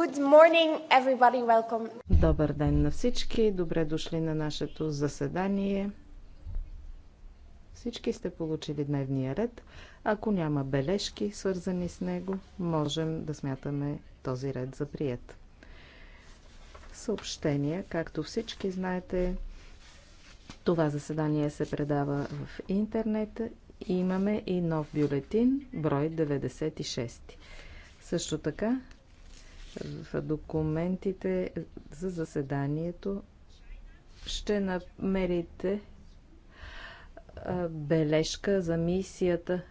Good morning, everybody. Welcome. Добър ден на всички. Добре дошли на нашето заседание. Всички сте получили дневния ред. Ако няма бележки, свързани с него, можем да смятаме този ред за прият. Съобщения, както всички знаете, това заседание се предава в интернет. Имаме и нов бюлетин, брой 96. Също така в документите за заседанието ще намерите бележка за мисията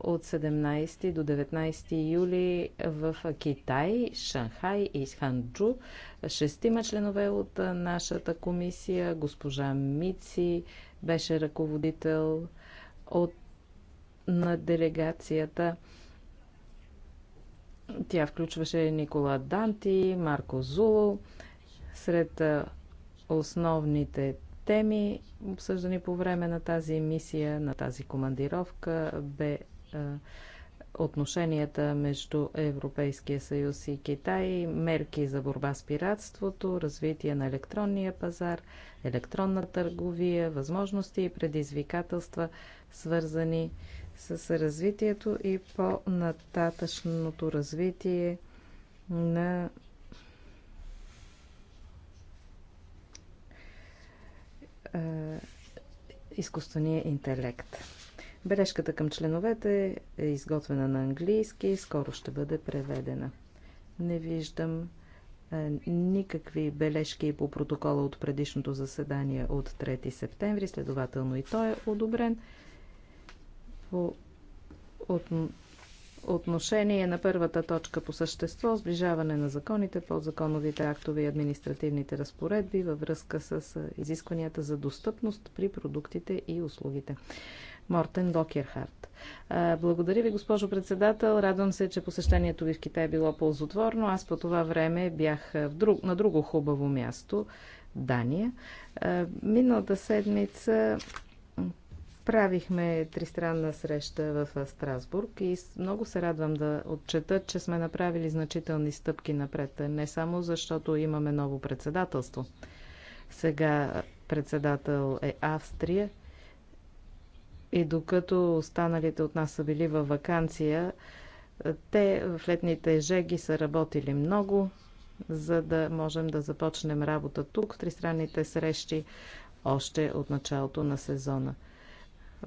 от 17 до 19 юли в Китай, Шанхай и Ханчжу. Шестима членове от нашата комисия, госпожа Мици беше ръководител от, на делегацията. Тя включваше Никола Данти, Марко Зуло. Сред основните теми, обсъждани по време на тази мисия, на тази командировка, бе отношенията между Европейския съюз и Китай, мерки за борба с пиратството, развитие на електронния пазар, електронна търговия, възможности и предизвикателства, свързани с с развитието и по-нататъчното развитие на изкуствения интелект. Бележката към членовете е изготвена на английски и скоро ще бъде преведена. Не виждам никакви бележки по протокола от предишното заседание от 3 септември, следователно и той е одобрен по отношение на първата точка по същество сближаване на законите, подзаконовите актове и административните разпоредби във връзка с изискванията за достъпност при продуктите и услугите. Мортен Докерхарт. Благодаря ви, госпожо председател. Радвам се, че посещението ви в Китай е било ползотворно. Аз по това време бях друг, на друго хубаво място Дания. Миналата седмица Правихме тристранна среща в Страсбург и много се радвам да отчета, че сме направили значителни стъпки напред. Не само защото имаме ново председателство. Сега председател е Австрия и докато останалите от нас са били във вакансия, те в летните жеги са работили много, за да можем да започнем работа тук, тристранните срещи, още от началото на сезона –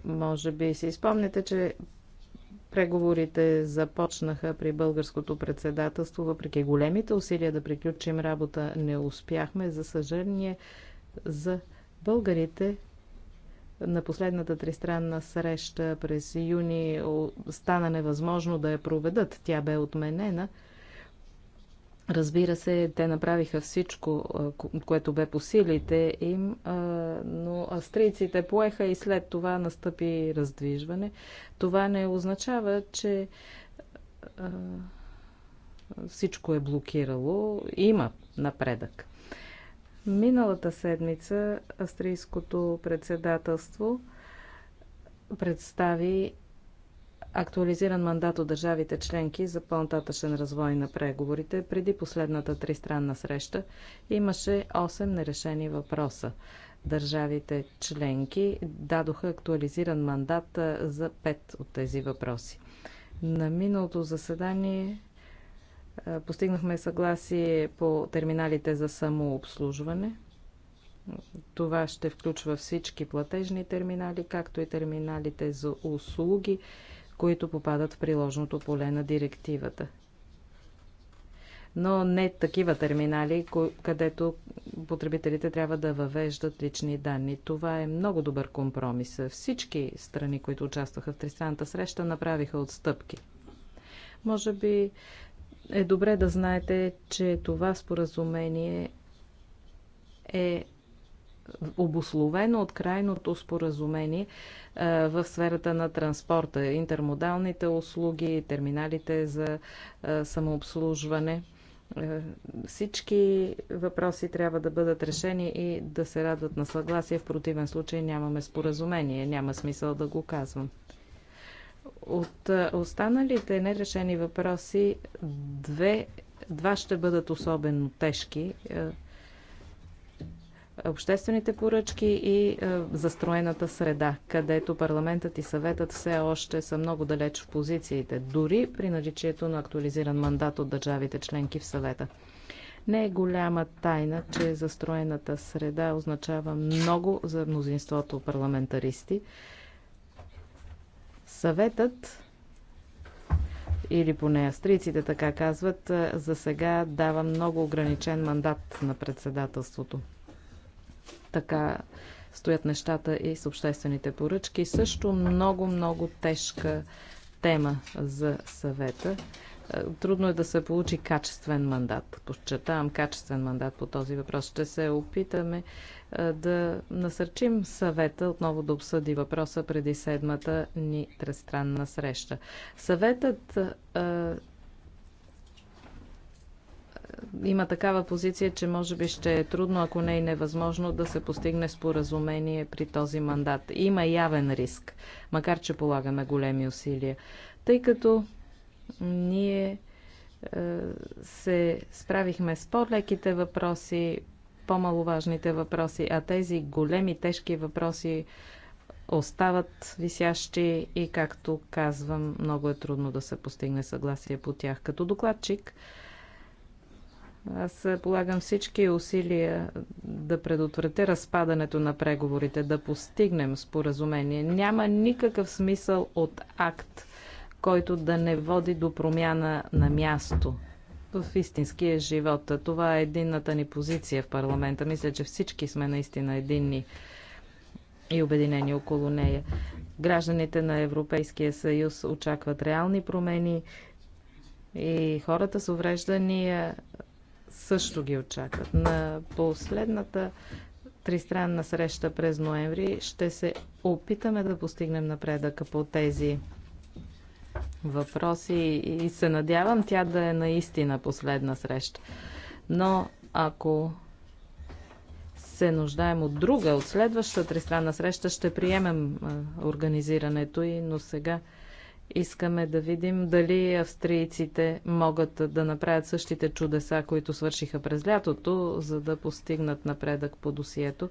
може би си спомняте, че преговорите започнаха при българското председателство. Въпреки големите усилия да приключим работа, не успяхме. За съжаление, за българите на последната тристранна среща през юни стана невъзможно да я проведат. Тя бе отменена – Разбира се, те направиха всичко, което бе по силите им, но австрийците поеха и след това настъпи раздвижване. Това не означава, че всичко е блокирало. Има напредък. Миналата седмица австрийското председателство представи актуализиран мандат от държавите членки за по-нататъчен развой на преговорите. Преди последната тристранна среща имаше 8 нерешени въпроса. Държавите членки дадоха актуализиран мандат за 5 от тези въпроси. На миналото заседание постигнахме съгласие по терминалите за самообслужване. Това ще включва всички платежни терминали, както и терминалите за услуги които попадат в приложното поле на директивата. Но не такива терминали, където потребителите трябва да въвеждат лични данни. Това е много добър компромис. Всички страни, които участваха в тристранната среща, направиха отстъпки. Може би е добре да знаете, че това споразумение е обословено от крайното споразумение е, в сферата на транспорта, интермодалните услуги, терминалите за е, самообслужване. Е, всички въпроси трябва да бъдат решени и да се радват на съгласие. В противен случай нямаме споразумение. Няма смисъл да го казвам. От останалите нерешени въпроси, две, два ще бъдат особено тежки обществените поръчки и е, застроената среда, където парламентът и съветът все още са много далеч в позициите, дори при наличието на актуализиран мандат от държавите членки в съвета. Не е голяма тайна, че застроената среда означава много за мнозинството парламентаристи. Съветът или поне астриците така казват, е, за сега дава много ограничен мандат на председателството така стоят нещата и с обществените поръчки. Също много, много тежка тема за съвета. Е, трудно е да се получи качествен мандат. Подчертавам качествен мандат по този въпрос. Ще се опитаме е, да насърчим съвета отново да обсъди въпроса преди седмата ни тристранна среща. Съветът е, има такава позиция, че може би ще е трудно, ако не и е невъзможно, да се постигне споразумение при този мандат. Има явен риск, макар че полагаме големи усилия, тъй като ние е, се справихме с по-леките въпроси, по-маловажните въпроси, а тези големи, тежки въпроси остават висящи и, както казвам, много е трудно да се постигне съгласие по тях. Като докладчик, аз полагам всички усилия да предотвратя разпадането на преговорите, да постигнем споразумение. Няма никакъв смисъл от акт, който да не води до промяна на място в истинския живот. Това е единната ни позиция в парламента. Мисля, че всички сме наистина единни и обединени около нея. Гражданите на Европейския съюз очакват реални промени и хората с увреждания също ги очакват. На последната тристранна среща през ноември ще се опитаме да постигнем напредъка по тези въпроси и се надявам тя да е наистина последна среща. Но ако се нуждаем от друга, от следващата тристранна среща, ще приемем организирането и, но сега Искаме да видим дали австрийците могат да направят същите чудеса, които свършиха през лятото, за да постигнат напредък по досието.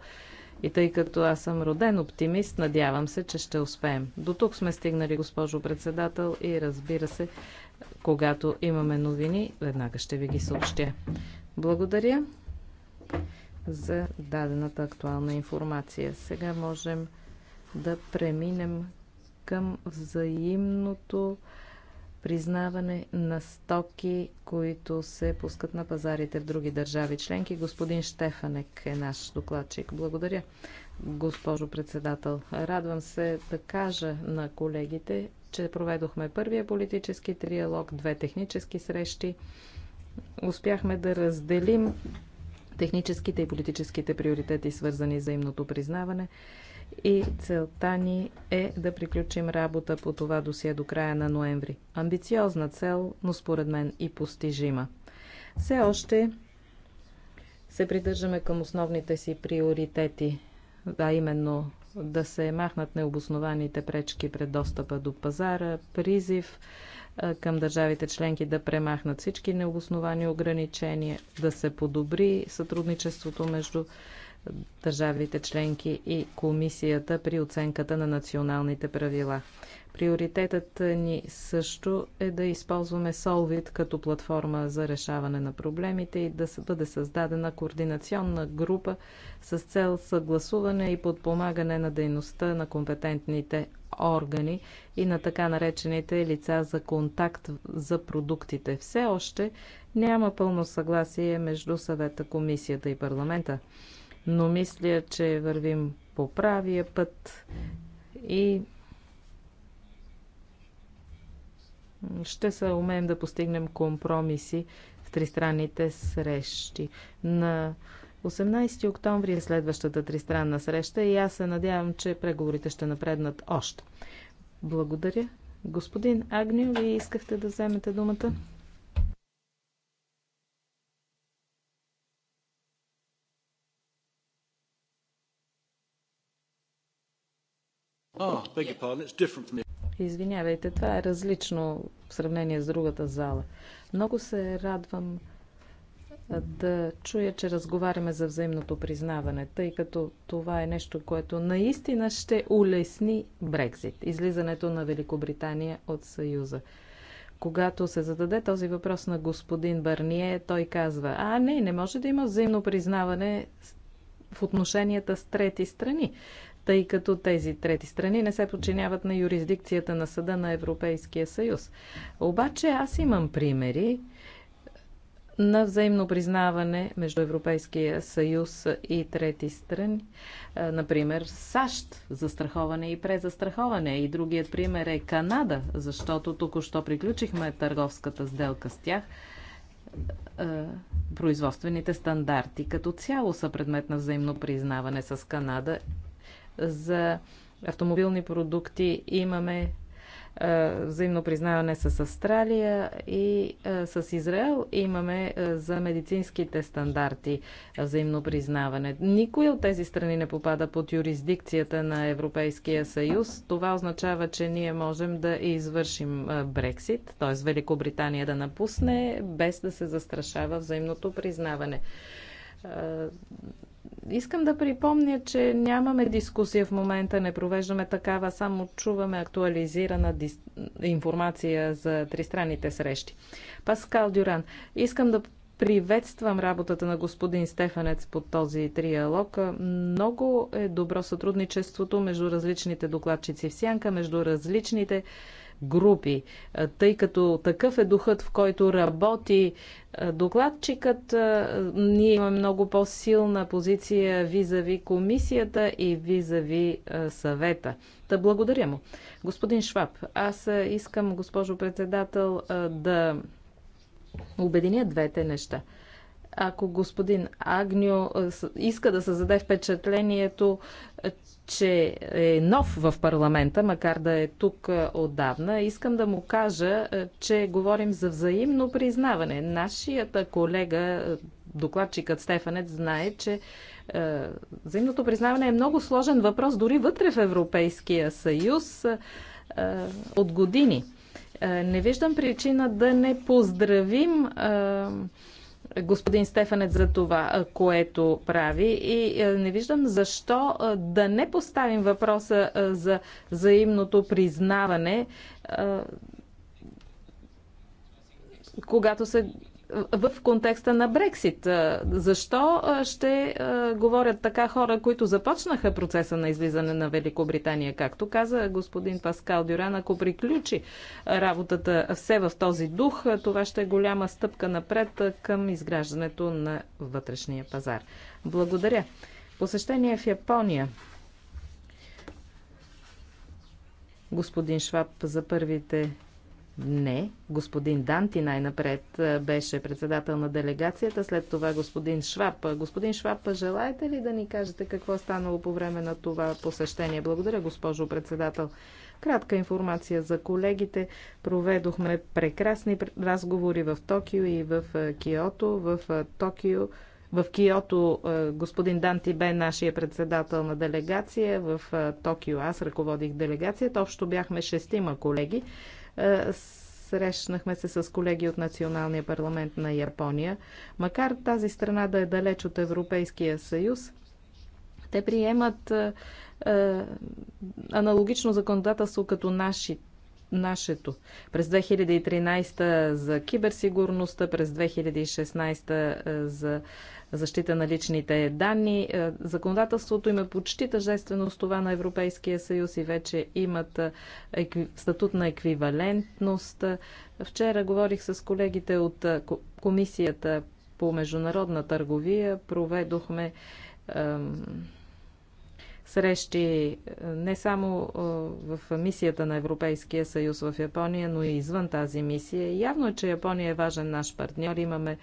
И тъй като аз съм роден оптимист, надявам се, че ще успеем. До тук сме стигнали, госпожо председател, и разбира се, когато имаме новини, веднага ще ви ги съобщя. Благодаря за дадената актуална информация. Сега можем да преминем към взаимното признаване на стоки, които се пускат на пазарите в други държави членки. Господин Штефанек е наш докладчик. Благодаря, госпожо председател. Радвам се да кажа на колегите, че проведохме първия политически триалог, две технически срещи. Успяхме да разделим техническите и политическите приоритети, свързани с взаимното признаване и целта ни е да приключим работа по това досие до края на ноември. Амбициозна цел, но според мен и постижима. Все още се придържаме към основните си приоритети, а именно да се махнат необоснованите пречки пред достъпа до пазара, призив към държавите членки да премахнат всички необосновани ограничения, да се подобри сътрудничеството между държавите членки и комисията при оценката на националните правила. Приоритетът ни също е да използваме Solvit като платформа за решаване на проблемите и да бъде създадена координационна група с цел съгласуване и подпомагане на дейността на компетентните органи и на така наречените лица за контакт за продуктите. Все още няма пълно съгласие между съвета, комисията и парламента но мисля, че вървим по правия път и ще се умеем да постигнем компромиси в тристранните срещи. На 18 октомври е следващата тристранна среща и аз се надявам, че преговорите ще напреднат още. Благодаря. Господин Агнио, вие искахте да вземете думата? Извинявайте, това е различно в сравнение с другата зала. Много се радвам да чуя, че разговаряме за взаимното признаване, тъй като това е нещо, което наистина ще улесни Брекзит, излизането на Великобритания от Съюза. Когато се зададе този въпрос на господин Барние, той казва, а не, не може да има взаимно признаване в отношенията с трети страни тъй като тези трети страни не се подчиняват на юрисдикцията на Съда на Европейския съюз. Обаче аз имам примери на взаимно признаване между Европейския съюз и трети страни. Например, САЩ застраховане и презастраховане. И другият пример е Канада, защото току-що приключихме търговската сделка с тях производствените стандарти като цяло са предмет на взаимно признаване с Канада за автомобилни продукти имаме е, взаимно признаване с Австралия и е, с Израел имаме е, за медицинските стандарти взаимно признаване. Никой от тези страни не попада под юрисдикцията на Европейския съюз. Това означава, че ние можем да извършим Брексит, т.е. Великобритания да напусне, без да се застрашава взаимното признаване Искам да припомня, че нямаме дискусия в момента, не провеждаме такава, само чуваме актуализирана дис... информация за тристранните срещи. Паскал Дюран, искам да приветствам работата на господин Стефанец под този триалог. Много е добро сътрудничеството между различните докладчици в сянка, между различните групи. Тъй като такъв е духът, в който работи докладчикът, ние имаме много по-силна позиция визави комисията и визави съвета. Та благодаря му. Господин Шваб, аз искам, госпожо председател, да обединя двете неща – ако господин Агньо е, иска да създаде впечатлението, че е нов в парламента, макар да е тук е, отдавна, искам да му кажа, е, че говорим за взаимно признаване. Нашията колега, докладчикът Стефанец, знае, че взаимното признаване е много сложен въпрос дори вътре в Европейския съюз от години. Не виждам причина да не поздравим господин Стефанец за това, което прави и не виждам защо да не поставим въпроса за взаимното признаване, когато се в контекста на Брексит. Защо ще говорят така хора, които започнаха процеса на излизане на Великобритания? Както каза господин Паскал Дюран, ако приключи работата все в този дух, това ще е голяма стъпка напред към изграждането на вътрешния пазар. Благодаря. Посещение в Япония. Господин Шваб, за първите не, господин Данти най-напред беше председател на делегацията, след това господин Шваб. Господин Шваб, желаете ли да ни кажете какво е станало по време на това посещение? Благодаря, госпожо председател. Кратка информация за колегите. Проведохме прекрасни разговори в Токио и в Киото. В Токио в Киото господин Данти бе нашия председател на делегация, в Токио аз ръководих делегацията. Общо бяхме шестима колеги. Е, срещнахме се с колеги от Националния парламент на Япония. Макар тази страна да е далеч от Европейския съюз, те приемат е, е, аналогично законодателство като нашите нашето. През 2013 за киберсигурността, през 2016 е, за защита на личните данни. Е, законодателството им е почти тъжествено с това на Европейския съюз и вече имат е, статут на еквивалентност. Вчера говорих с колегите от Комисията по международна търговия. Проведохме срещи е, не само е, в мисията на Европейския съюз в Япония, но и извън тази мисия. Явно е, че Япония е важен наш партньор. Имаме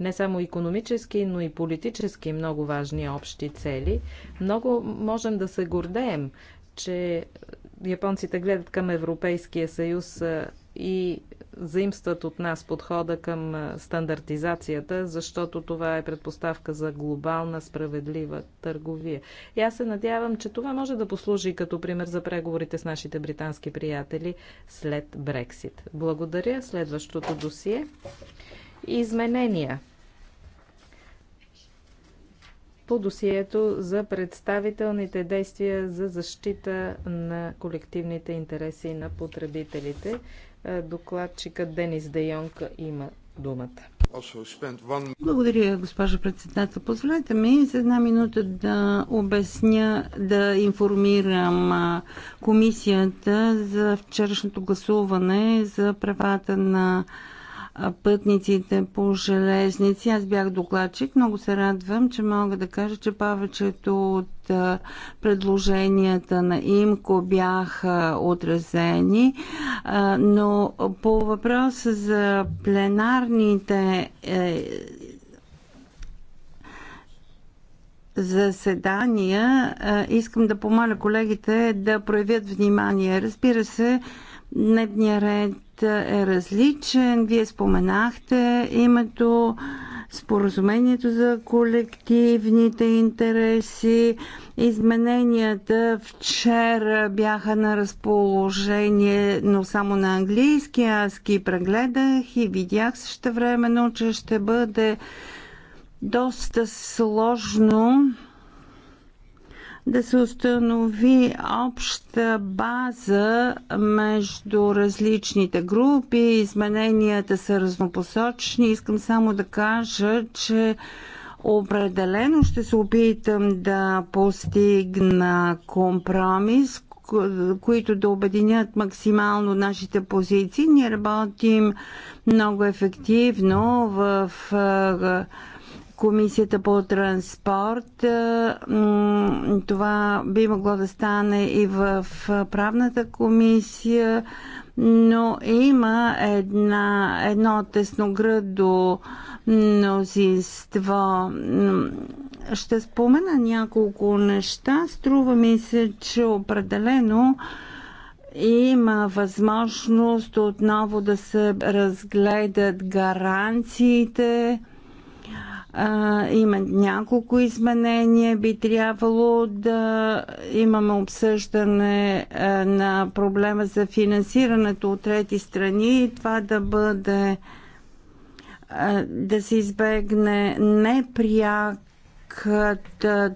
не само економически, но и политически много важни общи цели. Много можем да се гордеем, че японците гледат към Европейския съюз е, и заимстват от нас подхода към стандартизацията, защото това е предпоставка за глобална справедлива търговия. И аз се надявам, че това може да послужи като пример за преговорите с нашите британски приятели след Брексит. Благодаря. Следващото досие. Изменения по досието за представителните действия за защита на колективните интереси на потребителите. Е, докладчика Денис Дейонка има думата. Благодаря, госпожо председател. Позволете ми за една минута да обясня, да информирам комисията за вчерашното гласуване за правата на пътниците по железници. Аз бях докладчик. Много се радвам, че мога да кажа, че повечето от предложенията на ИМКО бяха отразени, но по въпроса за пленарните е, заседания искам да помоля колегите да проявят внимание. Разбира се, дневния ред е различен. Вие споменахте името споразумението за колективните интереси. Измененията вчера бяха на разположение, но само на английски. Аз ги прегледах и видях също времено, че ще бъде доста сложно да се установи обща база между различните групи. Измененията са разнопосочни. Искам само да кажа, че определено ще се опитам да постигна компромис, които да обединят максимално нашите позиции. Ние работим много ефективно в Комисията по транспорт. Е, това би могло да стане и в правната комисия, но има една, едно тесноградо мнозинство. Ще спомена няколко неща. Струва ми се, че определено има възможност отново да се разгледат гаранциите, а, има няколко изменения. Би трябвало да имаме обсъждане а, на проблема за финансирането от трети страни и това да бъде а, да се избегне непряк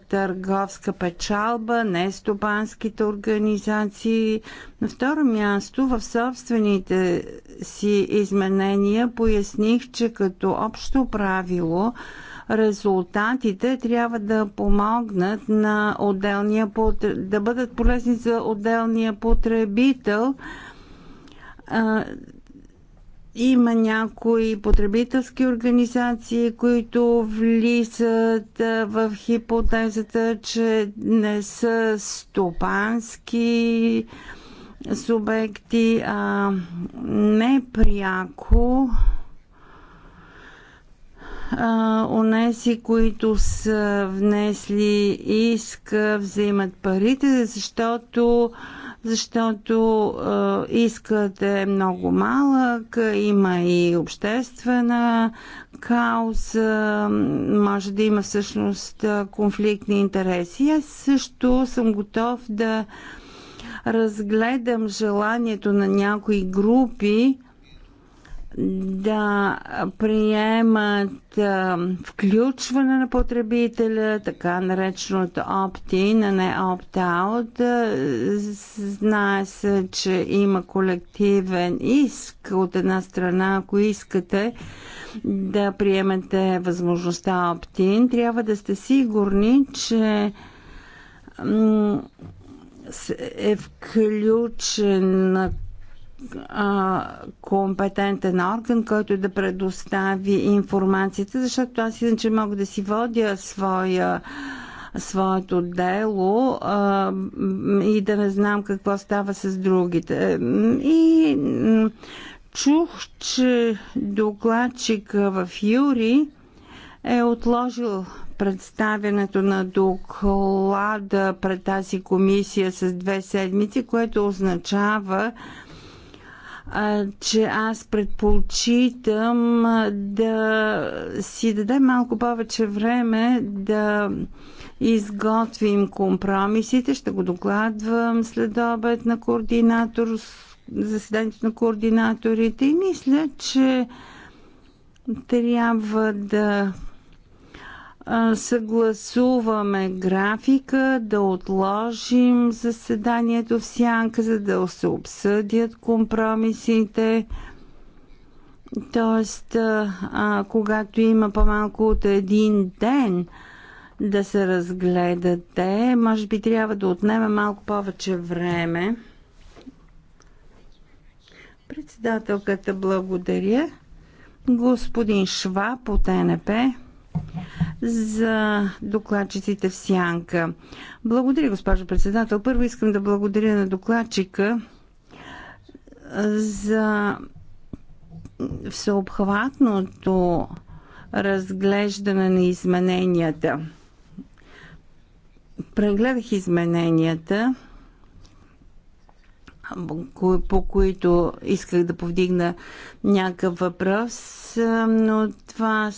търговска печалба, не стопанските организации. На второ място, в собствените си изменения поясних, че като общо правило резултатите трябва да помогнат на отделния да бъдат полезни за отделния потребител. Има някои потребителски организации, които влизат в хипотезата, че не са стопански субекти, а непряко онези, които са внесли иск, взимат парите, защото, защото а, искът е много малък, има и обществена кауза, може да има всъщност конфликтни интереси. Аз също съм готов да разгледам желанието на някои групи, да приемат а, включване на потребителя, така нареченото opt-in, а не opt-out. Знае се, че има колективен иск от една страна, ако искате да приемете възможността opt-in, трябва да сте сигурни, че е включена а, компетентен орган, който е да предостави информацията, защото аз иначе мога да си водя своя своето дело а, и да не знам какво става с другите. И чух, че докладчик в Юри е отложил представянето на доклада пред тази комисия с две седмици, което означава, че аз предпочитам да си дадем малко повече време да изготвим компромисите. Ще го докладвам след обед на координатор, заседанието на координаторите и мисля, че трябва да съгласуваме графика, да отложим заседанието в сянка, за да се обсъдят компромисите. Тоест, а, когато има по-малко от един ден да се разгледате, може би трябва да отнеме малко повече време. Председателката благодаря. Господин Шва по ТНП за докладчиците в Сянка. Благодаря, госпожо председател. Първо искам да благодаря на докладчика за всеобхватното разглеждане на измененията. Прегледах измененията, по които исках да повдигна някакъв въпрос, но това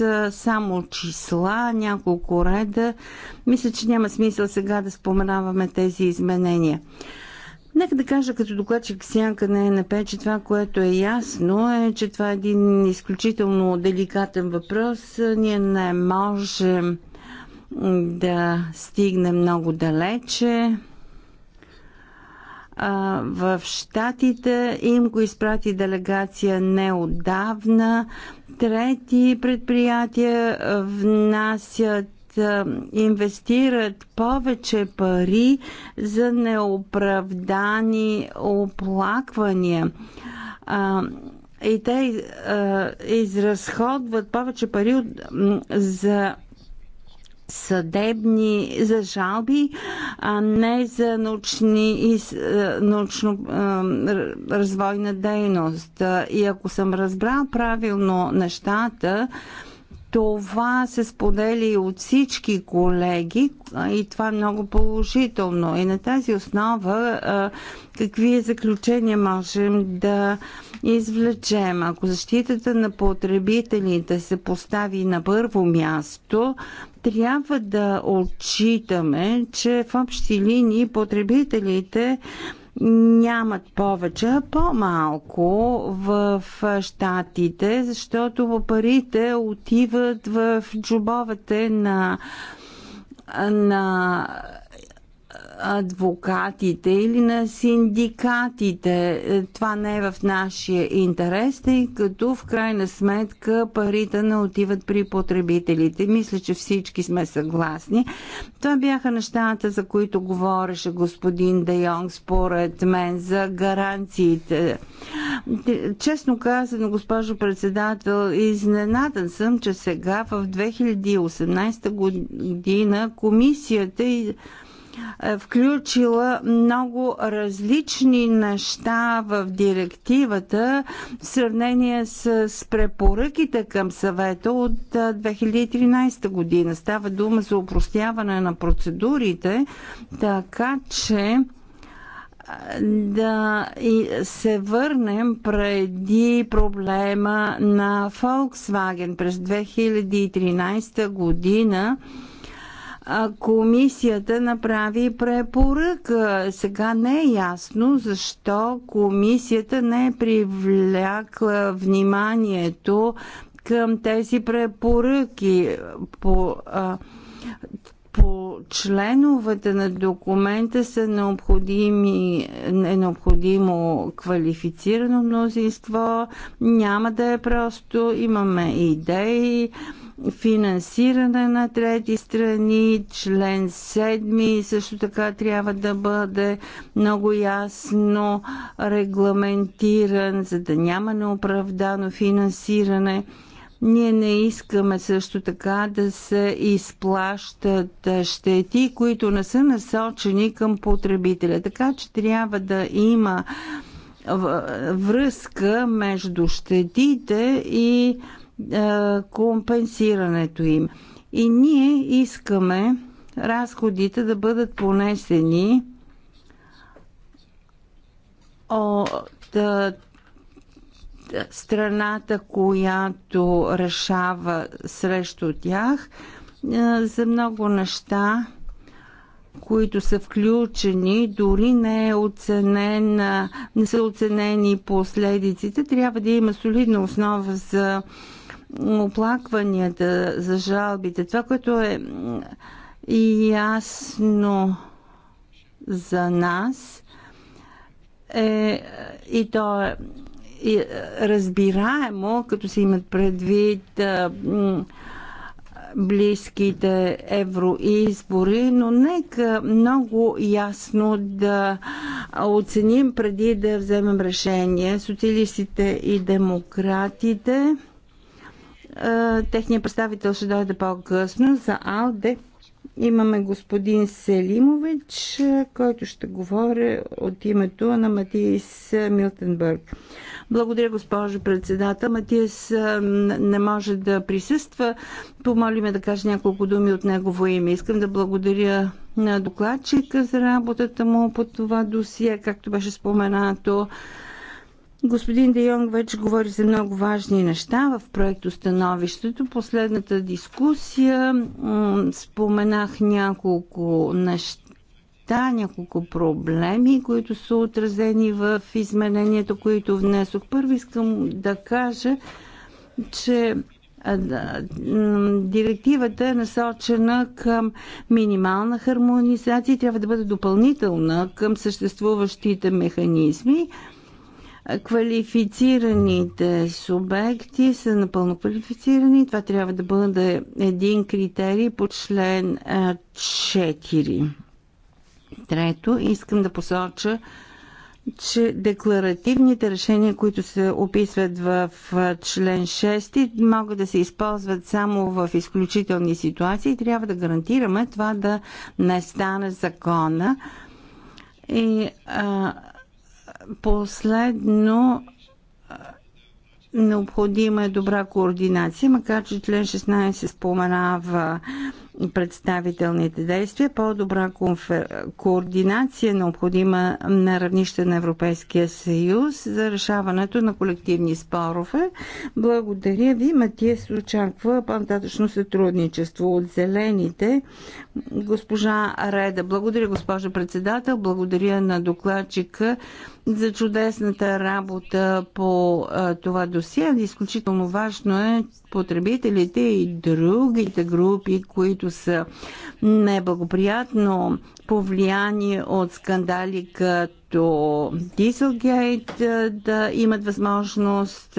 са само числа, няколко реда. Мисля, че няма смисъл сега да споменаваме тези изменения. Нека да кажа като докладчик сянка на ЕНП, че това, което е ясно е, че това е един изключително деликатен въпрос. Ние не можем да стигнем много далече. В Штатите им го изпрати делегация неодавна трети предприятия внасят инвестират повече пари за неоправдани оплаквания. А, и те а, изразходват повече пари от, за съдебни, за жалби, а не за научни и е, научно е, развойна дейност. И ако съм разбрал правилно нещата, това се сподели от всички колеги и това е много положително. И на тази основа какви заключения можем да извлечем? Ако защитата на потребителите се постави на първо място, трябва да отчитаме, че в общи линии потребителите нямат повече, а по-малко в щатите, защото парите отиват в джобовете на на адвокатите или на синдикатите. Е, това не е в нашия интерес, тъй като в крайна сметка парите не отиват при потребителите. Мисля, че всички сме съгласни. Това бяха нещата, за които говореше господин Де Йонг, според мен, за гаранциите. Честно казано, госпожо председател, изненадан съм, че сега в 2018 година комисията и е, включила много различни неща в директивата в сравнение с препоръките към съвета от 2013 е, година. Става дума за упростяване на процедурите, така че е, да се върнем преди проблема на Volkswagen през 2013 година комисията направи препоръка. Сега не е ясно защо комисията не е привлякла вниманието към тези препоръки по а, по членовете на документа са необходими, е необходимо квалифицирано мнозинство. Няма да е просто. Имаме идеи, финансиране на трети страни, член 7 също така трябва да бъде много ясно регламентиран, за да няма неоправдано финансиране. Ние не искаме също така да се изплащат щети, които не са насочени към потребителя. Така че трябва да има връзка между щетите и компенсирането им. И ние искаме разходите да бъдат понесени от страната, която решава срещу тях за много неща, които са включени, дори не, е оценен, не са оценени последиците. Трябва да има солидна основа за оплакванията, за жалбите. Това, което е ясно за нас е, и то е и разбираемо, като се имат предвид а, близките евроизбори, но нека много ясно да оценим преди да вземем решение. Социалистите и демократите Техният представител ще дойде по-късно. За АЛДЕ имаме господин Селимович, който ще говори от името на Матис Милтенбърг. Благодаря, госпожо председател. Матис не може да присъства. Помоли ме да каже няколко думи от негово име. Искам да благодаря на докладчика за работата му по това досие, както беше споменато. Господин Де Йонг вече говори за много важни неща в проектостановището. становището. Последната дискусия споменах няколко неща, няколко проблеми, които са отразени в изменението, които внесох. Първо искам да кажа, че Директивата е насочена към минимална хармонизация и трябва да бъде допълнителна към съществуващите механизми. Квалифицираните субекти са напълно квалифицирани. Това трябва да бъде един критерий по член 4. Трето, искам да посоча, че декларативните решения, които се описват в член 6, могат да се използват само в изключителни ситуации. Трябва да гарантираме това да не стане закона. И а, Последно, необходима е добра координация, макар че член 16 споменава представителните действия, по-добра координация необходима на равнище на Европейския съюз за решаването на колективни спорове. Благодаря ви. Матиес очаква по-нататъчно сътрудничество от зелените. Госпожа Реда, благодаря госпожа председател, благодаря на докладчика за чудесната работа по това досие. Изключително важно е потребителите и другите групи, които които неблагоприятно повлияни от скандали като Дизелгейт, да имат възможност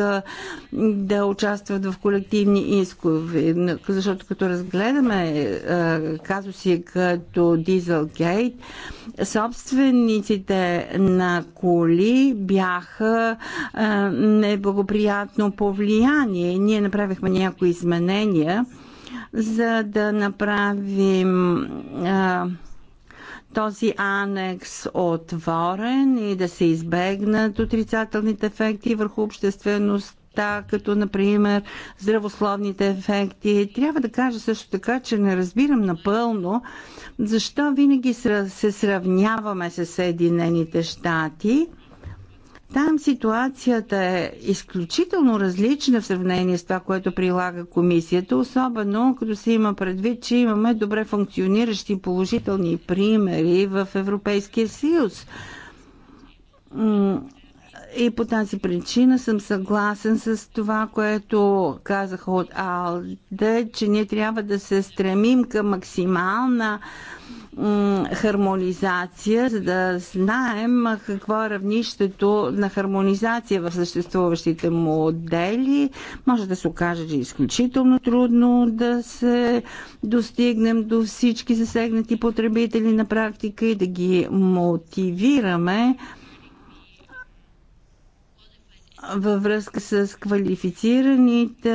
да участват в колективни искови. Защото като разгледаме казуси като Дизелгейт, собствениците на коли бяха неблагоприятно повлияни. Ние направихме някои изменения за да направим а, този анекс отворен и да се избегнат отрицателните ефекти върху обществеността като например здравословните ефекти. Трябва да кажа също така, че не разбирам напълно защо винаги се сравняваме с Съединените щати там ситуацията е изключително различна в сравнение с това, което прилага комисията, особено като се има предвид, че имаме добре функциониращи положителни примери в Европейския съюз. И по тази причина съм съгласен с това, което казаха от Алде, че ние трябва да се стремим към максимална хармонизация, за да знаем какво е равнището на хармонизация в съществуващите модели. Може да се окаже, че е изключително трудно да се достигнем до всички засегнати потребители на практика и да ги мотивираме във връзка с квалифицираните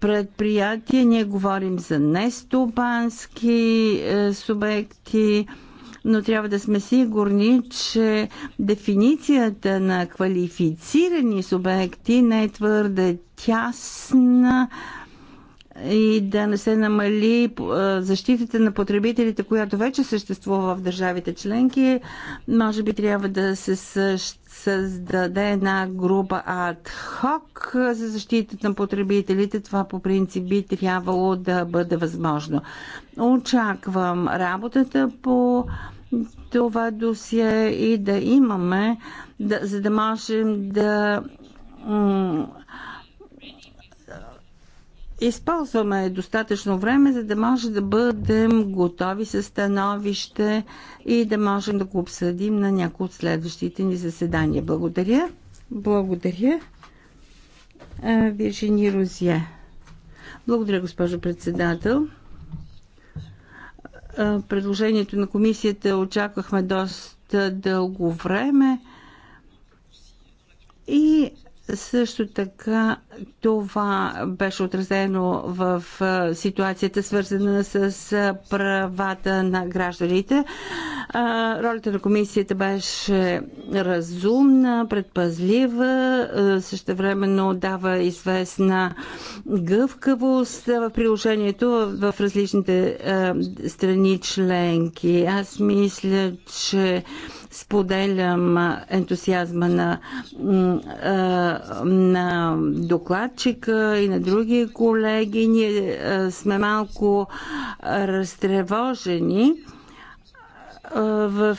предприятия, ние говорим за нестопански е, субекти, но трябва да сме сигурни, че дефиницията на квалифицирани субекти не е твърде тясна и да не се намали е, защитата на потребителите, която вече съществува в държавите членки. Може би трябва да се същ създаде една група ад-хок за защита на потребителите. Това по принцип би трябвало да бъде възможно. Очаквам работата по това досие и да имаме, да, за да можем да използваме достатъчно време, за да може да бъдем готови с становище и да можем да го обсъдим на някои от следващите ни заседания. Благодаря. Благодаря. Виржини Розия. Благодаря, госпожо председател. Предложението на комисията очаквахме доста дълго време и също така това беше отразено в ситуацията, свързана с правата на гражданите. Ролята на комисията беше разумна, предпазлива, същевременно дава известна гъвкавост в приложението в различните страни членки. Аз мисля, че Споделям ентусиазма на, на докладчика и на други колеги. Ние сме малко разтревожени в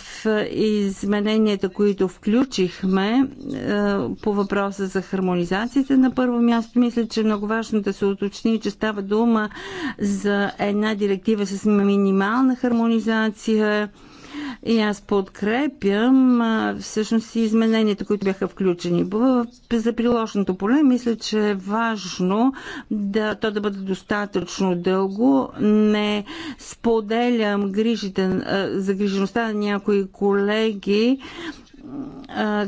измененията, които включихме по въпроса за хармонизацията на първо място, мисля, че е много важно да се уточни, че става дума за една директива с минимална хармонизация и аз подкрепям всъщност и измененията, които бяха включени. За приложното поле мисля, че е важно да, то да бъде достатъчно дълго. Не споделям грижите, загрижеността на някои колеги,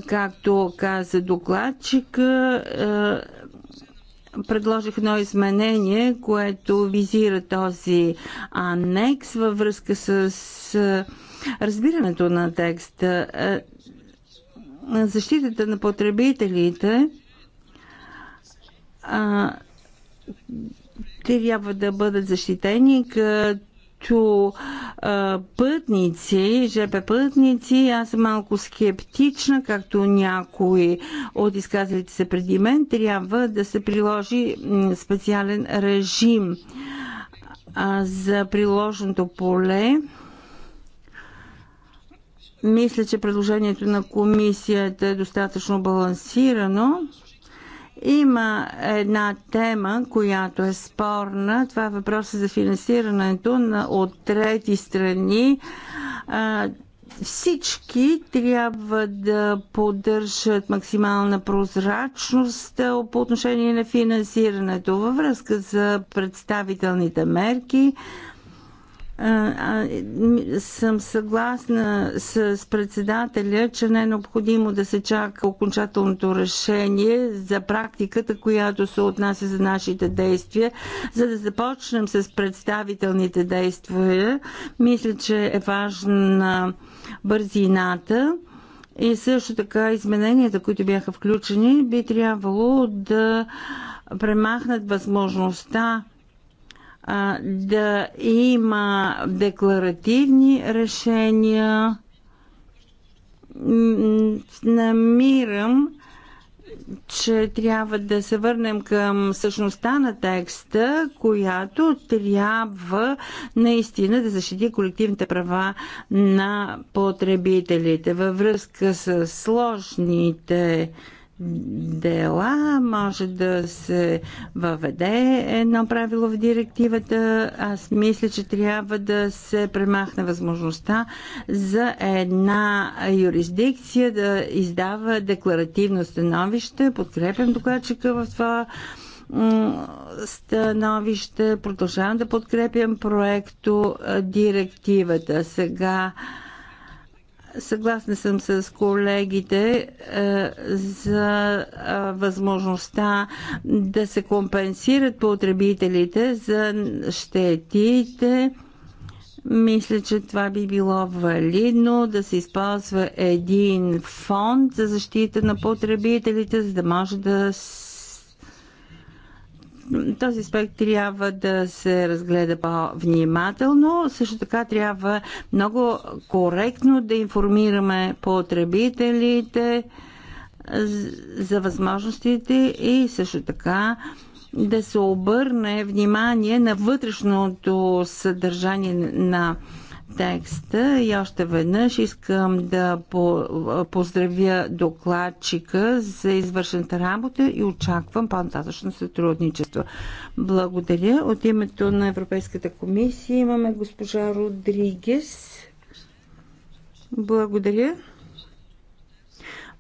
както каза А, предложих едно изменение, което визира този анекс във връзка с разбирането на текста. Защитата на потребителите трябва да бъдат защитени като пътници, ЖП пътници, аз съм малко скептична, както някои от изказалите се преди мен, трябва да се приложи специален режим за приложното поле мисля, че предложението на комисията е достатъчно балансирано. Има една тема, която е спорна. Това е въпросът за финансирането на, от трети страни. А, всички трябва да поддържат максимална прозрачност по отношение на финансирането във връзка за представителните мерки съм съгласна с председателя, че не е необходимо да се чака окончателното решение за практиката, която се отнася за нашите действия, за да започнем с представителните действия. Мисля, че е важна бързината. И също така измененията, които бяха включени, би трябвало да премахнат възможността а, да има декларативни решения. Намирам, че трябва да се върнем към същността на текста, която трябва наистина да защити колективните права на потребителите във връзка с сложните дела, може да се въведе едно правило в директивата. Аз мисля, че трябва да се премахне възможността за една юрисдикция да издава декларативно становище. Подкрепям докладчика в това становище. Продължавам да подкрепям проекто директивата. Сега Съгласна съм с колегите е, за е, възможността да се компенсират потребителите за щетите. Мисля, че това би било валидно да се използва един фонд за защита на потребителите, за да може да се този аспект трябва да се разгледа по-внимателно. Също така трябва много коректно да информираме потребителите за възможностите и също така да се обърне внимание на вътрешното съдържание на текста и още веднъж искам да поздравя докладчика за извършената работа и очаквам по-нататъчно сътрудничество. Благодаря. От името на Европейската комисия имаме госпожа Родригес. Благодаря.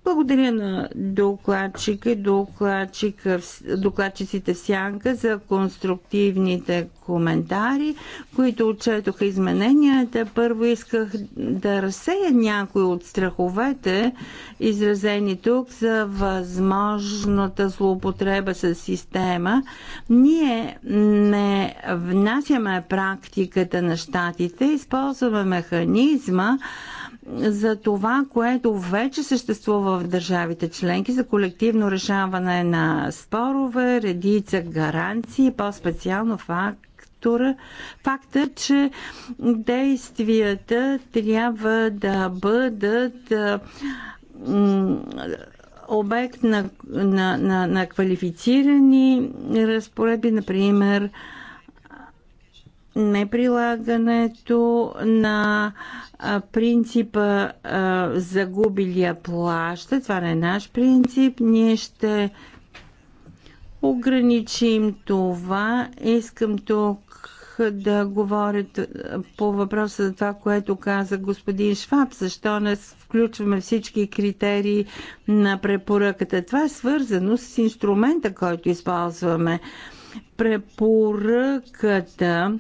Благодаря на докладчика, докладчика докладчиците в Сянка за конструктивните коментари, които отчетоха измененията. Първо исках да разсея някои от страховете, изразени тук за възможната злоупотреба с система. Ние не внасяме практиката на щатите, използваме механизма, за това, което вече съществува в държавите членки за колективно решаване на спорове, редица гаранции, по-специално факт, факта, че действията трябва да бъдат обект на, на, на, на квалифицирани разпоредби, например, неприлагането на принципа загубилия плаща. Това не е наш принцип. Ние ще ограничим това. Искам тук да говорят по въпроса за това, което каза господин Шваб, защо не включваме всички критерии на препоръката. Това е свързано с инструмента, който използваме. Препоръката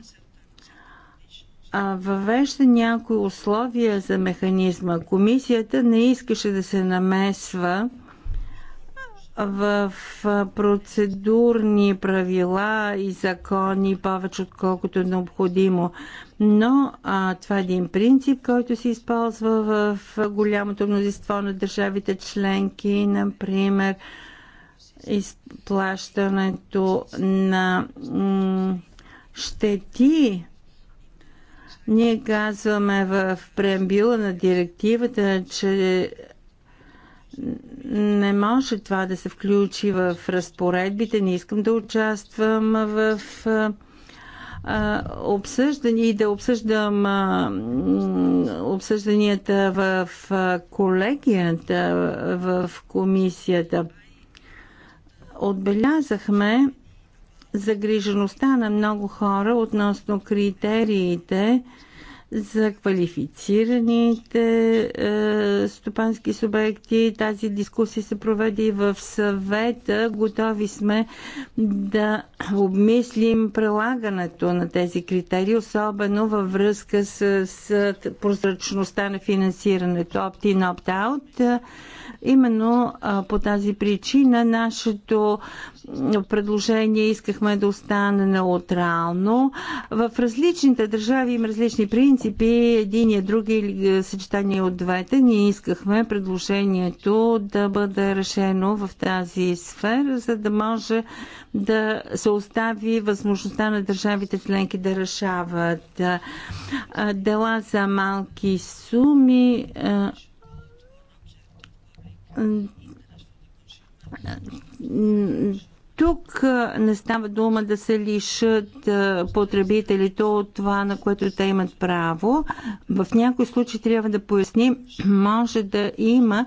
въвежда някои условия за механизма. Комисията не искаше да се намесва в процедурни правила и закони повече отколкото е необходимо. Но а, това е един принцип, който се използва в голямото мнозинство на държавите членки, например изплащането на щети ние казваме в преамбила на директивата, че не може това да се включи в разпоредбите. Не искам да участвам в обсъждане и да обсъждам обсъжданията в колегията, в комисията. Отбелязахме, загрижеността на много хора относно критериите за квалифицираните е, стопански субекти. Тази дискусия се проведе и в съвета. Готови сме да обмислим прилагането на тези критерии, особено във връзка с, с прозрачността на финансирането opt-in, opt-out. Именно по тази причина нашето предложение искахме да остане неутрално. В различните държави има различни принципи, един и други е, съчетания от двете. Ние искахме предложението да бъде решено в тази сфера, за да може да се остави възможността на държавите членки да решават дела за малки суми тук не става дума да се лишат потребителите от това, на което те имат право. В някои случаи трябва да поясним, може да има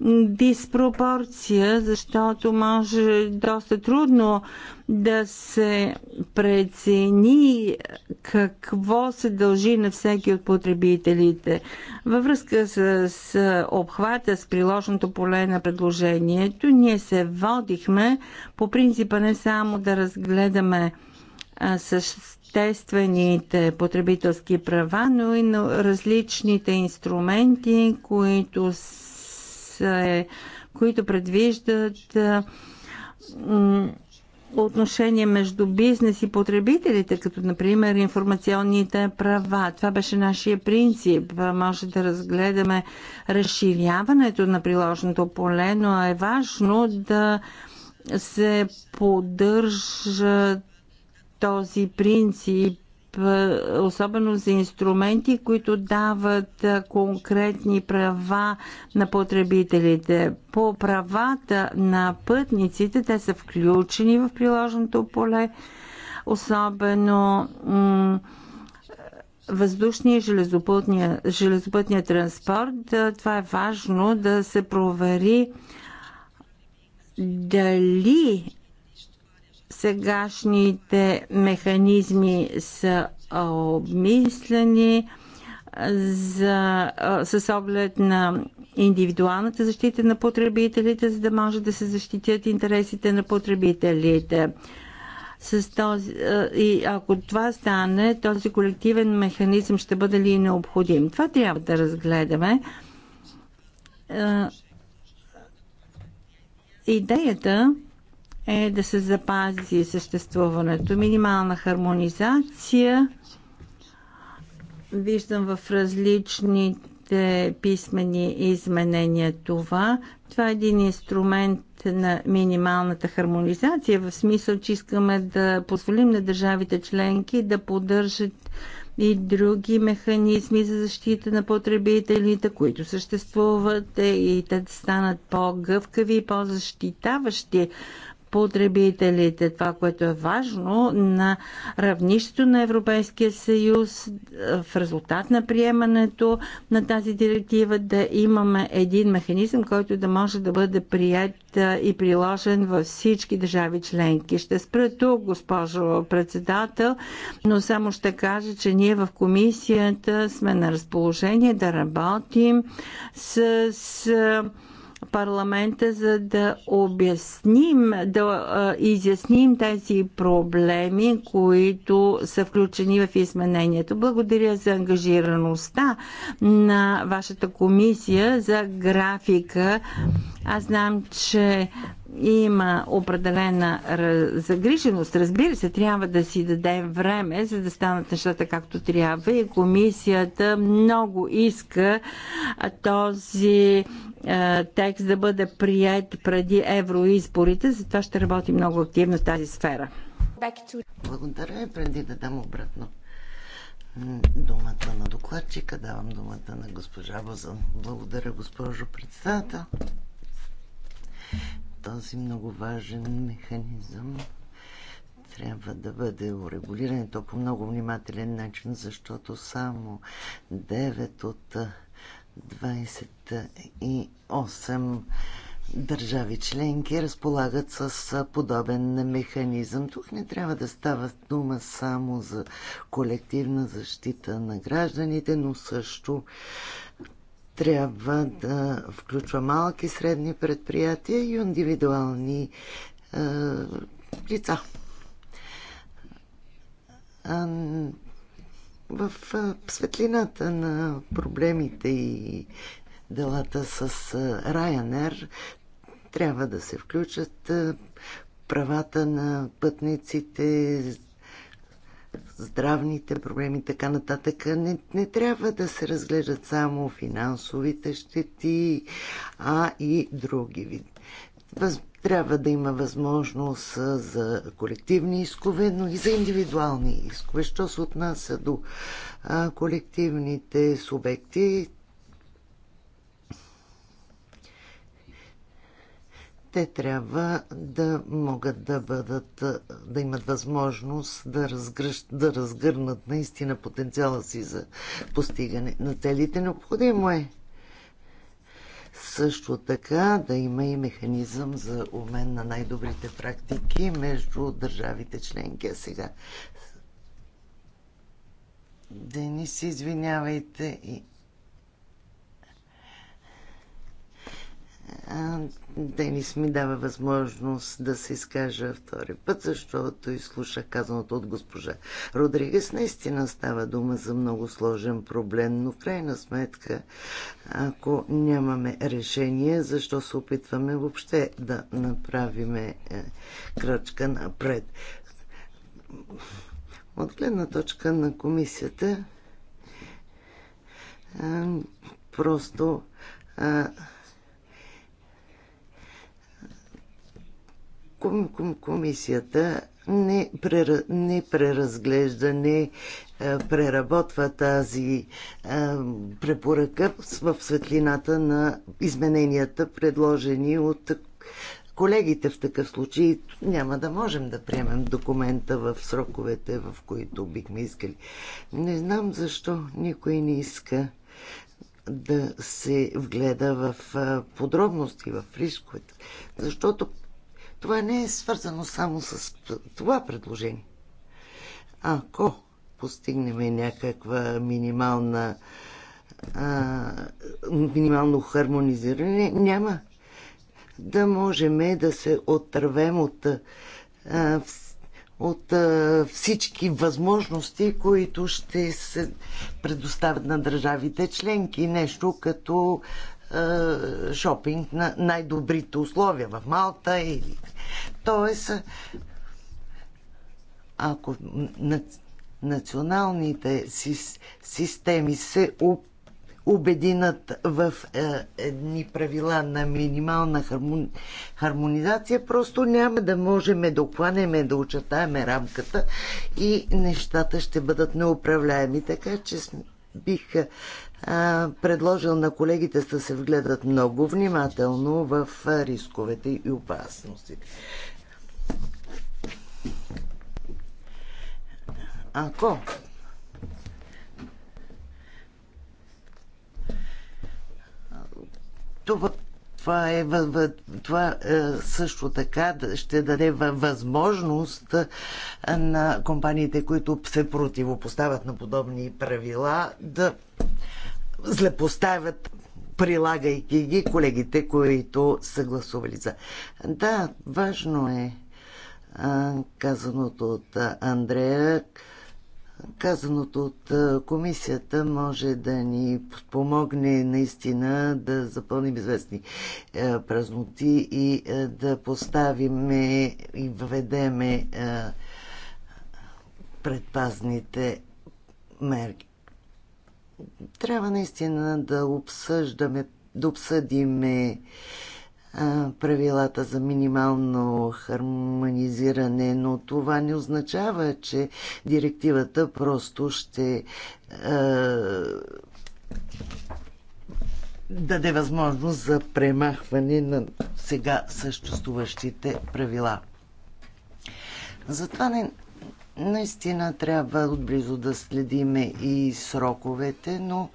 диспропорция, защото може доста трудно да се прецени какво се дължи на всеки от потребителите. Във връзка с, с обхвата, с приложното поле на предложението, ние се водихме по принципа не само да разгледаме съществените потребителски права, но и на различните инструменти, които са е, които предвиждат е, отношения между бизнес и потребителите, като например информационните права. Това беше нашия принцип. Може да разгледаме разширяването на приложното поле, но е важно да се поддържа този принцип особено за инструменти, които дават конкретни права на потребителите. По правата на пътниците, те са включени в приложеното поле, особено въздушния и железопътния, железопътния транспорт. Това е важно да се провери дали Сегашните механизми са обмислени за, с оглед на индивидуалната защита на потребителите, за да може да се защитят интересите на потребителите. С този, и ако това стане, този колективен механизъм ще бъде ли необходим? Това трябва да разгледаме. Идеята е да се запази съществуването. Минимална хармонизация виждам в различните писмени изменения това. Това е един инструмент на минималната хармонизация, в смисъл, че искаме да позволим на държавите членки да поддържат и други механизми за защита на потребителите, които съществуват е, и те да станат по-гъвкави и по-защитаващи потребителите. Това, което е важно на равнището на Европейския съюз в резултат на приемането на тази директива да имаме един механизъм, който да може да бъде прият и приложен във всички държави членки. Ще спра тук, госпожо председател, но само ще кажа, че ние в комисията сме на разположение да работим с, с парламента, за да обясним, да изясним тези проблеми, които са включени в изменението. Благодаря за ангажираността на вашата комисия за графика. Аз знам, че има определена загриженост. Разбира се, трябва да си дадем време, за да станат нещата както трябва и комисията много иска този текст да бъде прият преди евроизборите, затова ще работи много активно в тази сфера. Благодаря преди да дам обратно думата на докладчика, давам думата на госпожа Бозан. Благодаря, госпожо председател този много важен механизъм трябва да бъде урегулиран то по много внимателен начин, защото само 9 от 28 държави членки разполагат с подобен механизъм. Тук не трябва да става дума само за колективна защита на гражданите, но също трябва да включва малки, средни предприятия и индивидуални е, лица. В светлината на проблемите и делата с Ryanair трябва да се включат правата на пътниците, здравните проблеми, така нататък. Не, не трябва да се разглеждат само финансовите щети, а и други види. Трябва да има възможност за колективни искове, но и за индивидуални искове. Що се отнася до а, колективните субекти, те трябва да могат да бъдат, да имат възможност да, разгръщ, да разгърнат наистина потенциала си за постигане на целите. Необходимо е също така да има и механизъм за обмен на най-добрите практики между държавите членки. А сега Денис, извинявайте. и. Денис ми дава възможност да се изкажа втори път, защото изслушах казаното от госпожа Родригес. Наистина става дума за много сложен проблем, но в крайна сметка, ако нямаме решение, защо се опитваме въобще да направиме е, крачка напред? От гледна точка на комисията, е, просто е, ком, ком, комисията не, прер, не преразглежда, не а, е, преработва тази а, е, препоръка в светлината на измененията, предложени от колегите в такъв случай няма да можем да приемем документа в сроковете, в които бихме искали. Не знам защо никой не иска да се вгледа в е, подробности, в рисковете. Защото това не е свързано само с това предложение. Ако постигнем някаква минимална а, минимално хармонизиране, няма да можем да се отървем от, а, от а, всички възможности, които ще се предоставят на държавите членки. Нещо като е, шопинг на най-добрите условия в Малта или... Тоест, ако националните системи се обединат в е, едни правила на минимална хармонизация, просто няма да можем да окланеме, да очертаем рамката и нещата ще бъдат неуправляеми. Така че бих е, предложил на колегите да се вгледат много внимателно в рисковете и опасностите. Ако това, това, е, това е, също така ще даде възможност на компаниите, които се противопоставят на подобни правила, да злепоставят, прилагайки ги колегите, които са гласували за. Да, важно е казаното от Андрея. Казаното от комисията може да ни помогне наистина да запълним известни празноти и да поставим и въведеме предпазните мерки трябва наистина да обсъждаме, да обсъдиме правилата за минимално хармонизиране, но това не означава, че директивата просто ще а, даде възможност за премахване на сега съществуващите правила. Затова не, Наистина трябва отблизо да следиме и сроковете, но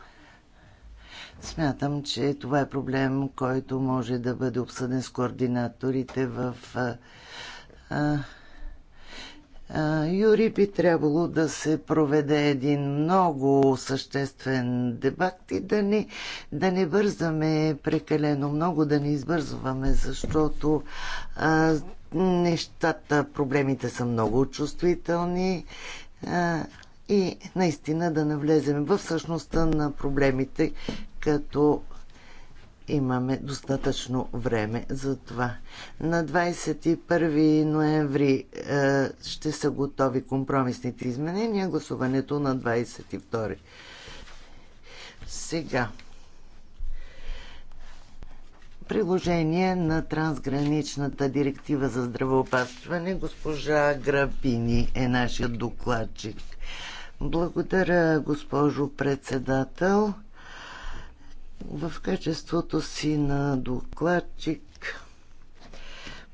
смятам, че това е проблем, който може да бъде обсъден с координаторите в а, а, Юри би трябвало да се проведе един много съществен дебат и да не, да не бързаме прекалено много, да не избързваме, защото а, нещата, проблемите са много чувствителни и наистина да навлезем в същността на проблемите, като имаме достатъчно време за това. На 21 ноември а, ще са готови компромисните изменения, гласуването на 22. Сега приложение на трансграничната директива за здравеопазване. Госпожа Грапини е нашия докладчик. Благодаря, госпожо председател. В качеството си на докладчик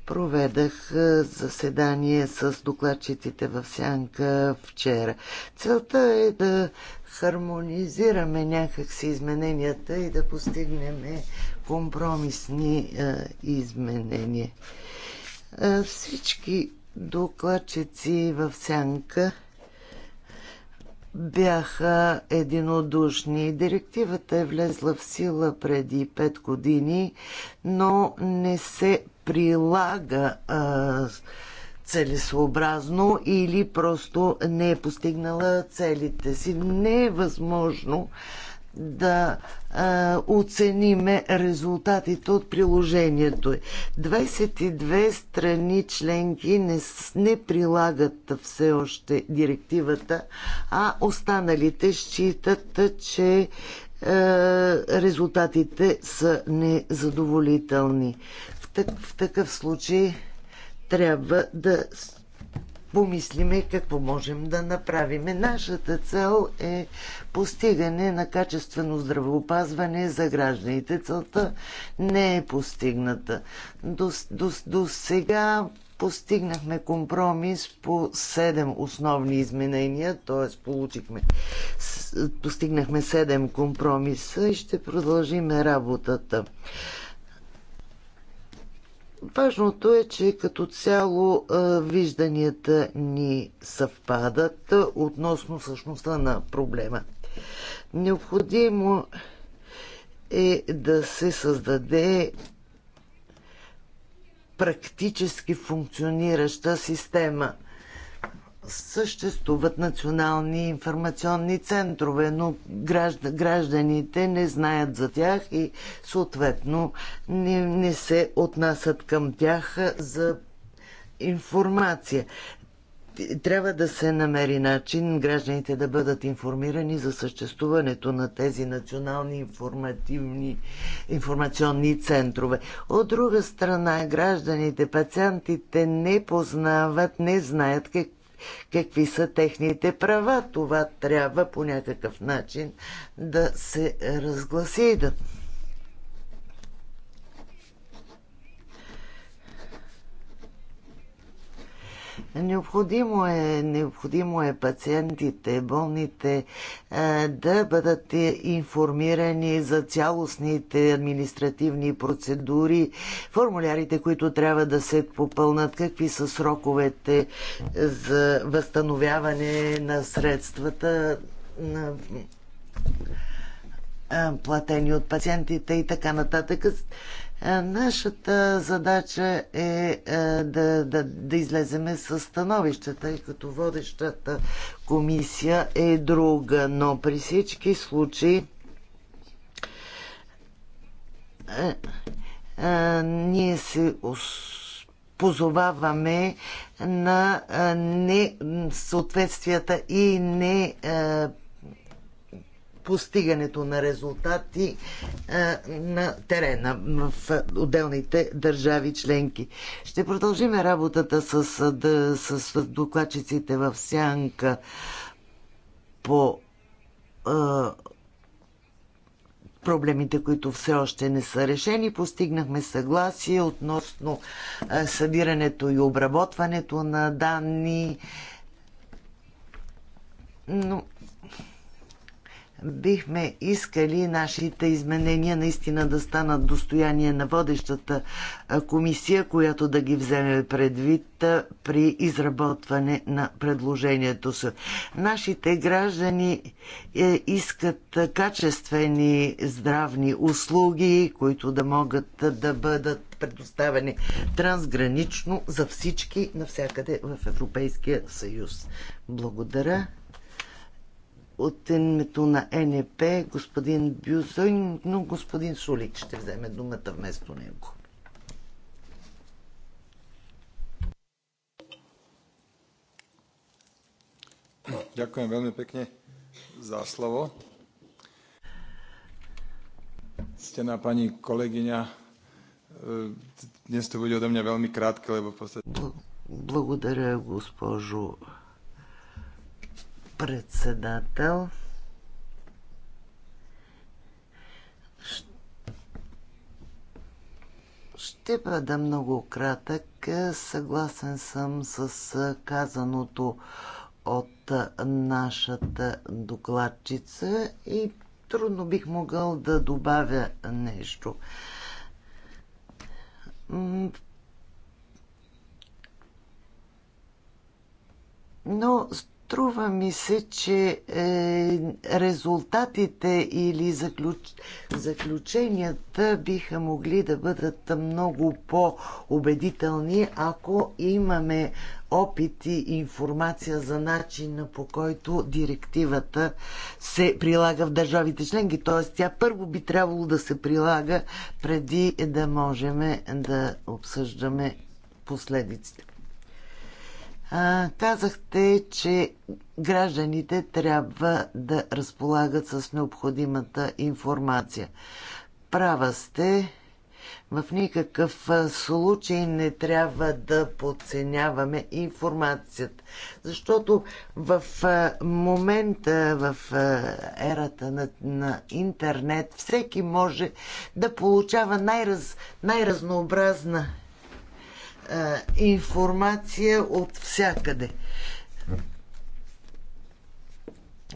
проведах заседание с докладчиците в Сянка вчера. Целта е да хармонизираме някакси измененията и да постигнем компромисни а, е, изменения. А, е, всички докладчици в сянка бяха единодушни. Директивата е влезла в сила преди 5 години, но не се прилага а, е, целесообразно или просто не е постигнала целите си. Не е възможно да а, оцениме резултатите от приложението. 22 страни членки не, не прилагат все още директивата, а останалите считат, че резултатите са незадоволителни. В, так, в такъв случай трябва да помислиме какво можем да направим. Нашата цел е постигане на качествено здравеопазване за гражданите. Целта не е постигната. До, до, до сега постигнахме компромис по 7 основни изменения, т.е. получихме, постигнахме 7 компромиса и ще продължиме работата. Важното е, че като цяло вижданията ни съвпадат относно същността на проблема. Необходимо е да се създаде практически функционираща система – съществуват национални информационни центрове, но гражданите не знаят за тях и съответно не, не се отнасят към тях за информация. Трябва да се намери начин гражданите да бъдат информирани за съществуването на тези национални информативни, информационни центрове. От друга страна, гражданите, пациентите не познават, не знаят как какви са техните права. Това трябва по някакъв начин да се разгласи. Да Необходимо е, необходимо е пациентите, болните е, да бъдат информирани за цялостните административни процедури, формулярите, които трябва да се попълнат, какви са сроковете за възстановяване на средствата на е, платени от пациентите и така нататък. Е, нашата задача е, е да, да, да излеземе с становища, тъй като водещата комисия е друга, но при всички случаи е, ние се позоваваме на не съответствията и не постигането на резултати е, на терена в отделните държави членки. Ще продължиме работата с, с докладчиците в Сянка по е, проблемите, които все още не са решени. Постигнахме съгласие относно е, събирането и обработването на данни. Но бихме искали нашите изменения наистина да станат достояние на водещата комисия, която да ги вземе предвид при изработване на предложението си. Нашите граждани е, искат качествени здравни услуги, които да могат да бъдат предоставени трансгранично за всички навсякъде в Европейския съюз. Благодаря от името на НП господин Бюзой, но господин Сулик ще вземе думата вместо него. Ďakujem veľmi pekne za slovo. Stená pani kolegyňa, dnes to bude odo mňa veľmi krátke, lebo v podstate... Благодаря, госпожо председател. Ще бъда много кратък. Съгласен съм с казаното от нашата докладчица и трудно бих могъл да добавя нещо. Но Струва ми се, че е, резултатите или заключ... заключенията биха могли да бъдат много по-убедителни, ако имаме опит и информация за начина по който директивата се прилага в държавите членки. Т.е. тя първо би трябвало да се прилага преди да можем да обсъждаме последиците казахте, че гражданите трябва да разполагат с необходимата информация. Права сте. В никакъв случай не трябва да подценяваме информацията, защото в момента, в ерата на, на интернет, всеки може да получава най-раз, най-разнообразна е, информация от всякъде.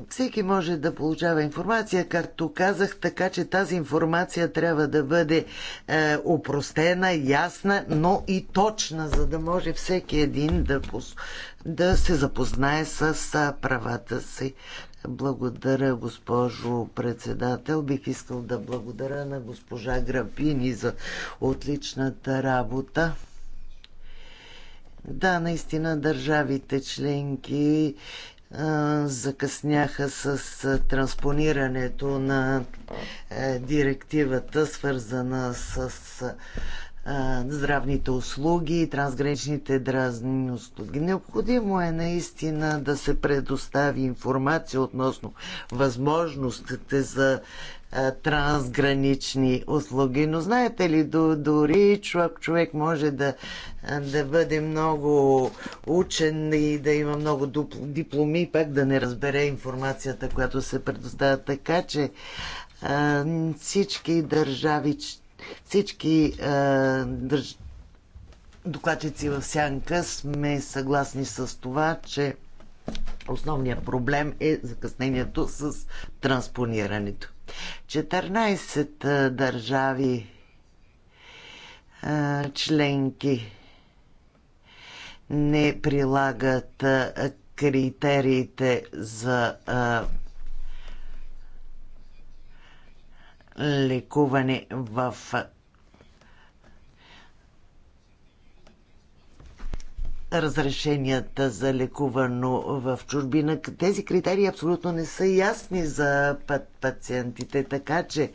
Всеки може да получава информация, както казах, така че тази информация трябва да бъде е, упростена, ясна, но и точна, за да може всеки един да, да се запознае с е, правата си. Благодаря, госпожо председател. Бих искал да благодаря на госпожа Грапини за отличната работа. Да, наистина държавите членки закъсняха с транспонирането на директивата, свързана с здравните услуги и трансграничните дразни услуги. Необходимо е наистина да се предостави информация относно възможностите за трансгранични услуги. Но знаете ли, дори човек, човек може да, да бъде много учен и да има много дипломи, пак да не разбере информацията, която се предоставя. Така че всички държави, всички държ... докладчици в Сянка сме съгласни с това, че основният проблем е закъснението с транспонирането. 14 държави членки не прилагат критериите за лекуване в разрешенията за лекувано в чужбина. Тези критерии абсолютно не са ясни за пациентите, така че е,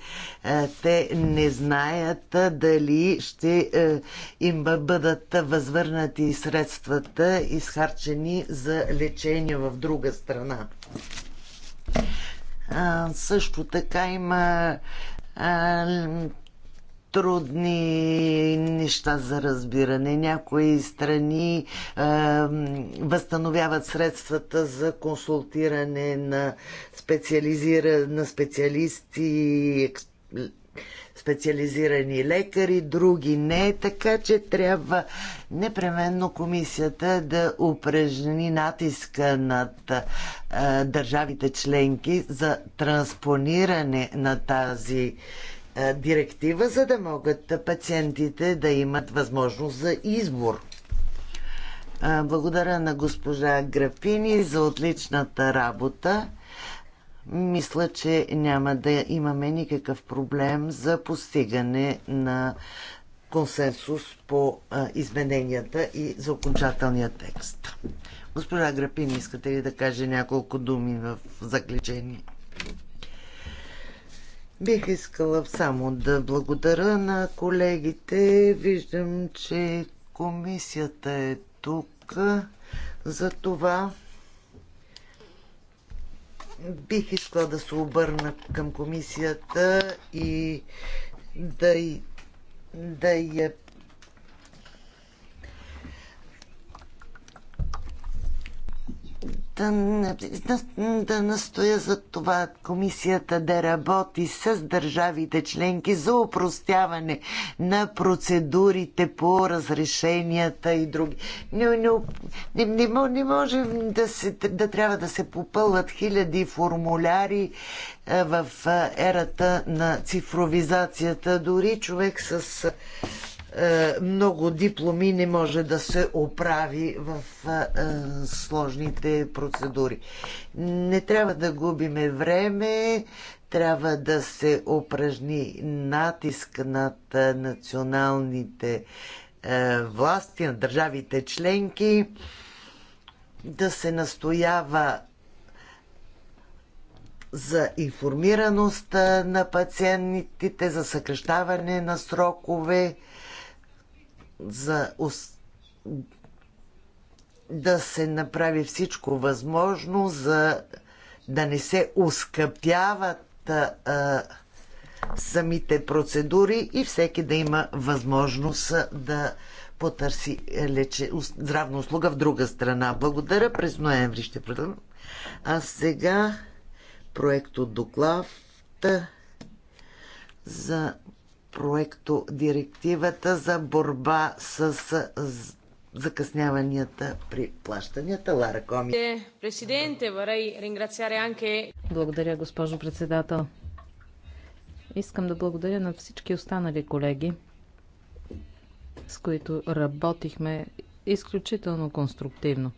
те не знаят дали ще е, им бъдат възвърнати средствата, изхарчени за лечение в друга страна. също така има трудни неща за разбиране. Някои страни е, възстановяват средствата за консултиране на, специализира, на специалисти, специализирани лекари, други не. Така че трябва непременно комисията да упражни натиска над е, държавите членки за транспониране на тази директива, за да могат пациентите да имат възможност за избор. Благодаря на госпожа Графини за отличната работа. Мисля, че няма да имаме никакъв проблем за постигане на консенсус по измененията и за окончателния текст. Госпожа Грапини, искате ли да каже няколко думи в заключение? Бих искала само да благодаря на колегите. Виждам, че комисията е тук. За това бих искала да се обърна към комисията и да, да я да, да, да настоя за това комисията да работи с държавите членки за упростяване на процедурите по разрешенията и други. Не, не, не, не, не може да, се, да трябва да се попълват хиляди формуляри е, в е, ерата на цифровизацията. Дори човек с е, много дипломи не може да се оправи в е, е, сложните процедури. Не трябва да губиме време, трябва да се упражни натиск над националните власти, на държавите членки, да се настоява за информираност на пациентите, за съкрещаване на срокове, за да се направи всичко възможно за да не се ускъпяват а, самите процедури и всеки да има възможност да потърси е, лече, здравна услуга в друга страна. Благодаря. През ноември ще продължим. А сега проект от доклад за проекто директивата за борба с закъсняванията при плащанията. Лара Коми. Е, благодаря, госпожо председател. Искам да благодаря на всички останали колеги, с които работихме изключително конструктивно.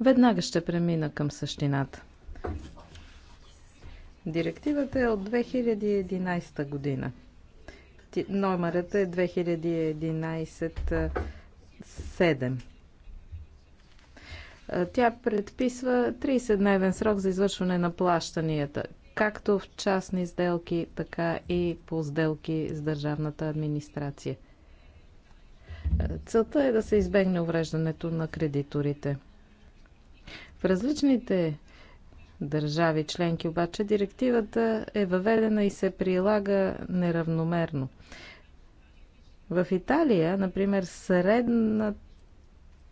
Веднага ще премина към същината. Директивата е от 2011 година. Номерът е 2011-7. Тя предписва 30-дневен срок за извършване на плащанията, както в частни сделки, така и по сделки с държавната администрация. Целта е да се избегне увреждането на кредиторите. В различните държави членки, обаче директивата е въведена и се прилага неравномерно. В Италия, например, средна,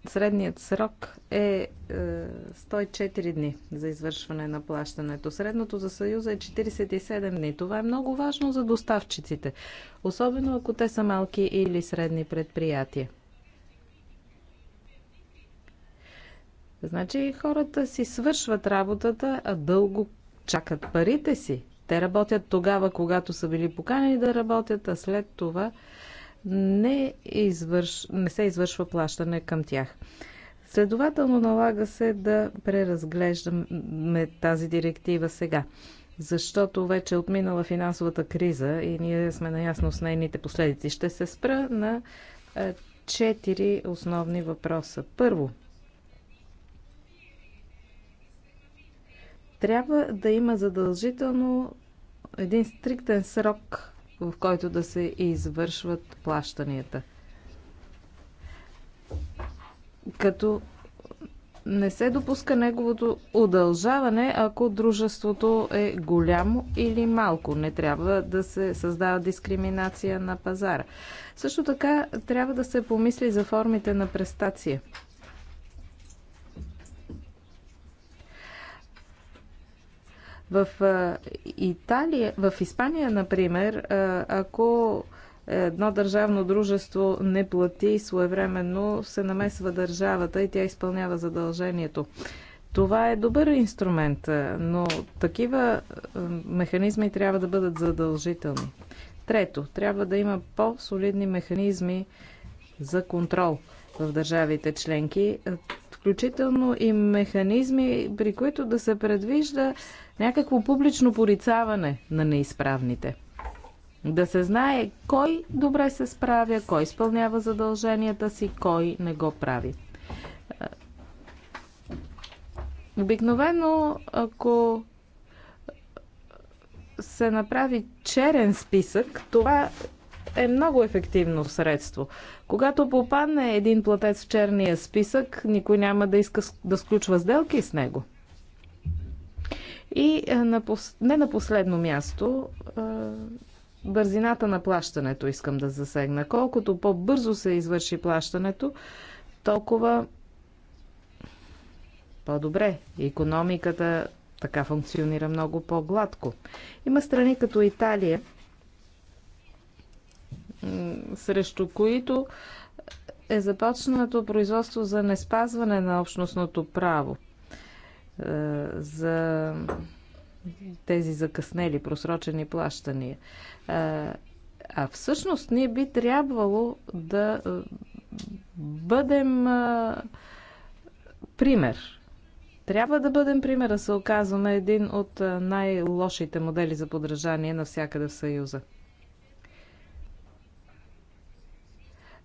средният срок е, е 104 дни за извършване на плащането. Средното за Съюза е 47 дни. Това е много важно за доставчиците, особено ако те са малки или средни предприятия. Значи хората си свършват работата, а дълго чакат парите си. Те работят тогава, когато са били поканени да работят, а след това не, извърш... не се извършва плащане към тях. Следователно налага се да преразглеждаме тази директива сега, защото вече е отминала финансовата криза и ние сме наясно с нейните последици. Ще се спра на е, четири основни въпроса. Първо, Трябва да има задължително един стриктен срок, в който да се извършват плащанията. Като не се допуска неговото удължаване, ако дружеството е голямо или малко. Не трябва да се създава дискриминация на пазара. Също така трябва да се помисли за формите на престация. В Италия, в Испания, например, ако едно държавно дружество не плати своевременно, се намесва държавата и тя изпълнява задължението. Това е добър инструмент, но такива механизми трябва да бъдат задължителни. Трето, трябва да има по-солидни механизми за контрол в държавите членки, включително и механизми, при които да се предвижда някакво публично порицаване на неизправните. Да се знае кой добре се справя, кой изпълнява задълженията си, кой не го прави. Обикновено, ако се направи черен списък, това е много ефективно средство. Когато попадне един платец в черния списък, никой няма да иска да сключва сделки с него. И е, на пос... не на последно място, е, бързината на плащането искам да засегна. Колкото по-бързо се извърши плащането, толкова по-добре. Економиката така функционира много по-гладко. Има страни като Италия, срещу които е започнато производство за неспазване на общностното право. Е, за тези закъснели, просрочени плащания. Е, а всъщност ние би трябвало да е, бъдем пример. Трябва да бъдем пример, да се оказваме един от най-лошите модели за подражание навсякъде в Съюза.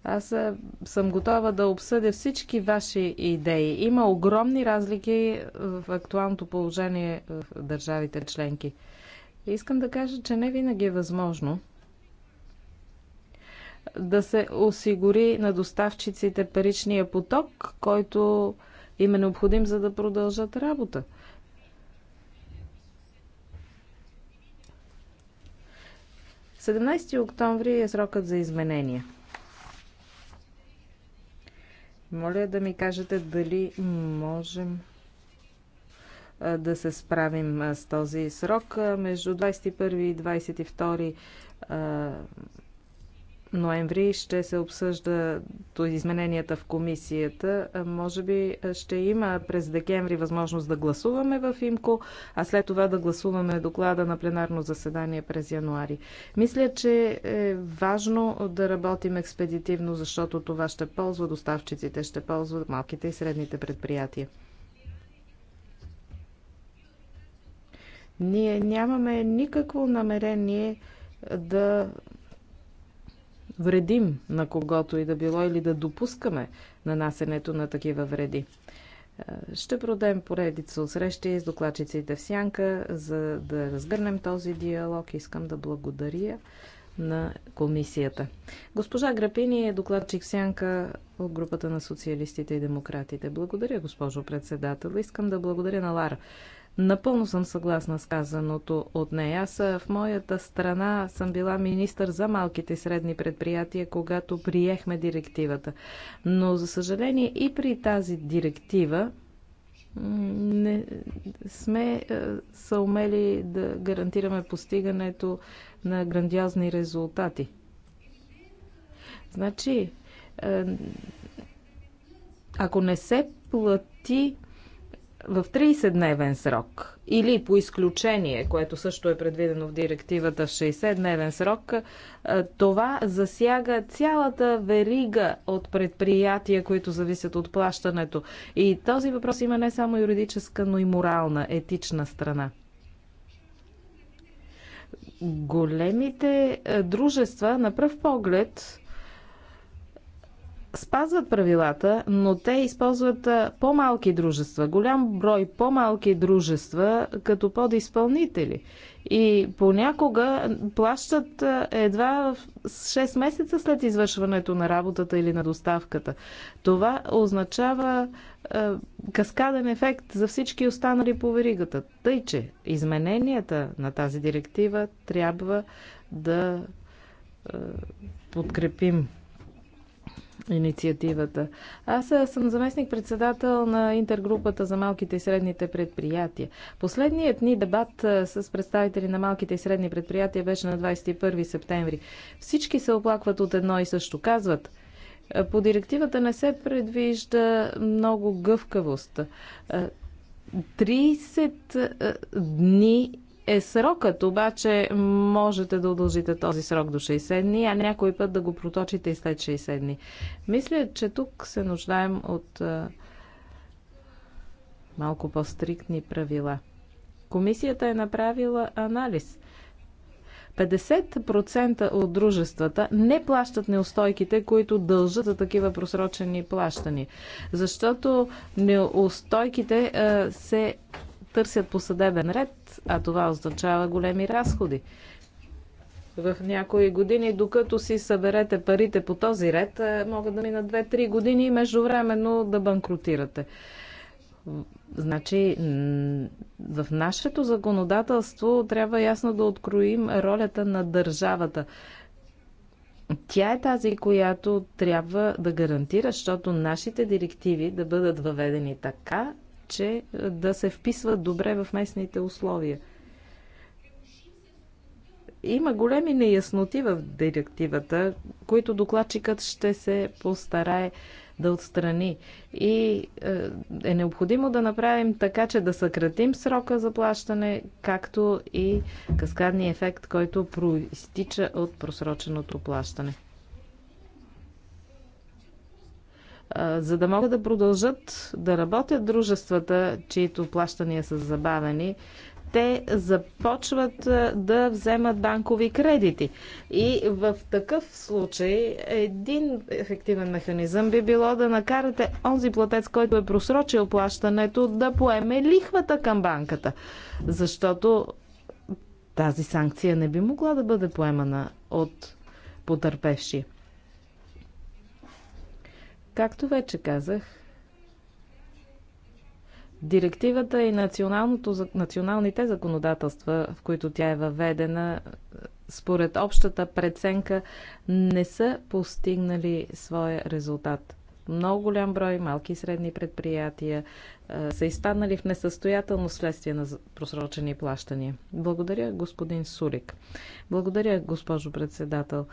Аз е, съм готова да обсъдя всички ваши идеи. Има огромни разлики в актуалното положение в държавите членки. Искам да кажа, че не винаги е възможно да се осигури на доставчиците паричния поток, който им е необходим за да продължат работа. 17 октомври е срокът за изменения. Моля да ми кажете дали можем да се справим с този срок. Между 21 и 22 ноември ще се обсъжда измененията в комисията. Може би ще има през декември възможност да гласуваме в ИМКО, а след това да гласуваме доклада на пленарно заседание през януари. Мисля, че е важно да работим експедитивно, защото това ще ползва доставчиците, ще ползват малките и средните предприятия. Ние нямаме никакво намерение да вредим на когото и да било или да допускаме нанасенето на такива вреди. Е, ще продем поредица от срещи с докладчиците в Сянка, за да разгърнем този диалог. Искам да благодаря на комисията. Госпожа Грапини е докладчик Сянка от групата на социалистите и демократите. Благодаря, госпожо председател. Искам да благодаря на Лара Напълно съм съгласна с казаното от нея. Аз в моята страна съм била министър за малките и средни предприятия, когато приехме директивата. Но, за съжаление, и при тази директива не сме са умели да гарантираме постигането на грандиозни резултати. Значи, ако не се плати в 30-дневен срок или по изключение, което също е предвидено в директивата в 60-дневен срок, това засяга цялата верига от предприятия, които зависят от плащането. И този въпрос има не само юридическа, но и морална, етична страна. Големите дружества на пръв поглед спазват правилата, но те използват по-малки дружества, голям брой по-малки дружества като подизпълнители. И понякога плащат едва 6 месеца след извършването на работата или на доставката. Това означава е, каскаден ефект за всички останали по веригата. Тъй, че измененията на тази директива трябва да е, подкрепим инициативата. Аз съм заместник-председател на интергрупата за малките и средните предприятия. Последният ни дебат с представители на малките и средни предприятия беше на 21 септември. Всички се оплакват от едно и също. Казват, по директивата не се предвижда много гъвкавост. 30 дни е срокът, обаче можете да удължите този срок до 60 дни, а някой път да го проточите и след 60 дни. Мисля, че тук се нуждаем от малко по-стриктни правила. Комисията е направила анализ. 50% от дружествата не плащат неустойките, които дължат за такива просрочени плащани. Защото неустойките се търсят по съдебен ред, а това означава големи разходи. В някои години, докато си съберете парите по този ред, могат да минат 2-3 години и междувременно да банкротирате. Значи, в нашето законодателство трябва ясно да откроим ролята на държавата. Тя е тази, която трябва да гарантира, защото нашите директиви да бъдат въведени така, повече да се вписват добре в местните условия. Има големи неясноти в директивата, които докладчикът ще се постарае да отстрани. И е, е необходимо да направим така, че да съкратим срока за плащане, както и каскадния ефект, който проистича от просроченото плащане. за да могат да продължат да работят дружествата, чието плащания са забавени, те започват да вземат банкови кредити. И в такъв случай един ефективен механизъм би било да накарате онзи платец, който е просрочил плащането, да поеме лихвата към банката. Защото тази санкция не би могла да бъде поемана от потърпевши. Както вече казах, директивата и националните законодателства, в които тя е въведена, според общата преценка, не са постигнали своя резултат. Много голям брой малки и средни предприятия е, са изпаднали в несъстоятелно следствие на просрочени плащания. Благодаря, господин Сурик. Благодаря, госпожо председател.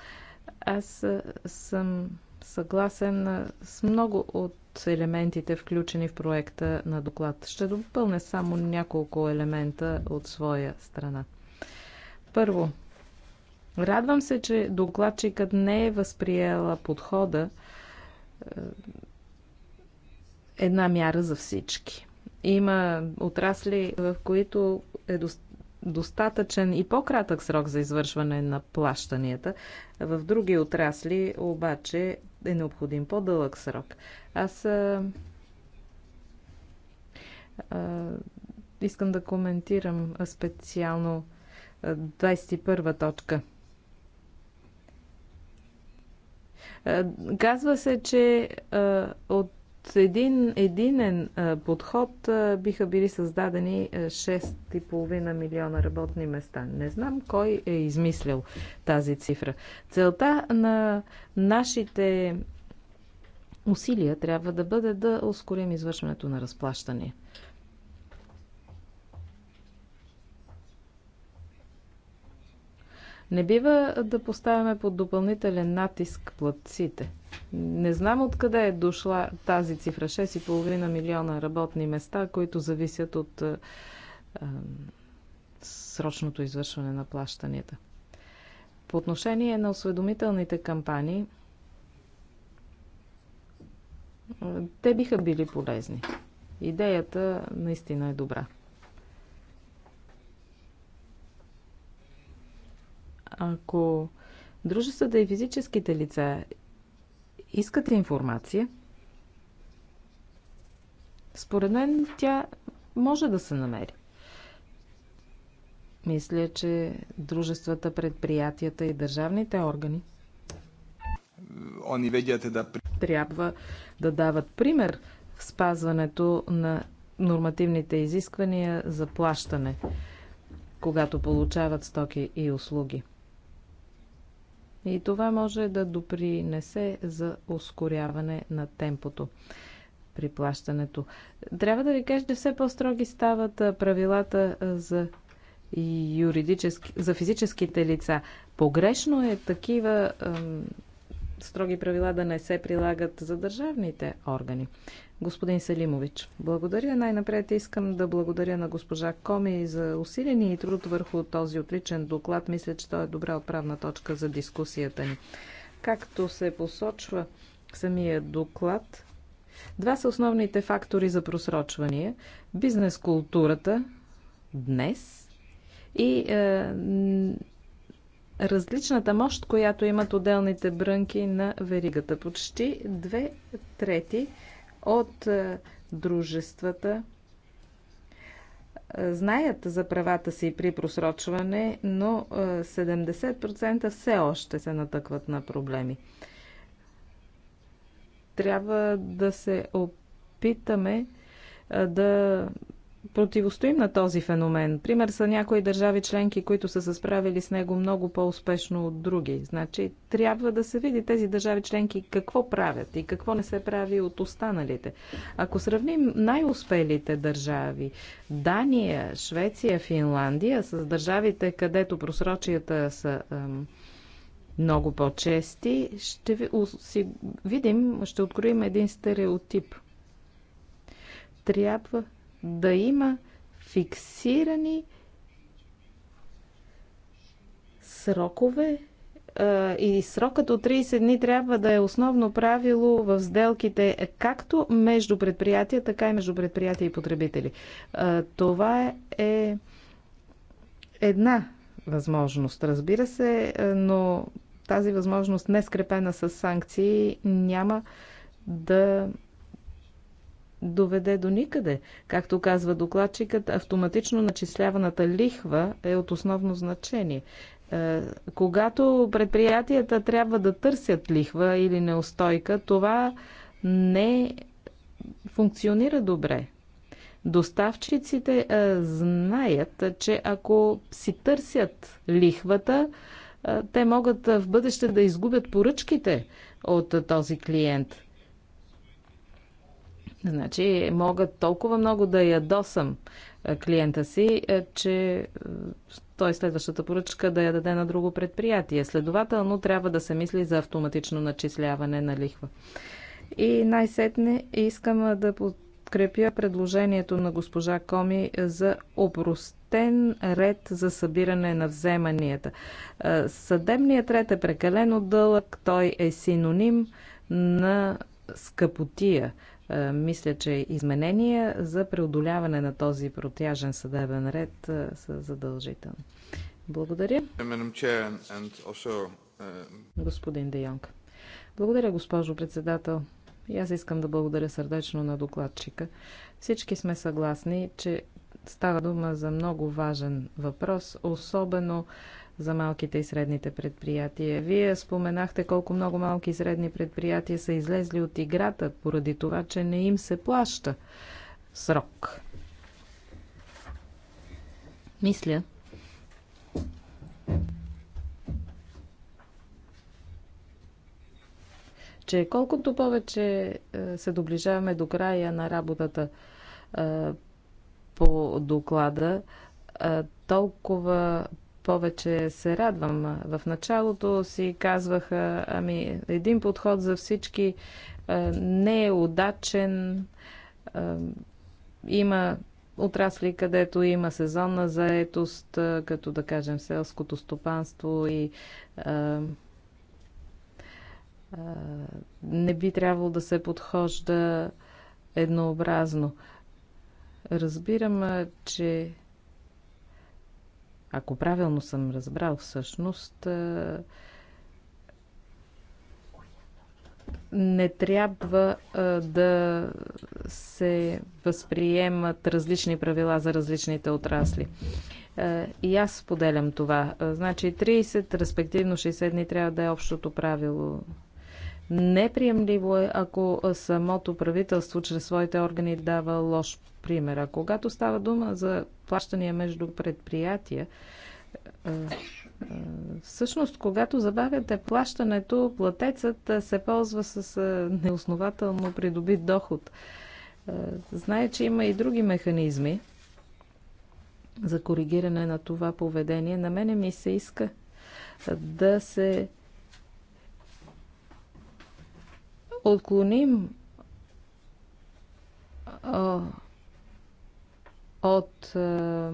Аз съм съгласен с много от елементите, включени в проекта на доклад. Ще допълня само няколко елемента от своя страна. Първо, радвам се, че докладчикът не е възприела подхода една мяра за всички. Има отрасли, в които е достатъчен и по-кратък срок за извършване на плащанията. В други отрасли обаче е необходим по-дълъг срок. Аз а, а, искам да коментирам специално 21 точка. Казва се, че от един единен подход биха били създадени 6,5 милиона работни места. Не знам кой е измислил тази цифра. Целта на нашите усилия трябва да бъде да ускорим извършването на разплащане. Не бива да поставяме под допълнителен натиск платците. Не знам откъде е дошла тази цифра 6,5 милиона работни места, които зависят от а, срочното извършване на плащанията. По отношение на осведомителните кампании, те биха били полезни. Идеята наистина е добра. Ако дружествата и физическите лица искат информация, според мен тя може да се намери. Мисля, че дружествата, предприятията и държавните органи Они да... трябва да дават пример в спазването на нормативните изисквания за плащане, когато получават стоки и услуги. И това може да допринесе за ускоряване на темпото при плащането. Трябва да ви кажа, че все по-строги стават правилата за юридически, за физическите лица. Погрешно е такива строги правила да не се прилагат за държавните органи господин Селимович. Благодаря. Най-напред искам да благодаря на госпожа Коми за усиления и труд върху този отличен доклад. Мисля, че той е добра отправна точка за дискусията ни. Както се посочва самия доклад, два са основните фактори за просрочване. Бизнес културата днес и е, различната мощ, която имат отделните брънки на веригата. Почти две трети от е, дружествата е, знаят за правата си при просрочване, но 70% е, все още се натъкват на проблеми. Трябва да се опитаме да противостоим на този феномен. Пример са някои държави членки, които са се справили с него много по-успешно от други. Значи трябва да се види тези държави членки какво правят и какво не се прави от останалите. Ако сравним най-успелите държави Дания, Швеция, Финландия с държавите, където просрочията са ем, много по-чести, ще ви, си, видим, ще откроим един стереотип. Трябва да има фиксирани срокове и срокът от 30 дни трябва да е основно правило в сделките както между предприятия, така и между предприятия и потребители. Това е една възможност, разбира се, но тази възможност не скрепена с санкции няма да доведе до никъде. Както казва докладчикът, автоматично начисляваната лихва е от основно значение. Е, когато предприятията трябва да търсят лихва или неустойка, това не функционира добре. Доставчиците е, знаят, че ако си търсят лихвата, е, те могат в бъдеще да изгубят поръчките от този клиент – Значи мога толкова много да ядосам е, клиента си, е, че е, той следващата поръчка да я даде на друго предприятие. Следователно трябва да се мисли за автоматично начисляване на лихва. И най-сетне искам да подкрепя предложението на госпожа Коми за опростен ред за събиране на вземанията. Съдебният ред е прекалено дълъг, той е синоним на скъпотия. Е, мисля, че изменения за преодоляване на този протяжен съдебен ред е, са задължителни. Благодаря. Е, Господин Де Йонг. Благодаря, госпожо председател. И аз искам да благодаря сърдечно на докладчика. Всички сме съгласни, че става дума за много важен въпрос, особено за малките и средните предприятия. Вие споменахте колко много малки и средни предприятия са излезли от играта, поради това, че не им се плаща срок. Мисля, че колкото повече е, се доближаваме до края на работата е, по доклада, е, толкова повече се радвам. В началото си казваха, ами един подход за всички е, не е удачен. Е, има отрасли, където има сезонна заетост, е, като да кажем селското стопанство и не би трябвало да се подхожда еднообразно. Разбирам, че ако правилно съм разбрал, всъщност е, не трябва е, да се възприемат различни правила за различните отрасли. Е, и аз споделям това. Значи 30, респективно 60 дни трябва да е общото правило. Неприемливо е, ако самото правителство чрез своите органи дава лош примера. когато става дума за плащания между предприятия, Всъщност, когато забавяте плащането, платецът се ползва с неоснователно придобит доход. Знае, че има и други механизми за коригиране на това поведение. На мене ми се иска да се отклоним от е,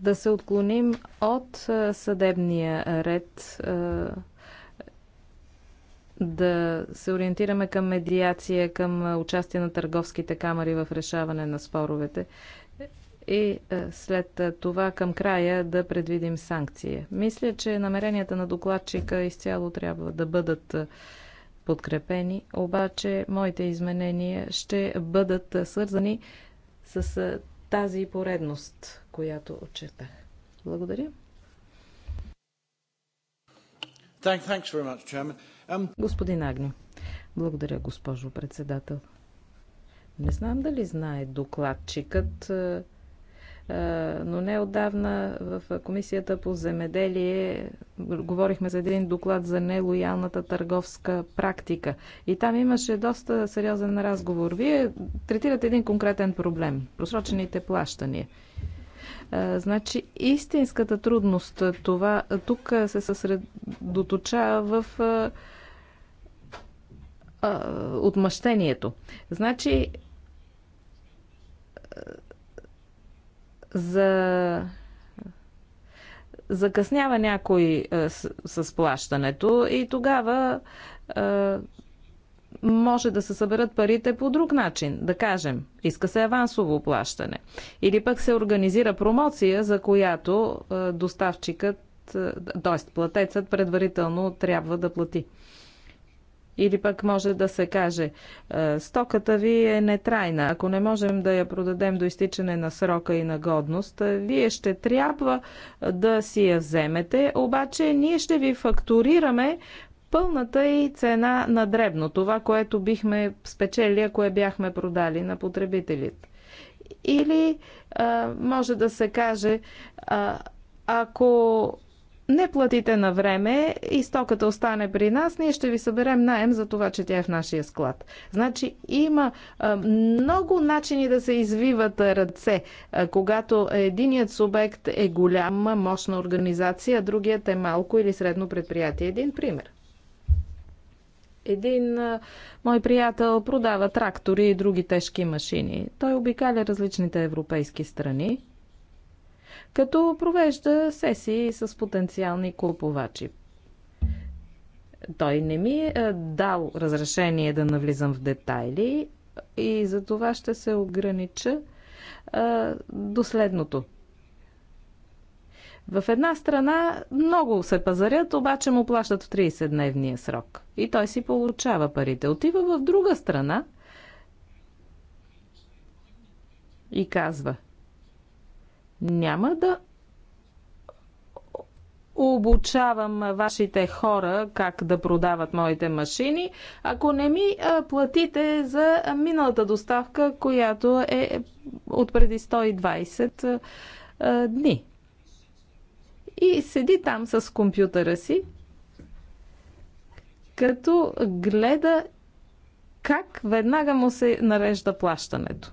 да се отклоним от е, съдебния ред, е, да се ориентираме към медиация, към участие на търговските камери в решаване на споровете и след това към края да предвидим санкции. Мисля, че намеренията на докладчика изцяло трябва да бъдат подкрепени, обаче моите изменения ще бъдат свързани с тази поредност, която очертах. Благодаря. Um, Господин Агню. Благодаря, госпожо председател. Не знам дали знае докладчикът, е, но не отдавна в Комисията по земеделие говорихме за един доклад за нелоялната търговска практика. И там имаше доста сериозен разговор. Вие третирате един конкретен проблем просрочените плащания. Е, значи, истинската трудност това тук се съсредоточава в е, отмъщението. Значи, за закъснява някой е, с, с плащането и тогава е, може да се съберат парите по друг начин. Да кажем, иска се авансово плащане. Или пък се организира промоция, за която е, доставчикът, е, т.е. платецът предварително трябва да плати. Или пък може да се каже, е, стоката ви е нетрайна. Ако не можем да я продадем до изтичане на срока и на годност, е, вие ще трябва да си я вземете, обаче ние ще ви фактурираме пълната и цена на дребно, това, което бихме спечели, ако я бяхме продали на потребителите. Или а, е, може да се каже, а, ако не платите на време и стоката остане при нас, ние ще ви съберем найем за това, че тя е в нашия склад. Значи има много начини да се извиват ръце, когато единият субект е голяма, мощна организация, а другият е малко или средно предприятие. Един пример. Един а, мой приятел продава трактори и други тежки машини. Той обикаля различните европейски страни като провежда сесии с потенциални купувачи. Той не ми е, е дал разрешение да навлизам в детайли и за това ще се огранича а, е, до следното. В една страна много се пазарят, обаче му плащат в 30-дневния срок. И той си получава парите. Отива в друга страна и казва – няма да обучавам вашите хора как да продават моите машини, ако не ми платите за миналата доставка, която е от преди 120 дни. И седи там с компютъра си, като гледа как веднага му се нарежда плащането.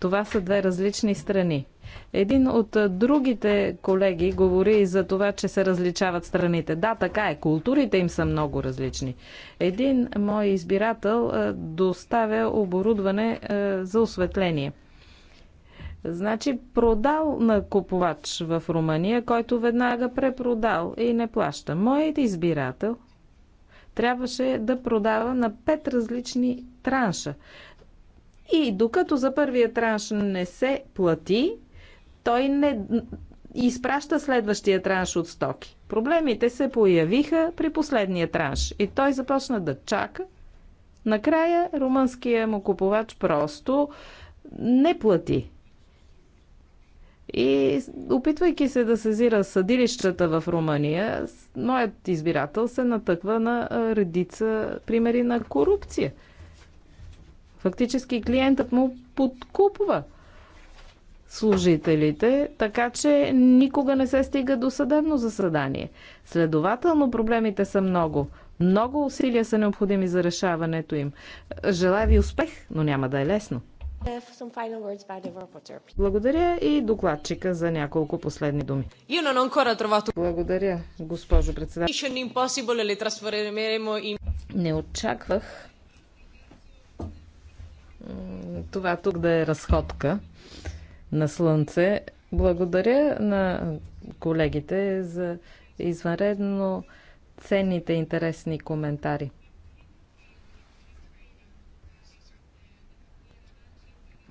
Това са две различни страни. Един от другите колеги говори и за това, че се различават страните. Да, така е. Културите им са много различни. Един мой избирател доставя оборудване за осветление. Значи продал на купувач в Румъния, който веднага препродал и не плаща. Моят избирател трябваше да продава на пет различни транша. И докато за първия транш не се плати, той не изпраща следващия транш от стоки. Проблемите се появиха при последния транш и той започна да чака. Накрая румънския му купувач просто не плати. И опитвайки се да сезира съдилищата в Румъния, моят избирател се натъква на редица примери на корупция. Фактически клиентът му подкупва служителите, така че никога не се стига до съдебно заседание. Следователно проблемите са много. Много усилия са необходими за решаването им. Желая ви успех, но няма да е лесно. Благодаря и докладчика за няколко последни думи. Благодаря, госпожо председател. Не очаквах това тук да е разходка на слънце. Благодаря на колегите за извънредно ценните интересни коментари.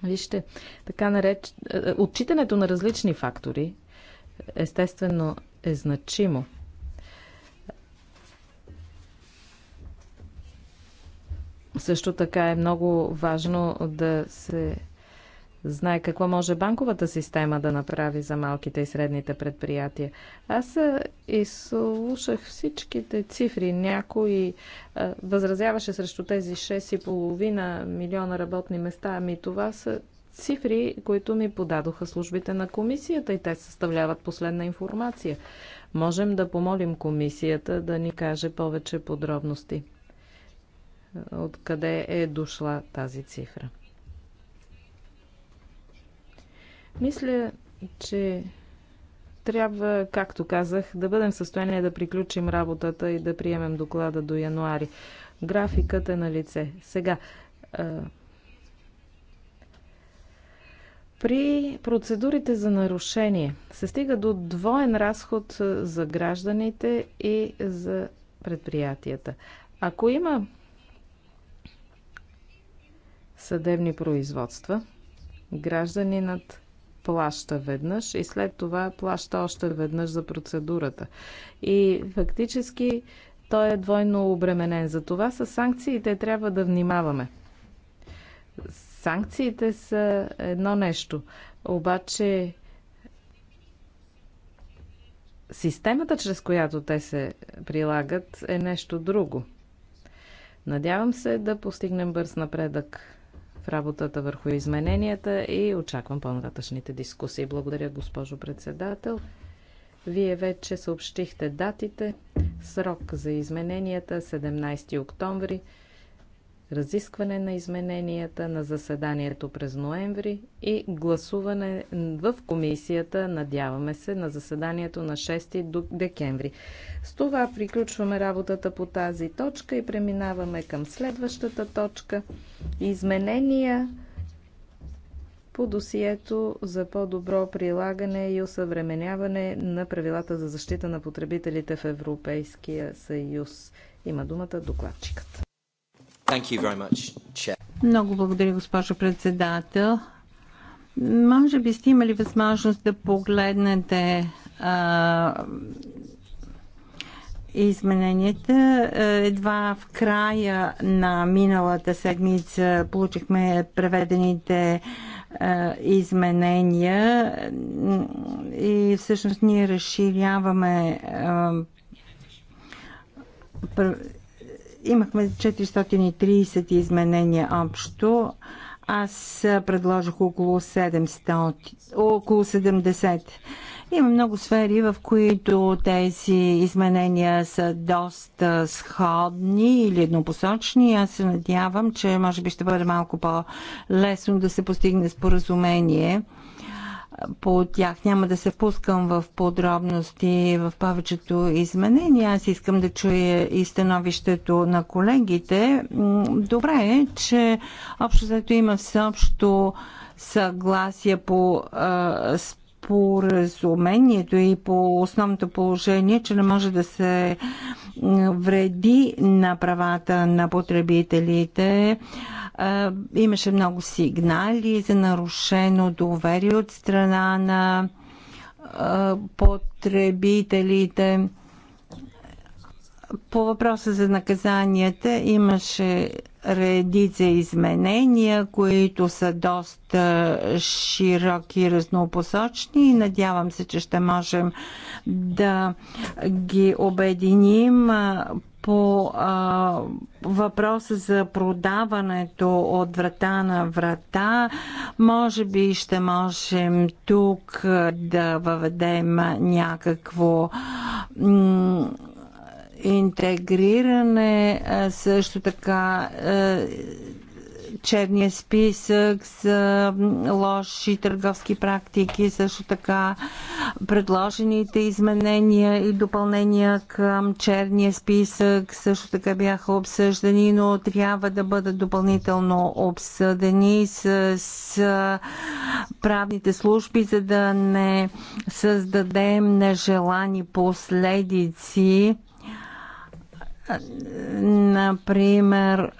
Вижте, така нареч... Е, отчитането на различни фактори естествено е значимо. Също така е много важно да се знае какво може банковата система да направи за малките и средните предприятия. Аз изслушах всичките цифри. Някой а, възразяваше срещу тези 6,5 милиона работни места. Ами това са цифри, които ми подадоха службите на комисията и те съставляват последна информация. Можем да помолим комисията да ни каже повече подробности. Откъде е дошла тази цифра? Мисля, че трябва, както казах, да бъдем в състояние да приключим работата и да приемем доклада до януари. Графикът е на лице. Сега, при процедурите за нарушение се стига до двоен разход за гражданите и за предприятията. Ако има съдебни производства, гражданинът плаща веднъж и след това плаща още веднъж за процедурата. И фактически той е двойно обременен. За това с санкциите трябва да внимаваме. Санкциите са едно нещо, обаче системата, чрез която те се прилагат, е нещо друго. Надявам се да постигнем бърз напредък в работата върху измененията и очаквам по-нататъчните дискусии. Благодаря, госпожо председател. Вие вече съобщихте датите. Срок за измененията 17 октомври разискване на измененията на заседанието през ноември и гласуване в комисията, надяваме се, на заседанието на 6 декември. С това приключваме работата по тази точка и преминаваме към следващата точка. Изменения по досието за по-добро прилагане и усъвременяване на правилата за защита на потребителите в Европейския съюз. Има думата докладчикът. Много благодаря, госпожо председател. Може би сте имали възможност да погледнете измененията. Едва в края на миналата седмица получихме преведените изменения и всъщност ние разширяваме Имахме 430 изменения общо. Аз предложих около 700, около 70. Има много сфери, в които тези изменения са доста сходни или еднопосочни. Аз се надявам, че може би ще бъде малко по-лесно да се постигне споразумение по тях. Няма да се впускам в подробности в повечето изменения. Аз искам да чуя и становището на колегите. Добре е, че общо има всеобщо съгласие по а, с споразумението и по основното положение, че не може да се вреди на правата на потребителите. Имаше много сигнали за нарушено доверие от страна на потребителите. По въпроса за наказанията имаше редица изменения, които са доста широки и разнопосочни и надявам се, че ще можем да ги обединим по а, въпроса за продаването от врата на врата, може би ще можем тук да въведем някакво интегриране, също така черния списък с лоши търговски практики, също така предложените изменения и допълнения към черния списък също така бяха обсъждани, но трябва да бъдат допълнително обсъдени с, с правните служби, за да не създадем нежелани последици Например,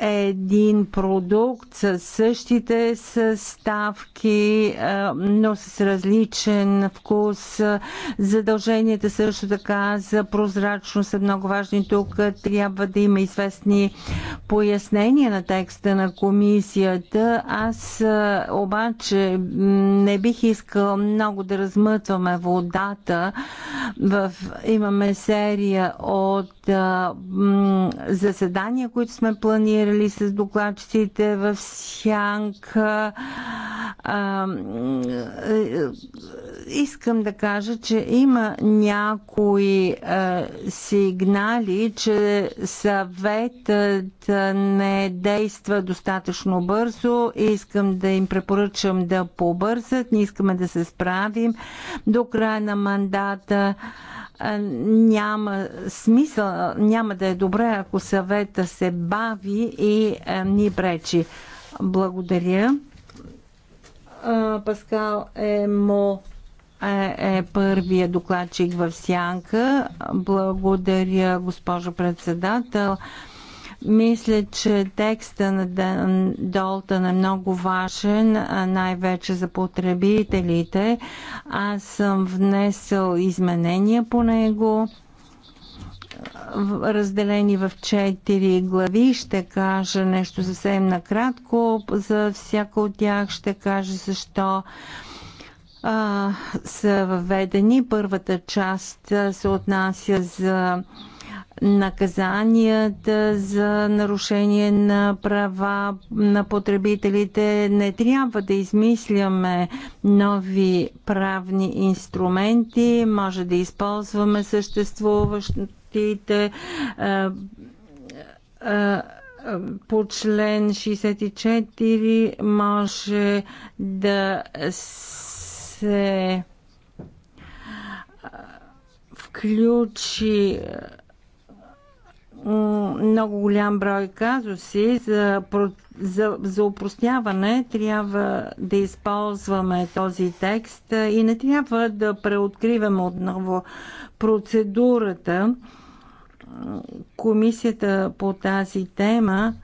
един продукт с същите съставки, но с различен вкус. Задълженията също така за прозрачност са много важни. Тук трябва да има известни пояснения на текста на комисията. Аз обаче не бих искал много да размътваме водата. В... Имаме серия от заседания, които сме планирали комуникирали с докладчиците в Сянка. Е, е, искам да кажа, че има някои е, сигнали, че съветът не действа достатъчно бързо. Искам да им препоръчам да побързат. Не искаме да се справим до края на мандата няма смисъл, няма да е добре, ако съвета се бави и ни пречи. Благодаря. Паскал е е, е първия докладчик в Сянка. Благодаря, госпожо председател. Мисля, че текста на Долтън е много важен, най-вече за потребителите. Аз съм внесъл изменения по него разделени в четири глави. Ще кажа нещо съвсем накратко за всяка от тях. Ще кажа защо а, са въведени. Първата част се отнася за наказанията за нарушение на права на потребителите. Не трябва да измисляме нови правни инструменти, може да използваме съществуващите по член 64 може да се включи много голям брой казуси за, за, за упростяване трябва да използваме този текст и не трябва да преоткриваме отново процедурата. Комисията по тази тема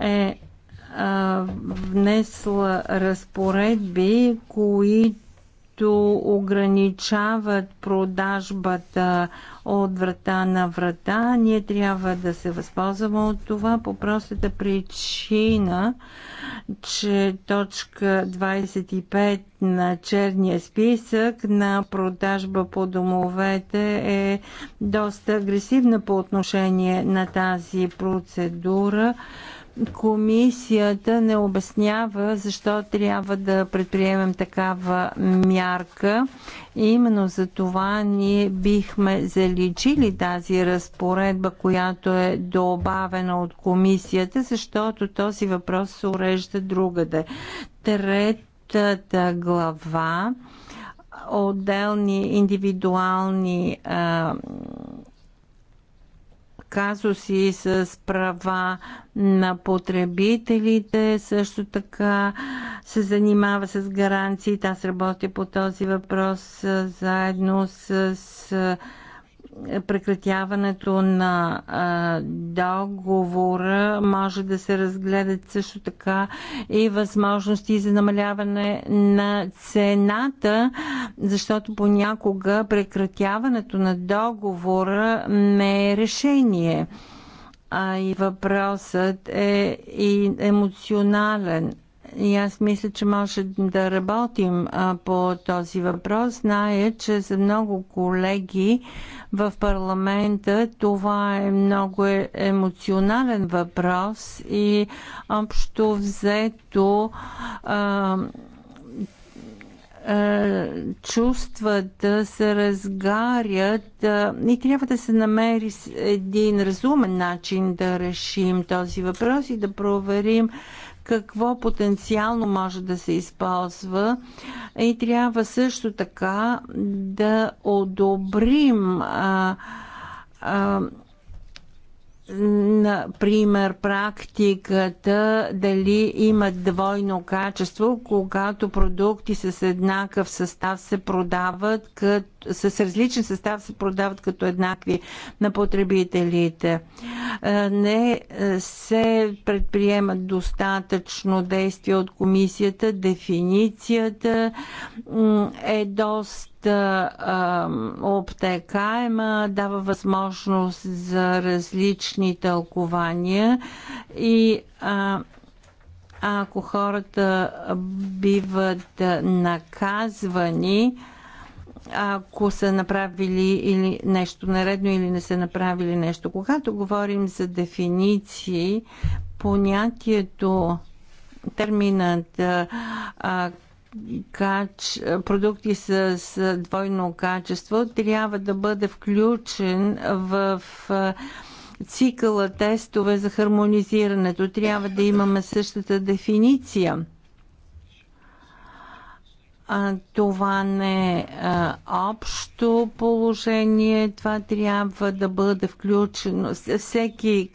е а, внесла разпоредби, които ограничават продажбата от врата на врата. Ние трябва да се възползваме от това по простата причина, че точка 25 на черния списък на продажба по домовете е доста агресивна по отношение на тази процедура комисията не обяснява защо трябва да предприемем такава мярка. именно за това ние бихме заличили тази разпоредба, която е добавена от комисията, защото този въпрос се урежда другаде. Третата глава отделни индивидуални а, казуси с права на потребителите, също така се занимава с гаранции. Аз работя по този въпрос заедно с прекратяването на а, договора може да се разгледат също така и възможности за намаляване на цената, защото понякога прекратяването на договора не е решение. А и въпросът е и емоционален. И аз мисля, че може да работим по този въпрос. Зная, че за много колеги в парламента това е много е емоционален въпрос и общо взето чувствата се разгарят и трябва да се намери един разумен начин да решим този въпрос и да проверим какво потенциално може да се използва и трябва също така да одобрим а, а, например, практиката дали имат двойно качество, когато продукти с еднакъв състав се продават, като, с различен състав се продават като еднакви на потребителите. Е, не е, се предприемат достатъчно действия от комисията. Дефиницията е доста доста обтекаема, дава възможност за различни тълкования и а, ако хората биват наказвани, ако са направили или нещо наредно или не са направили нещо. Когато говорим за дефиниции, понятието терминът а, кач, продукти с, с двойно качество трябва да бъде включен в цикъла тестове за хармонизирането. Трябва да имаме същата дефиниция а, това не е общо положение, това трябва да бъде включено. Всеки,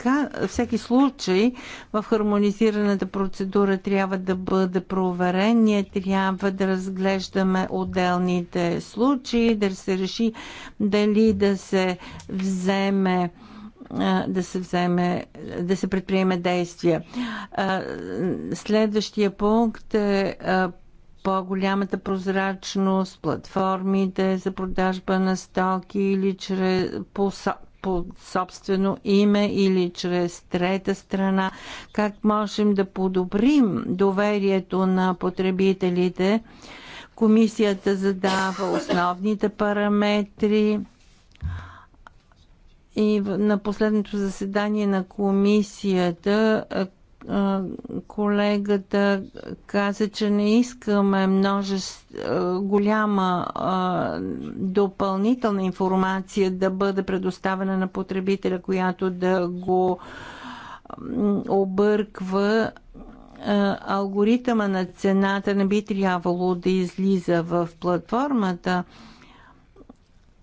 всеки случай в хармонизираната процедура трябва да бъде проверен. Ние трябва да разглеждаме отделните случаи, да се реши дали да се вземе да се вземе, да се предприеме действия. Следващия пункт е по-голямата прозрачност, платформите за продажба на стоки или чрез, по, по собствено име или чрез трета страна, как можем да подобрим доверието на потребителите. Комисията задава основните параметри и на последното заседание на комисията колегата каза, че не искаме множество, голяма допълнителна информация да бъде предоставена на потребителя, която да го обърква. Алгоритъма на цената не би трябвало да излиза в платформата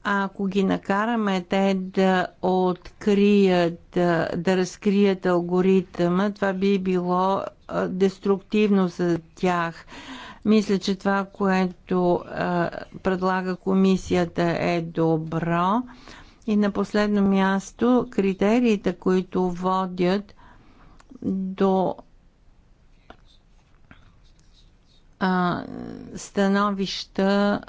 ако ги накараме те да открият, да, да разкрият алгоритъма, това би било деструктивно за тях. Мисля, че това, което а, предлага комисията е добро. И на последно място, критериите, които водят до а, становища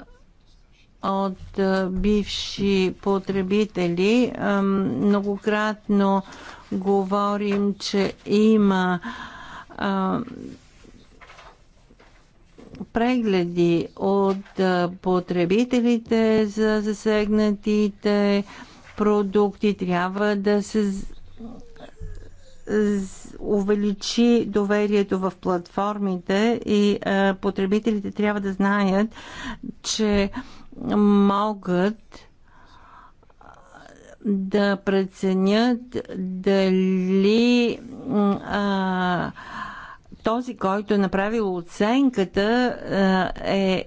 от бивши потребители. Многократно говорим, че има прегледи от потребителите за засегнатите продукти. Трябва да се увеличи доверието в платформите и потребителите трябва да знаят, че могат да преценят дали а, този, който е направил оценката, е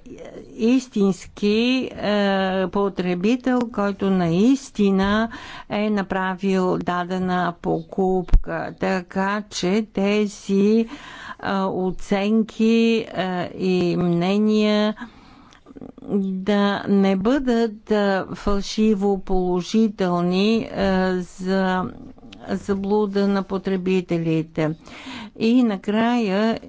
истински потребител, който наистина е направил дадена покупка. Така че тези оценки и мнения да не бъдат фалшиво положителни за заблуда на потребителите. И накрая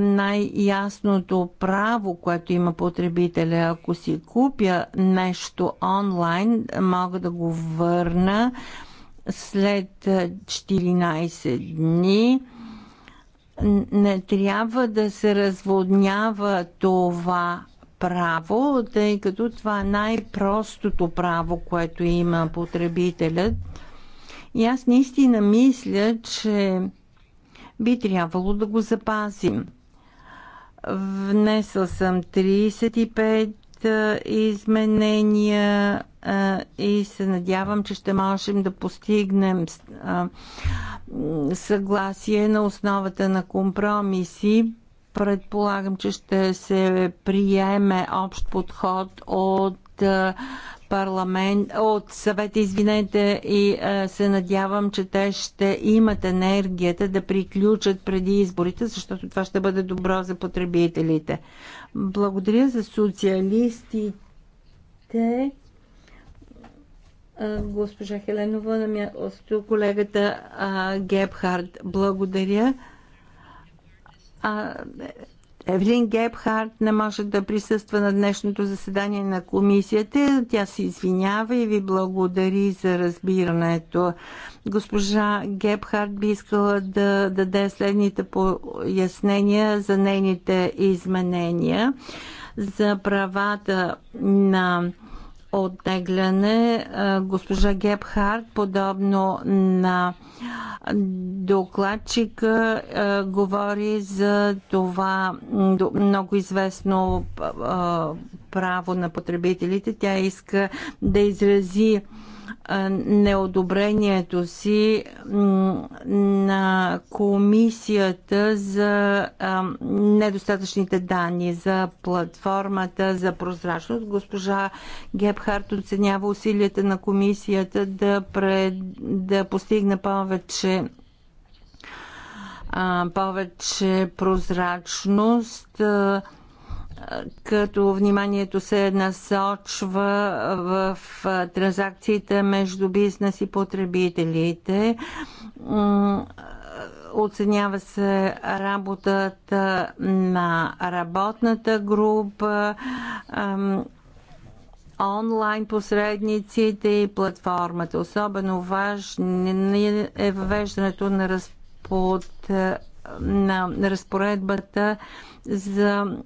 най-ясното право, което има потребителя. Ако си купя нещо онлайн, мога да го върна след 14 дни. Не трябва да се разводнява това право, тъй като това е най-простото право, което има потребителят. И аз наистина мисля, че би трябвало да го запазим. Внесъл съм 35 изменения и се надявам, че ще можем да постигнем съгласие на основата на компромиси Предполагам, че ще се приеме общ подход от е, парламент, от съвета, извинете, и е, се надявам, че те ще имат енергията да приключат преди изборите, защото това ще бъде добро за потребителите. Благодаря за социалистите. Е, госпожа Хеленова, на място колегата Гебхард. Благодаря. А, Евлин Гебхарт не може да присъства на днешното заседание на комисията. Тя се извинява и ви благодари за разбирането. Госпожа Гебхарт би искала да даде следните пояснения за нейните изменения за правата на оттегляне. Госпожа Гебхард, подобно на докладчика, говори за това много известно право на потребителите. Тя иска да изрази неодобрението си на комисията за недостатъчните данни, за платформата за прозрачност. Госпожа Гебхарт оценява усилията на комисията да, пред, да постигне повече повече прозрачност като вниманието се насочва в транзакциите между бизнес и потребителите. Оценява се работата на работната група, онлайн посредниците и платформата. Особено важно е въвеждането на, разпод, на разпоредбата за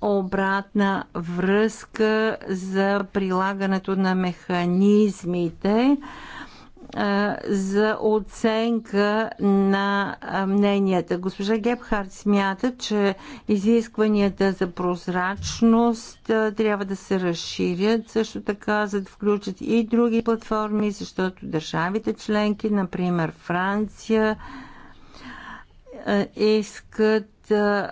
обратна връзка за прилагането на механизмите е, за оценка на е, мненията. Госпожа Гебхард смята, че изискванията за прозрачност е, трябва да се разширят, също така, за да включат и други платформи, защото държавите членки, например Франция, искат е,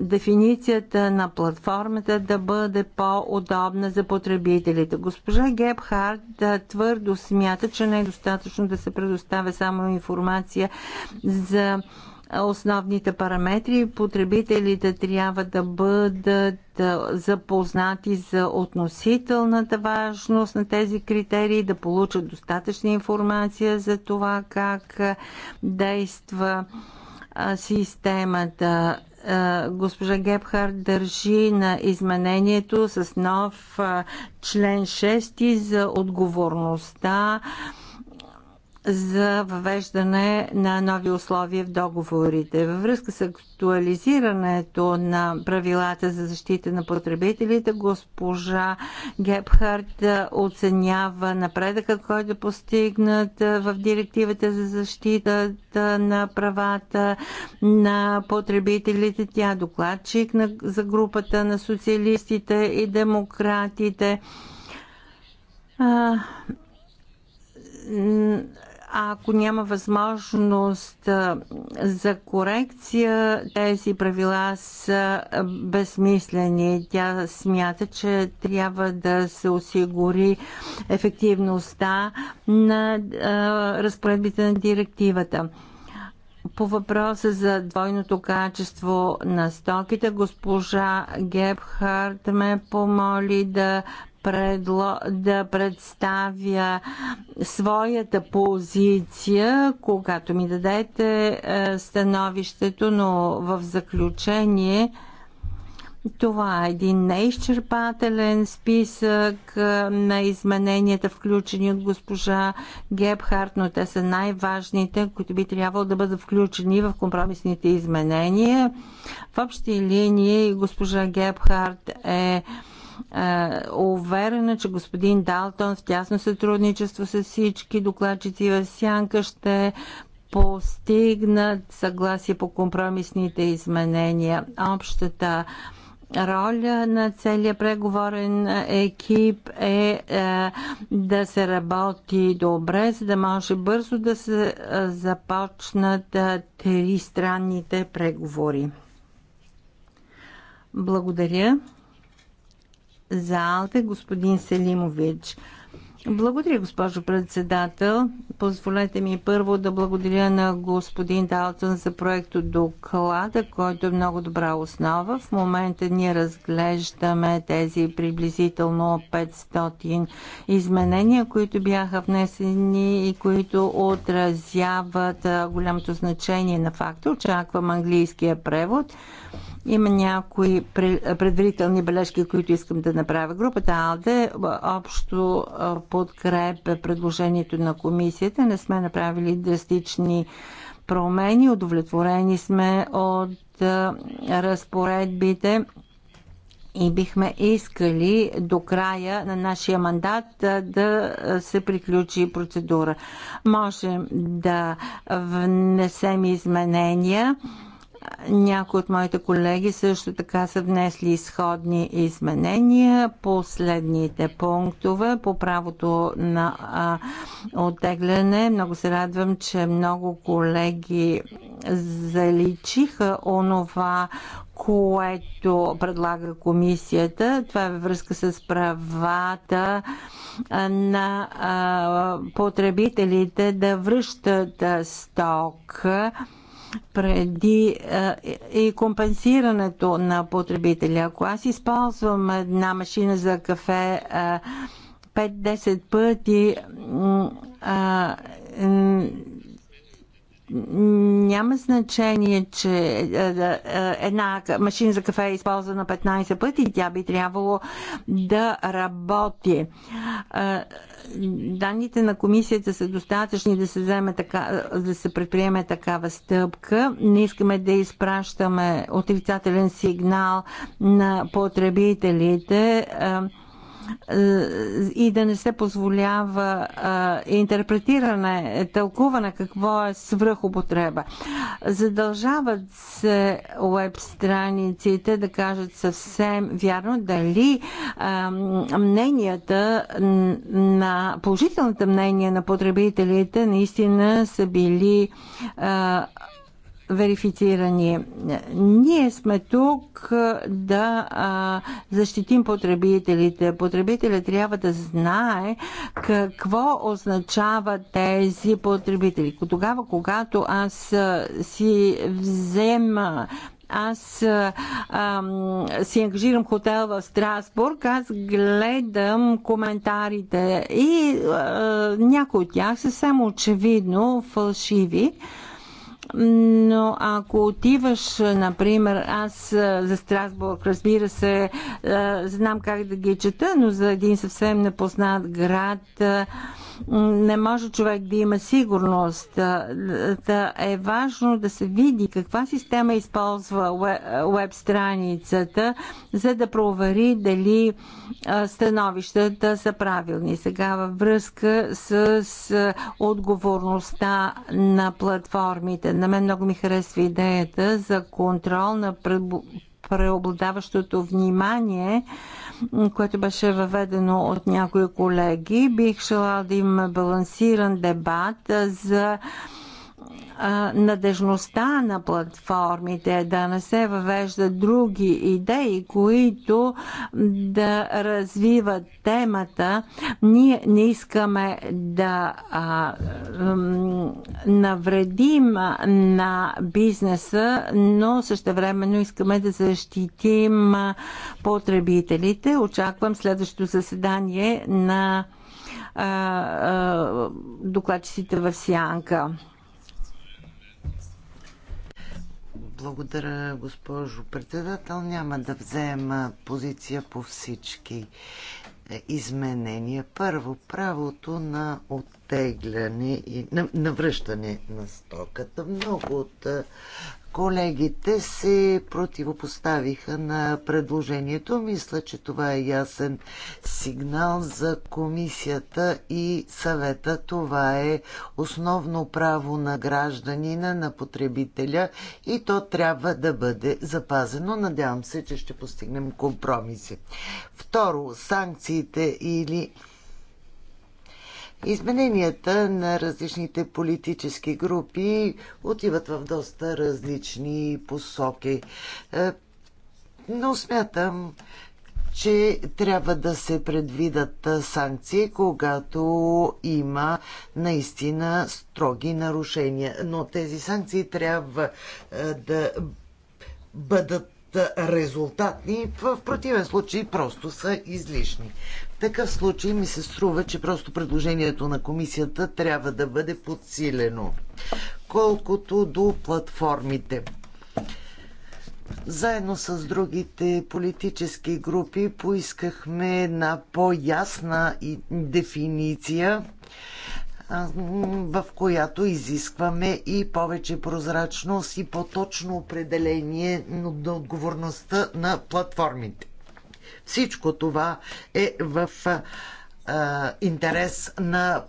дефиницията на платформата да бъде по-удобна за потребителите. Госпожа Гебхард е, твърдо смята, че не е достатъчно да се предоставя само информация за основните параметри. Потребителите трябва да бъдат е, запознати за относителната важност на тези критерии, да получат достатъчна информация за това как действа системата. Госпожа Гепхард държи на изменението с нов член 6 за отговорността за въвеждане на нови условия в договорите. Във връзка с актуализирането на правилата за защита на потребителите, госпожа Гепхард оценява напредъкът, който е постигнат в директивата за защита на правата на потребителите. Тя е докладчик за групата на социалистите и демократите ако няма възможност за корекция, тези правила са безсмислени. Тя смята, че трябва да се осигури ефективността на разпоредбите на директивата. По въпроса за двойното качество на стоките, госпожа Гебхард ме помоли да предло... да представя своята позиция, когато ми дадете е, становището, но в заключение това е един неизчерпателен списък е, на измененията, включени от госпожа Гебхарт, но те са най-важните, които би трябвало да бъдат включени в компромисните изменения. В общи линии госпожа Гебхарт е е, уверена, че господин Далтон в тясно сътрудничество с всички докладчици в Сянка ще постигнат съгласие по компромисните изменения. Общата роля на целият преговорен екип е, е да се работи добре, за да може бързо да се е, започнат е, тристранните преговори. Благодаря за Алте, господин Селимович. Благодаря, госпожо председател. Позволете ми първо да благодаря на господин Далтън за проекто доклада, който е много добра основа. В момента ние разглеждаме тези приблизително 500 изменения, които бяха внесени и които отразяват голямото значение на факта. Очаквам английския превод има някои предварителни бележки, които искам да направя. Групата АЛДЕ общо подкрепя предложението на комисията. Не сме направили драстични промени. Удовлетворени сме от разпоредбите и бихме искали до края на нашия мандат да се приключи процедура. Можем да внесем изменения някои от моите колеги също така са внесли изходни изменения. Последните пунктове по правото на отегляне. оттегляне. Много се радвам, че много колеги заличиха онова, което предлага комисията. Това е във връзка с правата на потребителите да връщат сток преди е, и компенсирането на потребителя. Ако аз използвам една машина за кафе 5-10 е, пъти, е, няма значение, че е, е, е, една машина за кафе е използвана 15 пъти, тя би трябвало да работи. Данните на комисията са достатъчни да се, вземе така, да се предприеме такава стъпка. Не искаме да изпращаме отрицателен сигнал на потребителите. Е, и да не се позволява е, интерпретиране, тълкуване какво е свръхупотреба. Задължават се веб страниците да кажат съвсем вярно дали е, мненията на положителните мнения на потребителите наистина са били верифицирани. Ние сме тук да а, защитим потребителите. Потребителя трябва да знае какво означава тези потребители. Тогава, когато аз си взема аз а, си ангажирам хотел в Страсбург, аз гледам коментарите и а, някои от тях са само очевидно фалшиви. А, но ако отиваш, например, аз за Страсбург, разбира се, знам как да ги чета, но за един съвсем непознат град не може човек да има сигурност. Да е важно да се види каква система използва веб страницата, за да провери дали становищата са правилни. Сега във връзка с отговорността на платформите. На мен много ми харесва идеята за контрол на преобладаващото внимание което беше въведено от някои колеги. Бих желала да имаме балансиран дебат за надежността на платформите, е да не се въвеждат други идеи, които да развиват темата. Ние не искаме да а, навредим на бизнеса, но времено искаме да защитим потребителите. Очаквам следващото заседание на докладчиците в Сянка. Благодаря, госпожо председател. Няма да взема позиция по всички е, изменения. Първо, правото на оттегляне и на, на връщане на стоката. Много от е, колегите се противопоставиха на предложението. Мисля, че това е ясен сигнал за комисията и съвета. Това е основно право на гражданина, на потребителя и то трябва да бъде запазено. Надявам се, че ще постигнем компромиси. Второ, санкциите или Измененията на различните политически групи отиват в доста различни посоки. Е, но смятам, че трябва да се предвидат е, санкции, когато има наистина строги нарушения. Но тези санкции трябва е, да бъдат резултатни, в противен случай просто са излишни такъв случай ми се струва, че просто предложението на комисията трябва да бъде подсилено. Колкото до платформите. Заедно с другите политически групи поискахме една по-ясна дефиниция, в която изискваме и повече прозрачност и по-точно определение на отговорността на платформите. Всичко това е в интерес на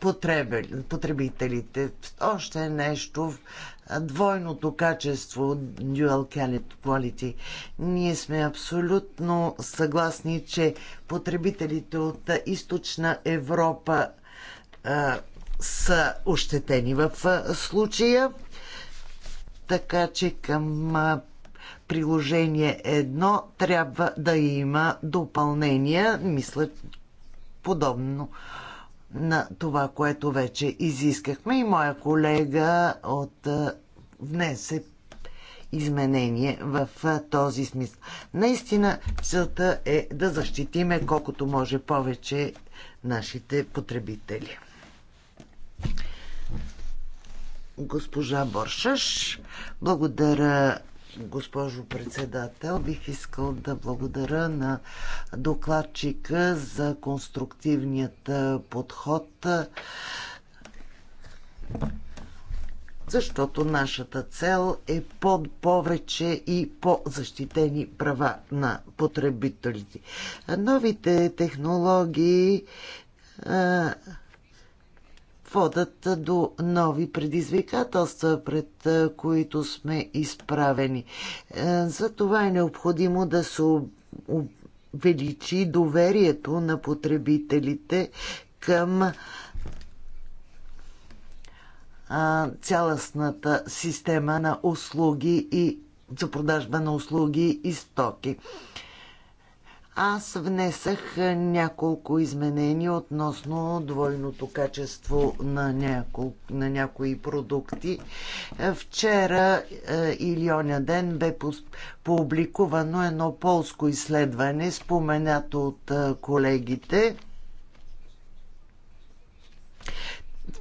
потребителите. Още нещо, двойното качество, dual quality. Ние сме абсолютно съгласни, че потребителите от източна Европа а, са ощетени в случая. Така че към приложение 1 трябва да има допълнения, мисля, подобно на това, което вече изискахме и моя колега от внесе изменение в този смисъл. Наистина целта е да защитиме колкото може повече нашите потребители. Госпожа Боршаш, благодаря госпожо председател. Бих искал да благодаря на докладчика за конструктивният подход, защото нашата цел е под повече и по-защитени права на потребителите. Новите технологии водят до нови предизвикателства, пред които сме изправени. Е, за това е необходимо да се увеличи доверието на потребителите към цялостната система на услуги и за продажба на услуги и стоки. Аз внесах няколко изменения относно двойното качество на, няко, на някои продукти. Вчера е, или оня ден бе публикувано едно полско изследване, споменато от е, колегите.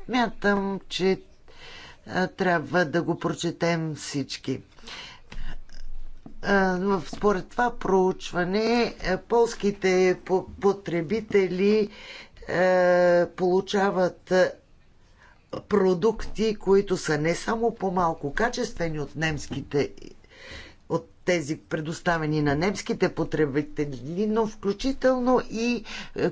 Смятам, че е, трябва да го прочетем всички според това проучване е, полските потребители е, получават е, продукти, които са не само по-малко качествени от немските от тези предоставени на немските потребители, но включително и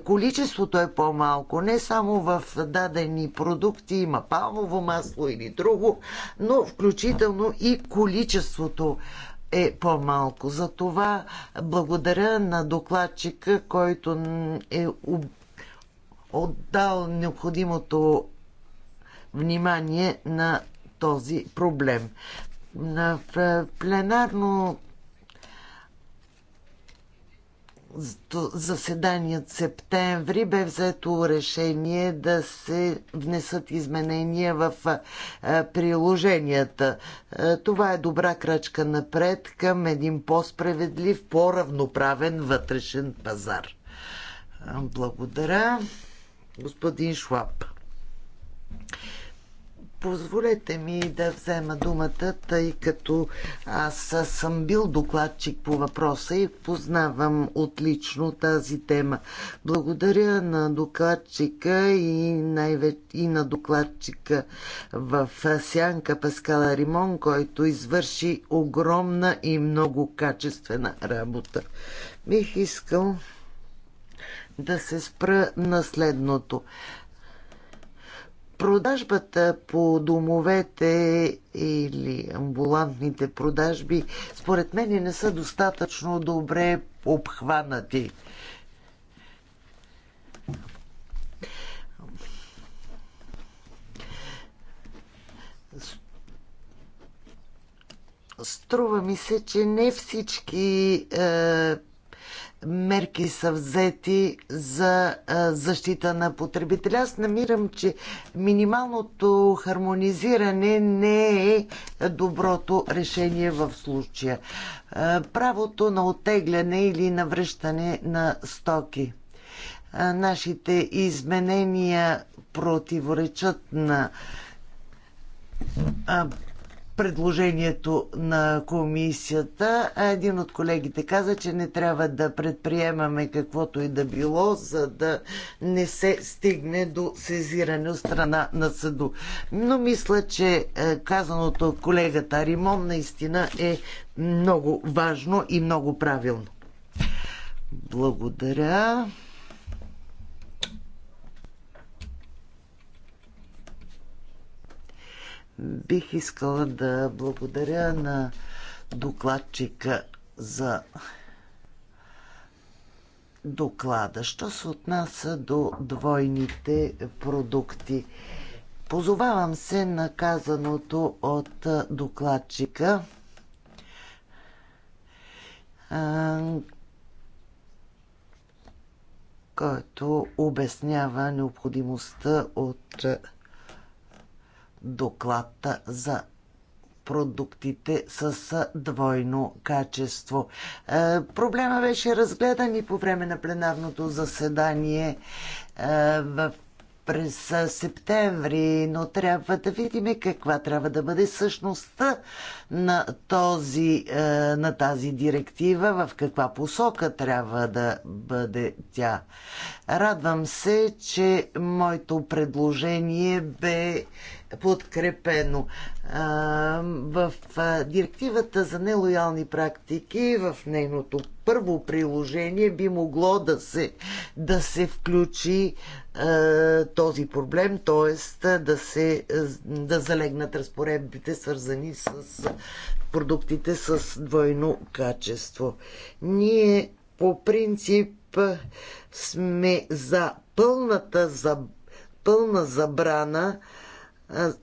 количеството е по-малко. Не само в дадени продукти има палмово масло или друго, но включително и количеството е по-малко. Затова благодаря на докладчика, който е отдал необходимото внимание на този проблем. В пленарно заседание от септември бе взето решение да се внесат изменения в приложенията. Това е добра крачка напред към един по-справедлив, по-равноправен вътрешен пазар. Благодаря, господин Шлап. Позволете ми да взема думата, тъй като аз съм бил докладчик по въпроса и познавам отлично тази тема. Благодаря на докладчика и, най- и на докладчика в Сянка Паскала Римон, който извърши огромна и много качествена работа. Бих искал да се спра на следното. Продажбата по домовете или амбулантните продажби, според мен, не са достатъчно добре обхванати. Струва ми се, че не всички е, мерки са взети за защита на потребителя. Аз намирам, че минималното хармонизиране не е доброто решение в случая. Правото на отегляне или на връщане на стоки. Нашите изменения противоречат на предложението на комисията. Един от колегите каза, че не трябва да предприемаме каквото и да било, за да не се стигне до сезиране от страна на съду. Но мисля, че е, казаното от колегата Римон наистина е много важно и много правилно. Благодаря. Бих искала да благодаря на докладчика за доклада. Що се отнася до двойните продукти? Позовавам се на казаното от докладчика. който обяснява необходимостта от Докладта за продуктите с двойно качество. Е, проблема беше разгледан и по време на пленарното заседание е, в през септември, но трябва да видим каква трябва да бъде същността на, този, е, на тази директива, в каква посока трябва да бъде тя. Радвам се, че моето предложение бе подкрепено. В директивата за нелоялни практики, в нейното първо приложение, би могло да се, да се включи този проблем, т.е. Да, се, да залегнат разпоредбите, свързани с продуктите с двойно качество. Ние по принцип сме за пълната за, пълна забрана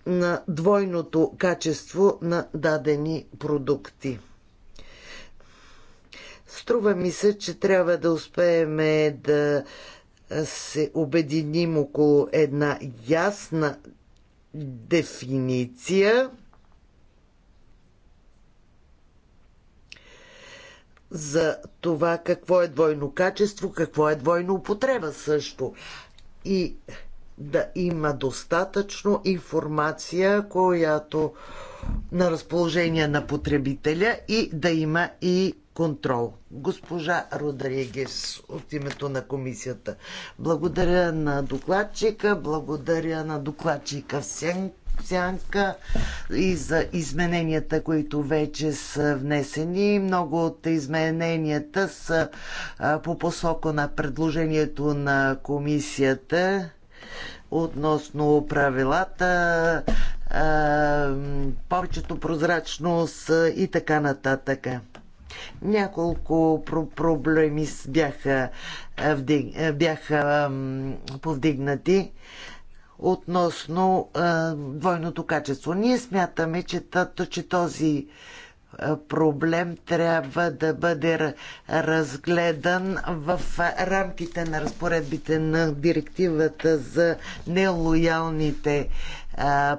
на двойното качество на дадени продукти. Струва ми се, че трябва да успеем да се обединим около една ясна дефиниция за това какво е двойно качество, какво е двойно употреба също. И да има достатъчно информация, която на разположение на потребителя и да има и контрол. Госпожа Родригес от името на комисията. Благодаря на докладчика, благодаря на докладчика сянка и за измененията, които вече са внесени. Много от измененията са по посока на предложението на комисията относно правилата, повечето прозрачност и така нататък. Няколко проблеми бяха, бяха повдигнати относно двойното качество. Ние смятаме, че, че този проблем трябва да бъде разгледан в рамките на разпоредбите на директивата за нелоялните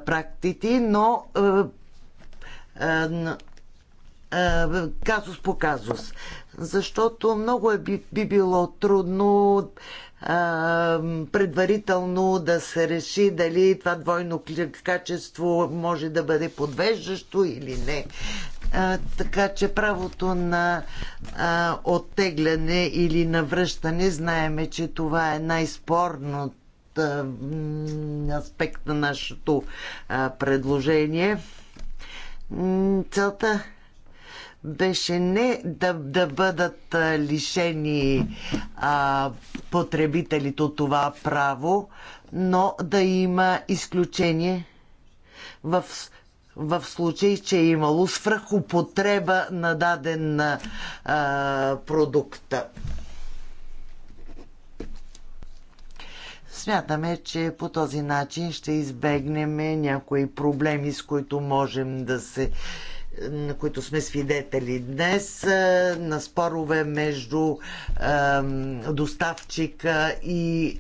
практики, но казус по казус. Защото много е, би, би било трудно предварително да се реши дали това двойно качество може да бъде подвеждащо или не така че правото на оттегляне или на връщане, знаеме, че това е най-спорното аспект на нашето предложение. Целта беше не да, да бъдат лишени а, потребителите от това право, но да има изключение в в случай, че е имало свръхупотреба на даден а, продукт. Смятаме, че по този начин ще избегнем някои проблеми, с които можем да се на които сме свидетели днес, на спорове между е, доставчика и е,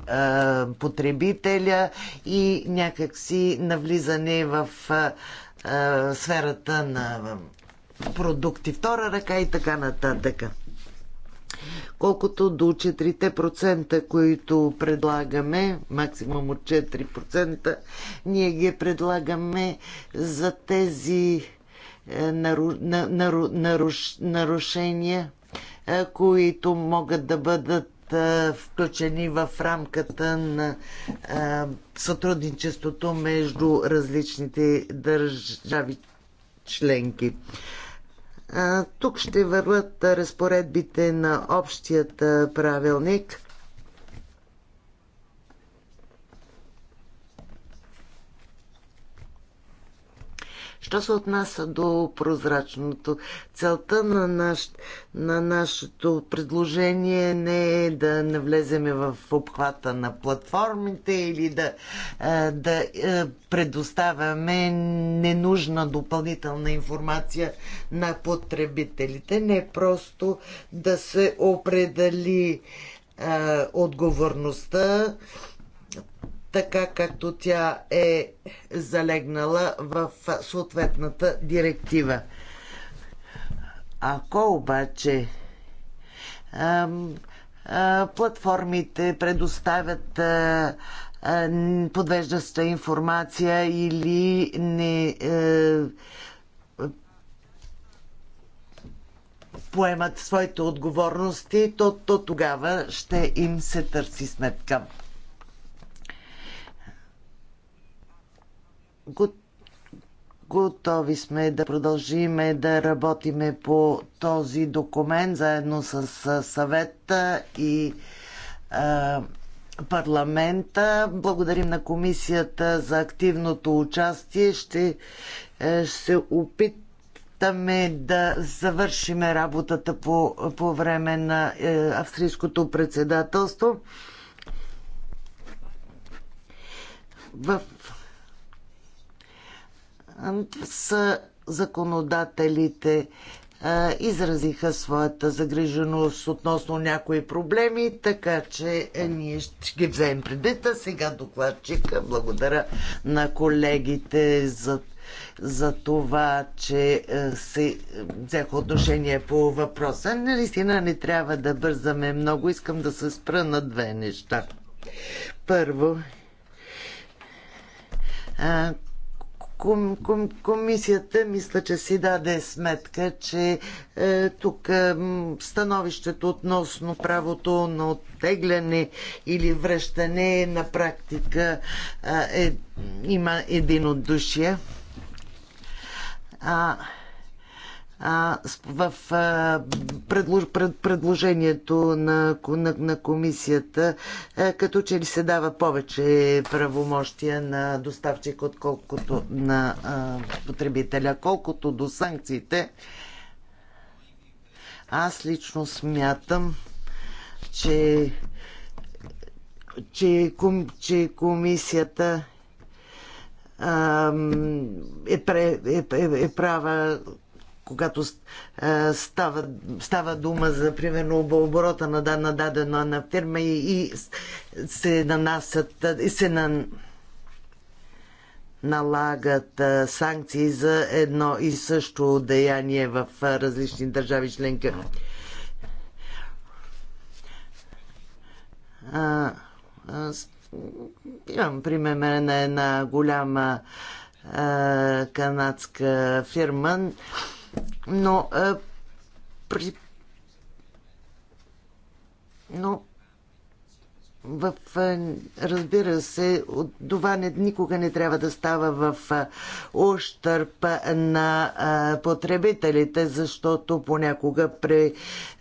потребителя и някакси навлизане в е, а, сферата на продукти втора ръка и така нататък. Колкото до 4%, които предлагаме, максимум от 4%, ние ги предлагаме за тези е, нару, нару, наруш, нарушения, е, които могат да бъдат включени в рамката на сътрудничеството между различните държави членки. Тук ще върват разпоредбите на общият правилник Що се отнася до прозрачното? Целта на, наш, на нашето предложение не е да не влеземе в обхвата на платформите или да, е, да е, предоставяме ненужна допълнителна информация на потребителите. Не просто да се определи е, отговорността така както тя е залегнала в съответната директива. Ако обаче ам, а, платформите предоставят а, а, подвеждаща информация или не поемат своите отговорности, то, то тогава ще им се търси сметка. Готови сме да продължиме да работиме по този документ заедно с съвета и а, парламента. Благодарим на комисията за активното участие. Ще, се опитаме да завършиме работата по, по време на е, австрийското председателство. В са законодателите изразиха своята загриженост относно някои проблеми, така че е, ние ще ги вземем предвид. А сега докладчика, благодаря на колегите за, за това, че е, се взеха отношение по въпроса. Наистина не трябва да бързаме много. Искам да се спра на две неща. Първо, ком, ком, комисията мисля, че си даде сметка, че е, тук е, становището относно правото на оттегляне или връщане на практика е, един от душия. А, в предложението на, на, комисията, като че ли се дава повече правомощия на доставчик, отколкото на потребителя. Колкото до санкциите, аз лично смятам, че, че, че комисията е, е, е, е права когато става, става дума за, примерно, оборота на, дадена дадена на фирма и, и се нанасят, и се на, налагат санкции за едно и също деяние в различни държави членки. А, аз имам пример на една голяма а, канадска фирма но а, е, при... но в, е, разбира се, това не, никога не трябва да става в е, ущърп на а, потребителите, защото понякога при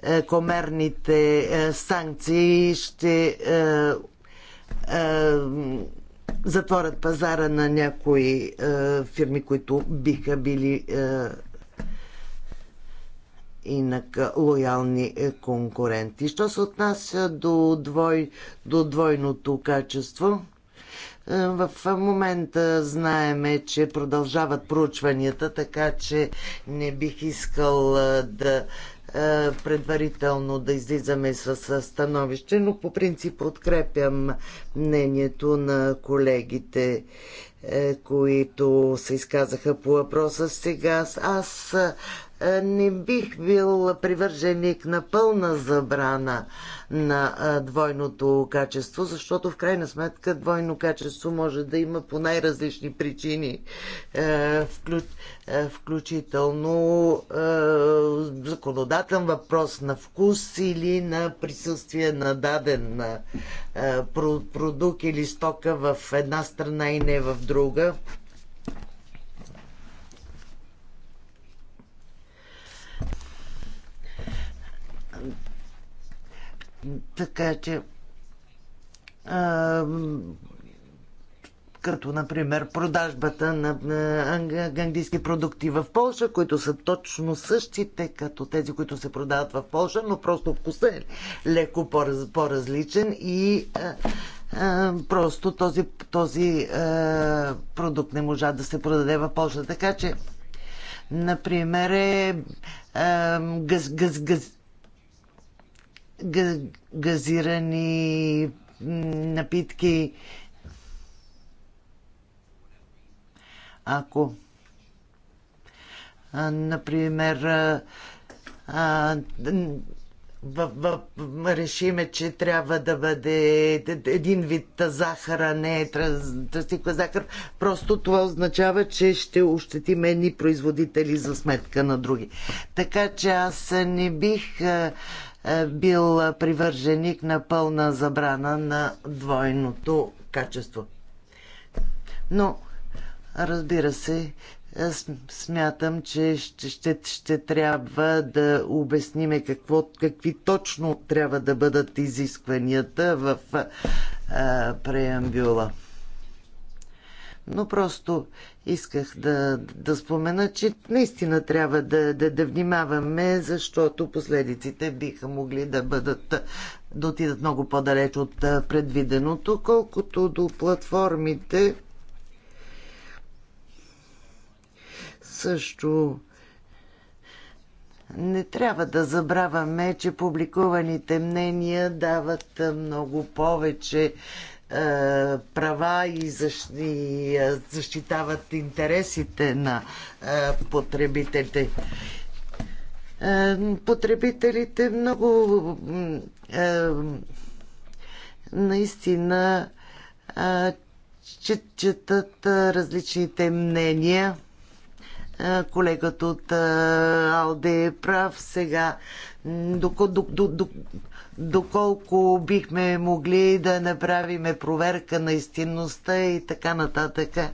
а, комерните а, санкции ще затворят пазара на някои фирми, които биха били инак лоялни е, конкуренти. Що се отнася до, двой, до двойното качество, е, в момента знаеме, че продължават проучванията, така че не бих искал е, да предварително да излизаме с становище, но по принцип подкрепям мнението на колегите, които се изказаха по въпроса сега. Аз е, не бих бил привърженик на пълна забрана на е, двойното качество, защото в крайна сметка двойно качество може да има по най-различни причини, е, включително законодателен въпрос на вкус или на присъствие на даден продукт или стока в една страна и не в друга. Така че а, като, например, продажбата на, на английски продукти в Польша, които са точно същите, като тези, които се продават в Польша, но просто вкусът е леко по-различен и а, а, просто този, този а, продукт не можа да се продаде в Польша. Така че, например, е, а, газ, газ, газ, газирани напитки. Ако, например, решиме, че трябва да бъде един вид захара, не тръстиква захар. Просто това означава, че ще ощетим едни производители за сметка на други. Така че аз не бих а, е, бил привърженик на пълна забрана на двойното качество. Но, разбира се, е, смятам, че ще, ще, ще трябва да обясниме какво, какви точно трябва да бъдат изискванията в а, е, преамбюла но просто исках да, да спомена, че наистина трябва да, да, да внимаваме, защото последиците биха могли да бъдат да отидат много по-далеч от предвиденото, колкото до платформите също не трябва да забравяме, че публикуваните мнения дават много повече е, права и е, защитават интересите на е, потребителите. Потребителите много наистина четат различните мнения. Колегата от Алде е прав сега. Доколко, доколко бихме могли да направим проверка на истинността и така нататък.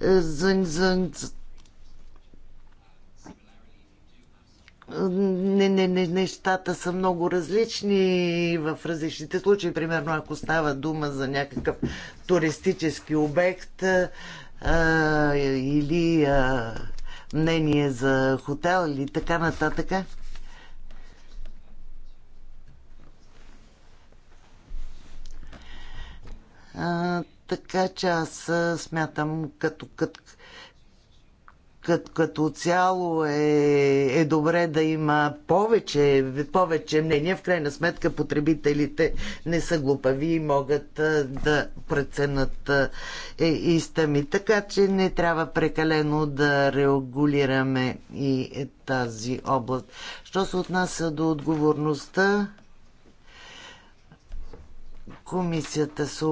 За, за, не, не, не, нещата са много различни в различните случаи. Примерно, ако става дума за някакъв туристически обект а, или а, мнение за хотел или така нататък. А, така че аз смятам като, като, като, като цяло е, е добре да има повече, повече мнения. В крайна сметка потребителите не са глупави и могат да преценят е, истами. Така че не трябва прекалено да регулираме и е, тази област. Що се отнася до отговорността, комисията се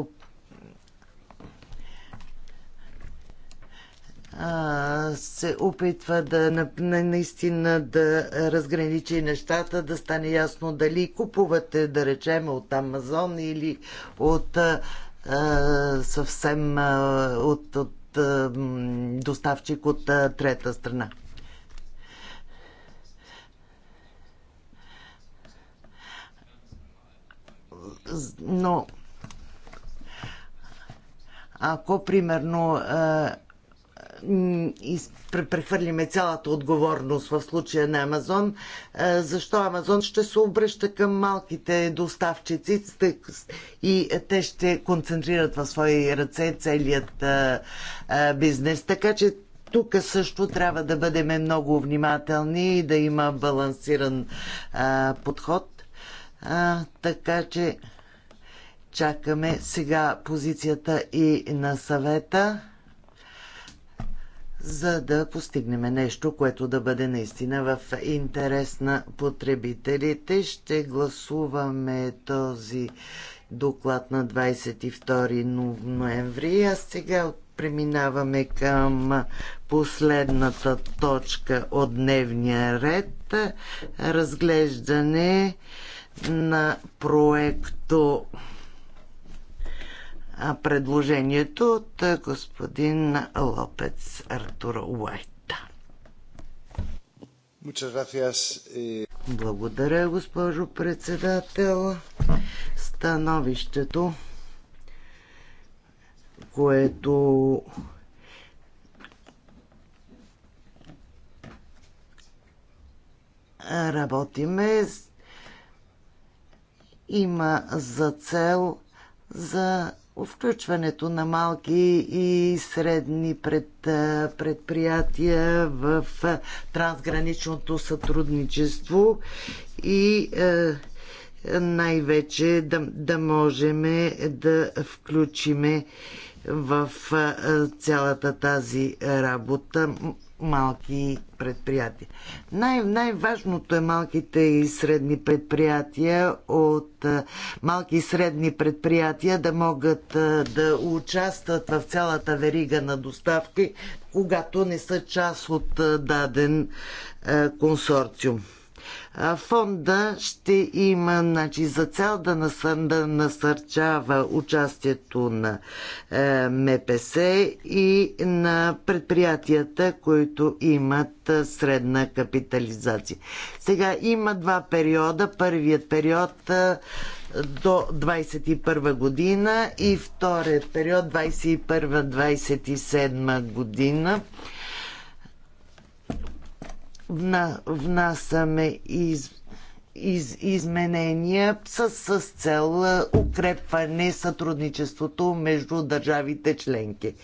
се опитва да наистина да разграничи нещата, да стане ясно дали купувате, да речем, от Амазон или от а, съвсем а, от, от а, доставчик от а, трета страна. Но ако примерно а, прехвърлиме цялата отговорност в случая на Амазон. Защо Амазон ще се обръща към малките доставчици и те ще концентрират в свои ръце целият бизнес. Така че тук също трябва да бъдем много внимателни и да има балансиран а, подход. А, така че чакаме сега позицията и на съвета за да постигнем нещо, което да бъде наистина в интерес на потребителите. Ще гласуваме този доклад на 22 ноември. А сега преминаваме към последната точка от дневния ред. Разглеждане на проекто предложението от господин Лопец Артур Уайт. Eh. Благодаря, госпожо председател. Становището, което работиме, има за цел за включването на малки и средни пред, предприятия в трансграничното сътрудничество и най-вече да, да можем да включиме в цялата тази работа малки предприятия. Най- най-важното е малките и средни предприятия от малки и средни предприятия да могат да участват в цялата верига на доставки, когато не са част от даден консорциум. Фонда ще има значи, за цел да, насър, да насърчава участието на е, МПС и на предприятията, които имат е, средна капитализация. Сега има два периода. Първият период е, до 21 година и вторият период 21-27 година вна, внасяме из, из, изменения с, с цел укрепване сътрудничеството между държавите членки.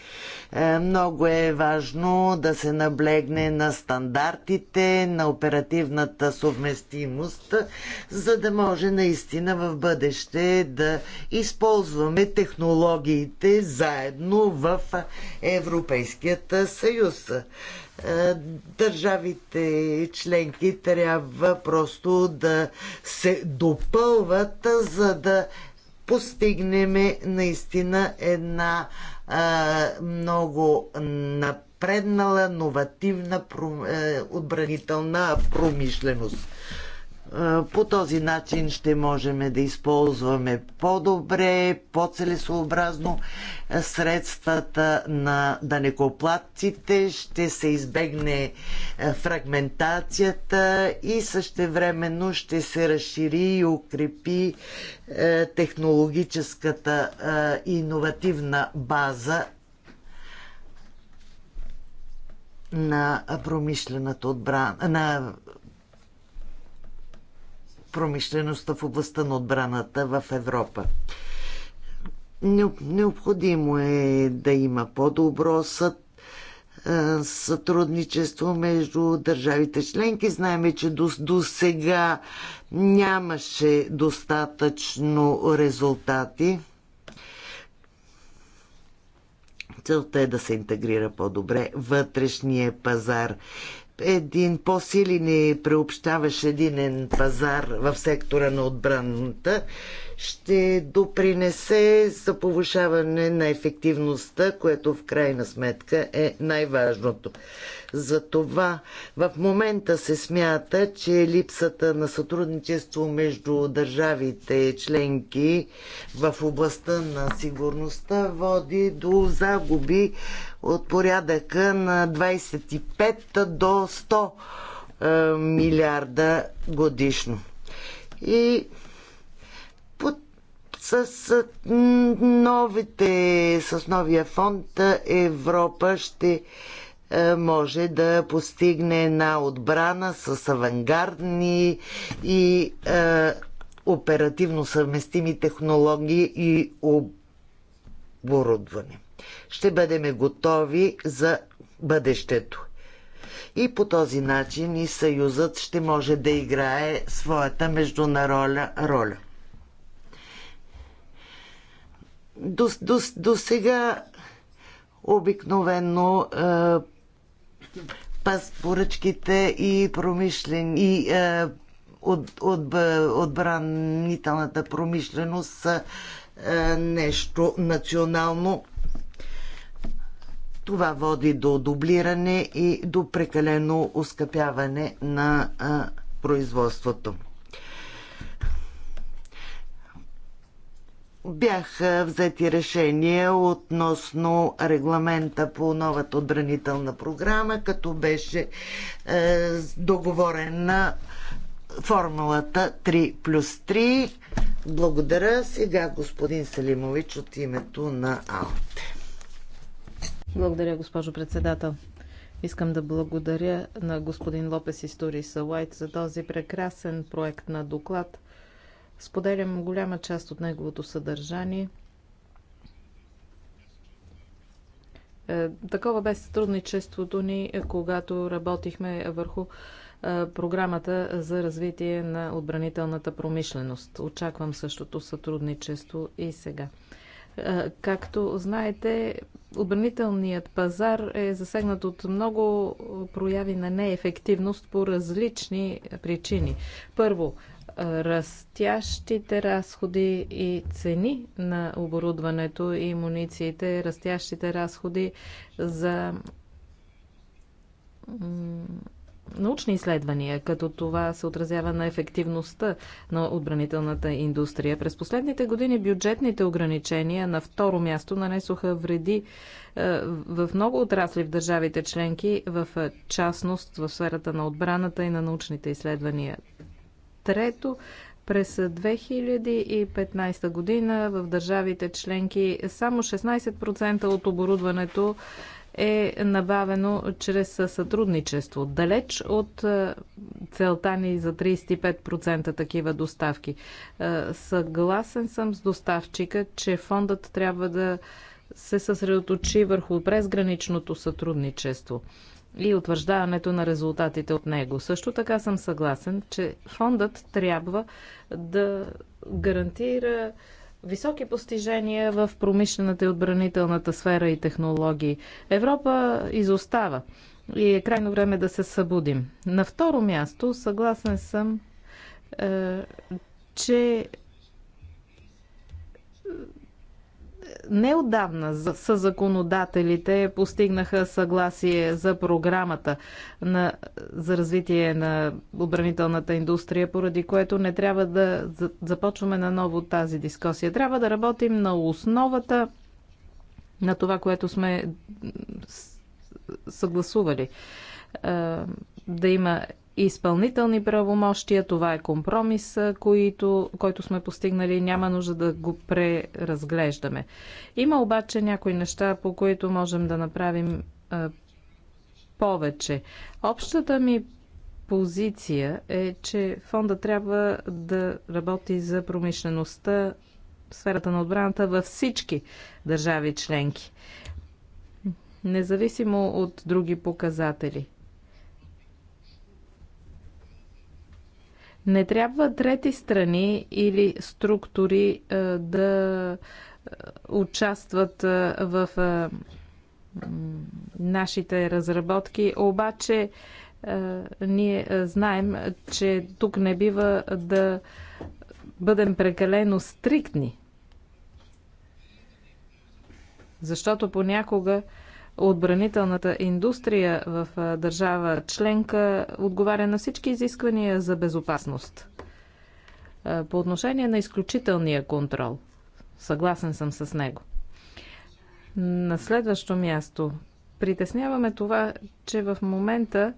Е, много е важно да се наблегне на стандартите, на оперативната съвместимост, за да може наистина в бъдеще да използваме технологиите заедно в Европейският съюз държавите членки трябва просто да се допълват, за да постигнем наистина една а, много напреднала, новативна, отбранителна промишленост. По този начин ще можем да използваме по-добре, по-целесообразно средствата на данекоплатците, ще се избегне фрагментацията и същевременно ще се разшири и укрепи технологическата иновативна база на промишлената отбрана, на промишлеността в областта на отбраната в Европа. Необходимо е да има по-добро съд е, сътрудничество между държавите членки. Знаеме, че до, до сега нямаше достатъчно резултати. Целта е да се интегрира по-добре вътрешния пазар един по-силен и преобщаващ единен пазар в сектора на отбраната ще допринесе за повишаване на ефективността, което в крайна сметка е най-важното. Затова в момента се смята, че липсата на сътрудничество между държавите членки в областта на сигурността води до загуби от порядъка на 25 до 100 е, милиарда годишно. И под, с, с, новите, с новия фонд Европа ще е, може да постигне една отбрана с авангардни и е, оперативно съвместими технологии и оборудване. Ще бъдеме готови за бъдещето. И по този начин и Съюзът ще може да играе своята международна роля. До, до, до сега обикновено е, пас поръчките и промишлен и е, от, от, отбранителната промишленост са е, нещо национално. Това води до дублиране и до прекалено ускъпяване на а, е, производството. бяха взети решения относно регламента по новата отбранителна програма, като беше е, договорена формулата 3 плюс 3. Благодаря сега господин Салимович от името на АЛТЕ. Благодаря, госпожо председател. Искам да благодаря на господин Лопес Истори Салайт за този прекрасен проект на доклад Споделям голяма част от неговото съдържание. Е, такова бе сътрудничеството ни, е, когато работихме върху е, програмата за развитие на отбранителната промишленост. Очаквам същото сътрудничество и сега. Както знаете, отбранителният пазар е засегнат от много прояви на неефективност по различни причини. Първо, растящите разходи и цени на оборудването и мунициите, растящите разходи за научни изследвания, като това се отразява на ефективността на отбранителната индустрия. През последните години бюджетните ограничения на второ място нанесоха вреди е, в много отрасли в държавите членки, в частност в сферата на отбраната и на научните изследвания. Трето, през 2015 година в държавите членки само 16% от оборудването е набавено чрез сътрудничество. Далеч от целта ни за 35% такива доставки. Съгласен съм с доставчика, че фондът трябва да се съсредоточи върху презграничното сътрудничество и утвърждаването на резултатите от него. Също така съм съгласен, че фондът трябва да гарантира високи постижения в промишлената и отбранителната сфера и технологии. Европа изостава и е крайно време да се събудим. На второ място съгласен съм, е, че неодавна са законодателите постигнаха съгласие за програмата на, за развитие на отбранителната индустрия, поради което не трябва да започваме наново тази дискусия. Трябва да работим на основата на това, което сме съгласували. Е, да има изпълнителни правомощия. Това е компромис, който, който сме постигнали. Няма нужда да го преразглеждаме. Има обаче някои неща, по които можем да направим а, повече. Общата ми позиция е, че фонда трябва да работи за промишлеността в сферата на отбраната във всички държави членки, независимо от други показатели. Не трябва трети страни или структури е, да е, участват е, в нашите разработки, обаче ние знаем, че тук не бива да бъдем прекалено стриктни, защото понякога отбранителната индустрия в държава членка отговаря на всички изисквания за безопасност. По отношение на изключителния контрол, съгласен съм с него. На следващо място, притесняваме това, че в момента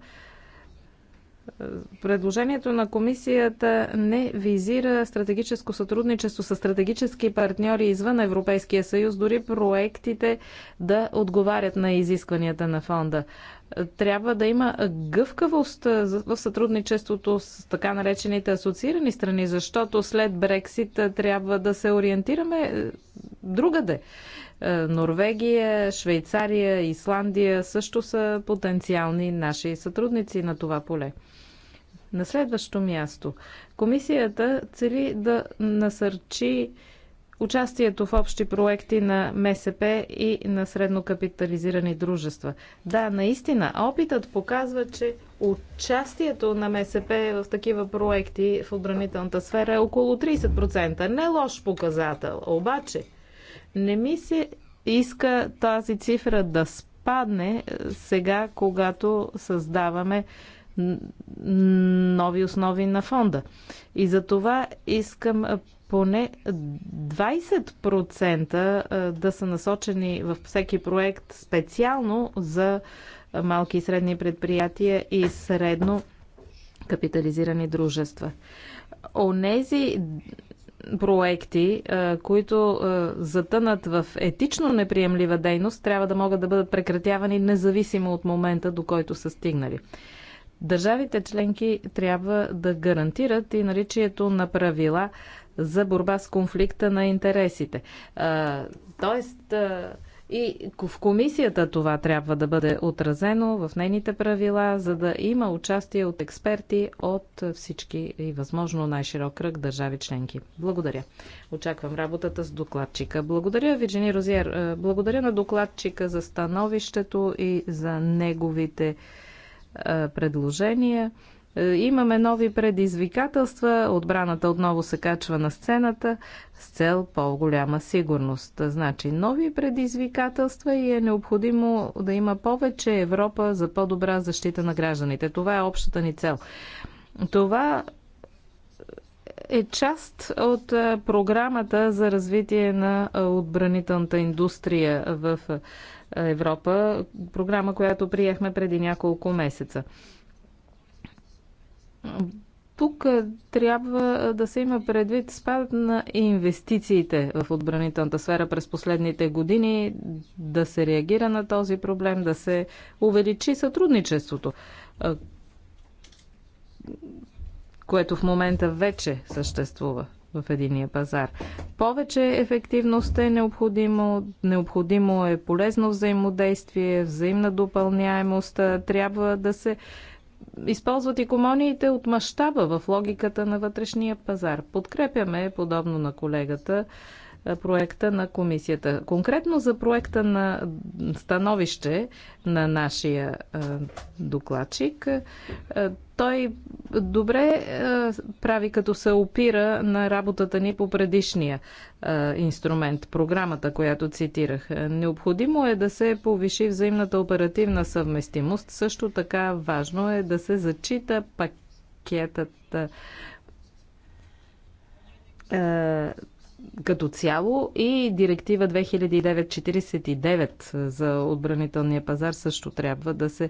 Предложението на комисията не визира стратегическо сътрудничество с стратегически партньори извън Европейския съюз, дори проектите да отговарят на изискванията на фонда. Трябва да има гъвкавост в сътрудничеството с така наречените асоциирани страни, защото след Брексит трябва да се ориентираме другаде. Норвегия, Швейцария, Исландия също са потенциални наши сътрудници на това поле. На следващо място, комисията цели да насърчи участието в общи проекти на МСП и на среднокапитализирани дружества. Да, наистина, опитът показва, че участието на МСП в такива проекти в отбранителната сфера е около 30%. Не лош показател, обаче не ми се иска тази цифра да спадне е, сега, когато създаваме нови основи на фонда. И за това искам поне 20% да са насочени в всеки проект специално за малки и средни предприятия и средно капитализирани дружества. Онези проекти, които затънат в етично неприемлива дейност, трябва да могат да бъдат прекратявани независимо от момента, до който са стигнали. Държавите членки трябва да гарантират и наличието на правила за борба с конфликта на интересите. тоест, и в комисията това трябва да бъде отразено в нейните правила, за да има участие от експерти от всички и възможно най-широк кръг държави членки. Благодаря. Очаквам работата с докладчика. Благодаря, Виджини Розиер. Благодаря на докладчика за становището и за неговите е, предложения. Е, имаме нови предизвикателства. Отбраната отново се качва на сцената с цел по-голяма сигурност. Значи нови предизвикателства и е необходимо да има повече Европа за по-добра защита на гражданите. Това е общата ни цел. Това е част от е, програмата за развитие на отбранителната индустрия в Европа, програма, която приехме преди няколко месеца. Тук трябва да се има предвид спадът на инвестициите в отбранителната сфера през последните години, да се реагира на този проблем, да се увеличи сътрудничеството, което в момента вече съществува в единия пазар. Повече ефективност е необходимо, необходимо е полезно взаимодействие, взаимна допълняемост. Трябва да се използват икомониите от мащаба в логиката на вътрешния пазар. Подкрепяме, подобно на колегата, проекта на комисията. Конкретно за проекта на становище на нашия докладчик, той добре е, прави като се опира на работата ни по предишния е, инструмент, програмата, която цитирах. Необходимо е да се повиши взаимната оперативна съвместимост. Също така важно е да се зачита пакетът е, като цяло и директива 2009-49 за отбранителния пазар също трябва да се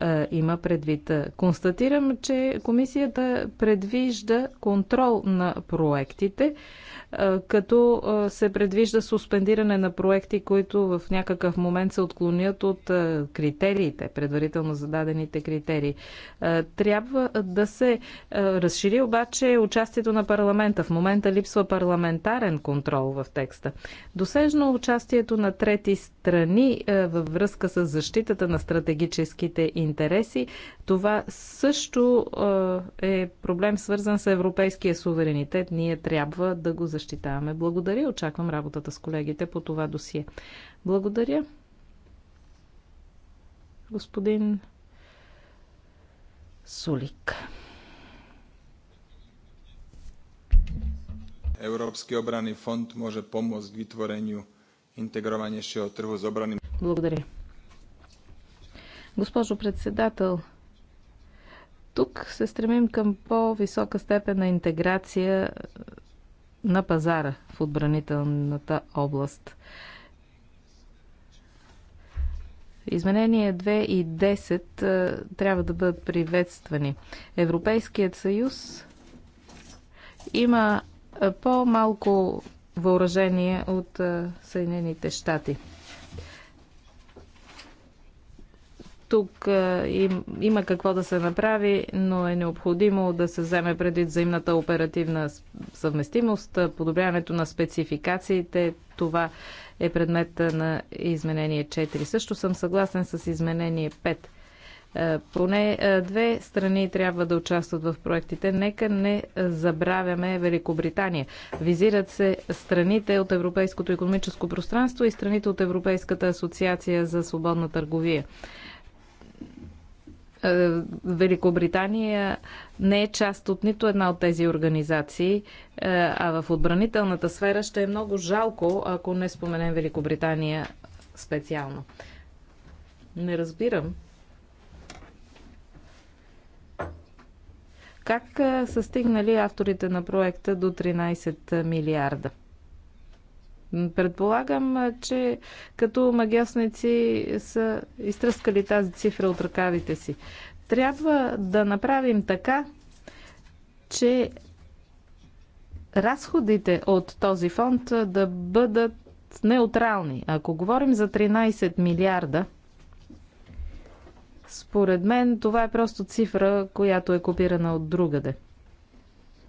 е, има предвид. Констатирам, че комисията предвижда контрол на проектите, е, като е, се предвижда суспендиране на проекти, които в някакъв момент се отклонят от критериите, предварително зададените критерии. Трябва да се разшири обаче участието на парламента. В момента липсва парламентарен контрол в текста. Досежно участието на трети страни във връзка с защитата на стратегическите интереси. Това също е проблем свързан с европейския суверенитет. Ние трябва да го защитаваме. Благодаря. Очаквам работата с колегите по това досие. Благодаря. Господин Сулик. Európsky obranný fond môže pomôcť k vytvoreniu integrovanejšieho trhu s obranným... Благодаря. Госпожо председател, тук се стремим към по-висока степен на интеграция на пазара в отбранителната област. Изменения 2 и 10 трябва да бъдат приветствани. Европейският съюз има по-малко въоръжение от Съединените щати. Тук е, им, има какво да се направи, но е необходимо да се вземе предвид взаимната оперативна съвместимост, подобряването на спецификациите. Това е предмет на изменение 4. Също съм съгласен с изменение 5 е, поне е, две страни трябва да участват в проектите. Нека не забравяме Великобритания. Визират се страните от Европейското економическо пространство и страните от Европейската асоциация за свободна търговия. Е, Великобритания не е част от нито една от тези организации, е, а в отбранителната сфера ще е много жалко, ако не споменем Великобритания специално. Не разбирам. Как е, са стигнали авторите на проекта до 13 милиарда? Предполагам, че като магиосници са изтръскали тази цифра от ръкавите си. Трябва да направим така, че разходите от този фонд да бъдат неутрални. Ако говорим за 13 милиарда, според мен това е просто цифра, която е копирана от другаде.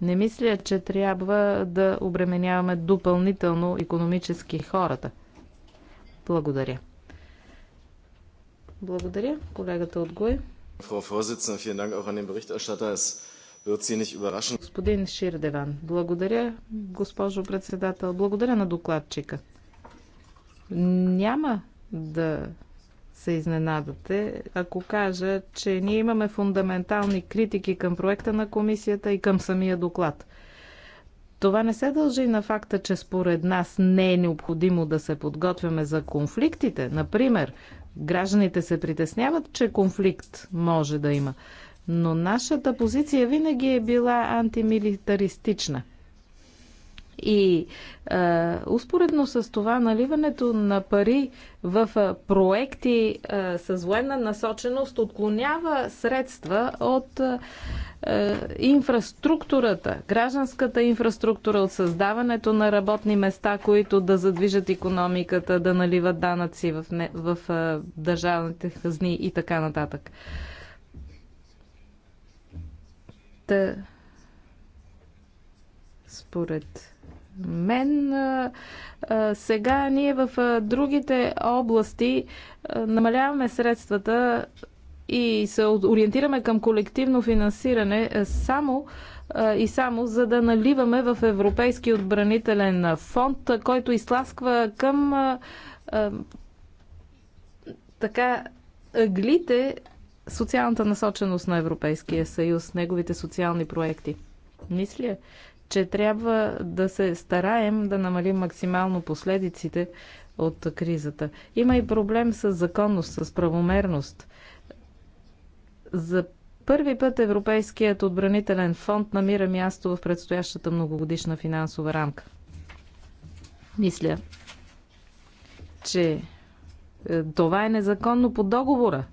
Не мисля, че трябва да обременяваме допълнително економически хората. Благодаря. Благодаря, колегата от ГУЕ. Господин Ширдеван, благодаря, госпожо председател, благодаря на докладчика. Няма да се изненадате, ако кажа, че ние имаме фундаментални критики към проекта на комисията и към самия доклад. Това не се дължи на факта, че според нас не е необходимо да се подготвяме за конфликтите. Например, гражданите се притесняват, че конфликт може да има. Но нашата позиция винаги е била антимилитаристична – и а, е, успоредно с това наливането на пари в а, е, проекти а, е, с военна насоченост отклонява средства от а, инфраструктурата, гражданската инфраструктура, от създаването на работни места, които да задвижат економиката, да наливат данъци в, не, в а, държавните хазни и така нататък. Та, според мен. Сега ние в другите области намаляваме средствата и се ориентираме към колективно финансиране само и само за да наливаме в Европейски отбранителен фонд, който изтласква към така ъглите социалната насоченост на Европейския съюз, неговите социални проекти. Мисля, че трябва да се стараем да намалим максимално последиците от кризата. Има и проблем с законност, с правомерност. За първи път Европейският отбранителен фонд намира място в предстоящата многогодишна финансова рамка. Мисля, че е, това е незаконно по договора.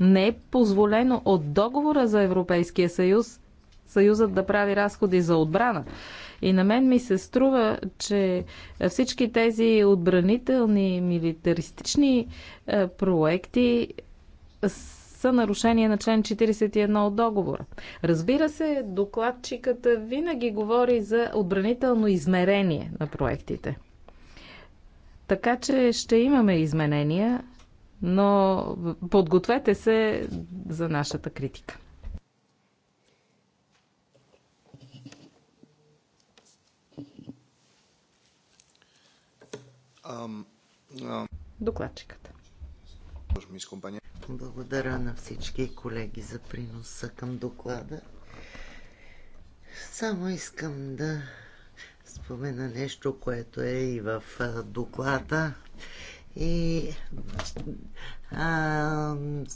Не е позволено от договора за Европейския съюз Съюзът да прави разходи за отбрана. И на мен ми се струва, че всички тези отбранителни милитаристични е, проекти са нарушение на член 41 от договора. Разбира се, докладчиката винаги говори за отбранително измерение на проектите. Така че ще имаме изменения, но подгответе се за нашата критика. Докладчиката. Благодаря на всички колеги за приноса към доклада. Само искам да спомена нещо, което е и в доклада и а,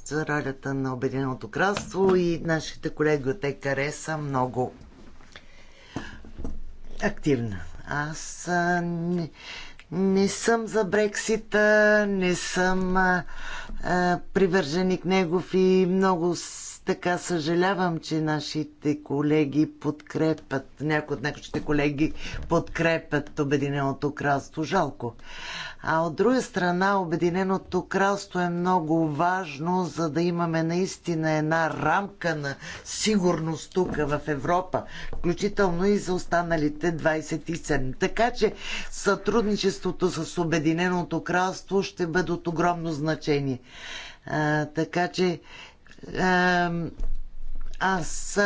за ролята на Обединеното кралство и нашите колеги от ЕКР са много активна. Аз а, не, не съм за Брексита, не съм а, привърженик негов и много така съжалявам, че нашите колеги подкрепят, някои от нашите колеги подкрепят Обединеното кралство. Жалко. А от друга страна, Обединеното кралство е много важно, за да имаме наистина една рамка на сигурност тук в Европа, включително и за останалите 27. Така че сътрудничеството с Обединеното кралство ще бъде от огромно значение. А, така че аз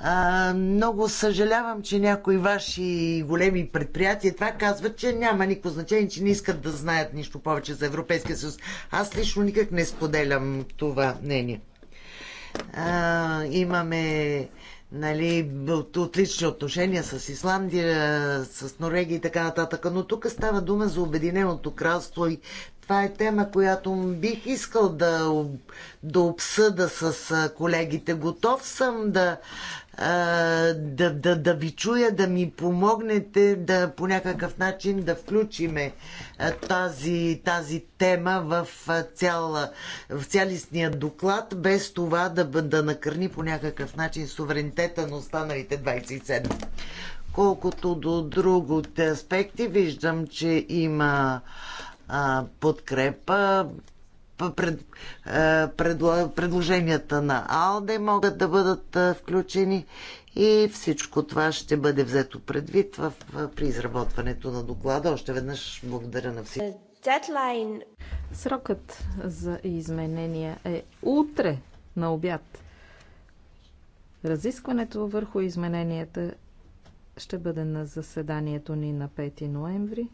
а, много съжалявам, че някои ваши големи предприятия това казват, че няма никакво значение, че не искат да знаят нищо повече за Европейския съюз. Аз лично никак не споделям това мнение. А, имаме нали, отлични отношения с Исландия, с Норвегия и така нататък, но тук става дума за Обединеното кралство и това е тема, която бих искал да, да обсъда с колегите. Готов съм да, да, да, да ви чуя, да ми помогнете да по някакъв начин да включиме тази, тази тема в, цяла, в цялистния доклад, без това да, да накърни по някакъв начин суверенитета на останалите 27. Колкото до другите аспекти, виждам, че има а, подкрепа. Пред, пред, предложенията на АЛДЕ могат да бъдат включени и всичко това ще бъде взето предвид в, в, при изработването на доклада. Още веднъж благодаря на всички. Deadline. Срокът за изменения е утре на обяд. Разискването върху измененията ще бъде на заседанието ни на 5 ноември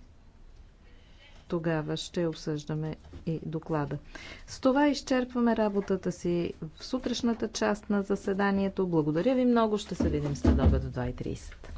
тогава ще обсъждаме и доклада. С това изчерпваме работата си в сутрешната част на заседанието. Благодаря ви много. Ще се видим след обед в 2.30.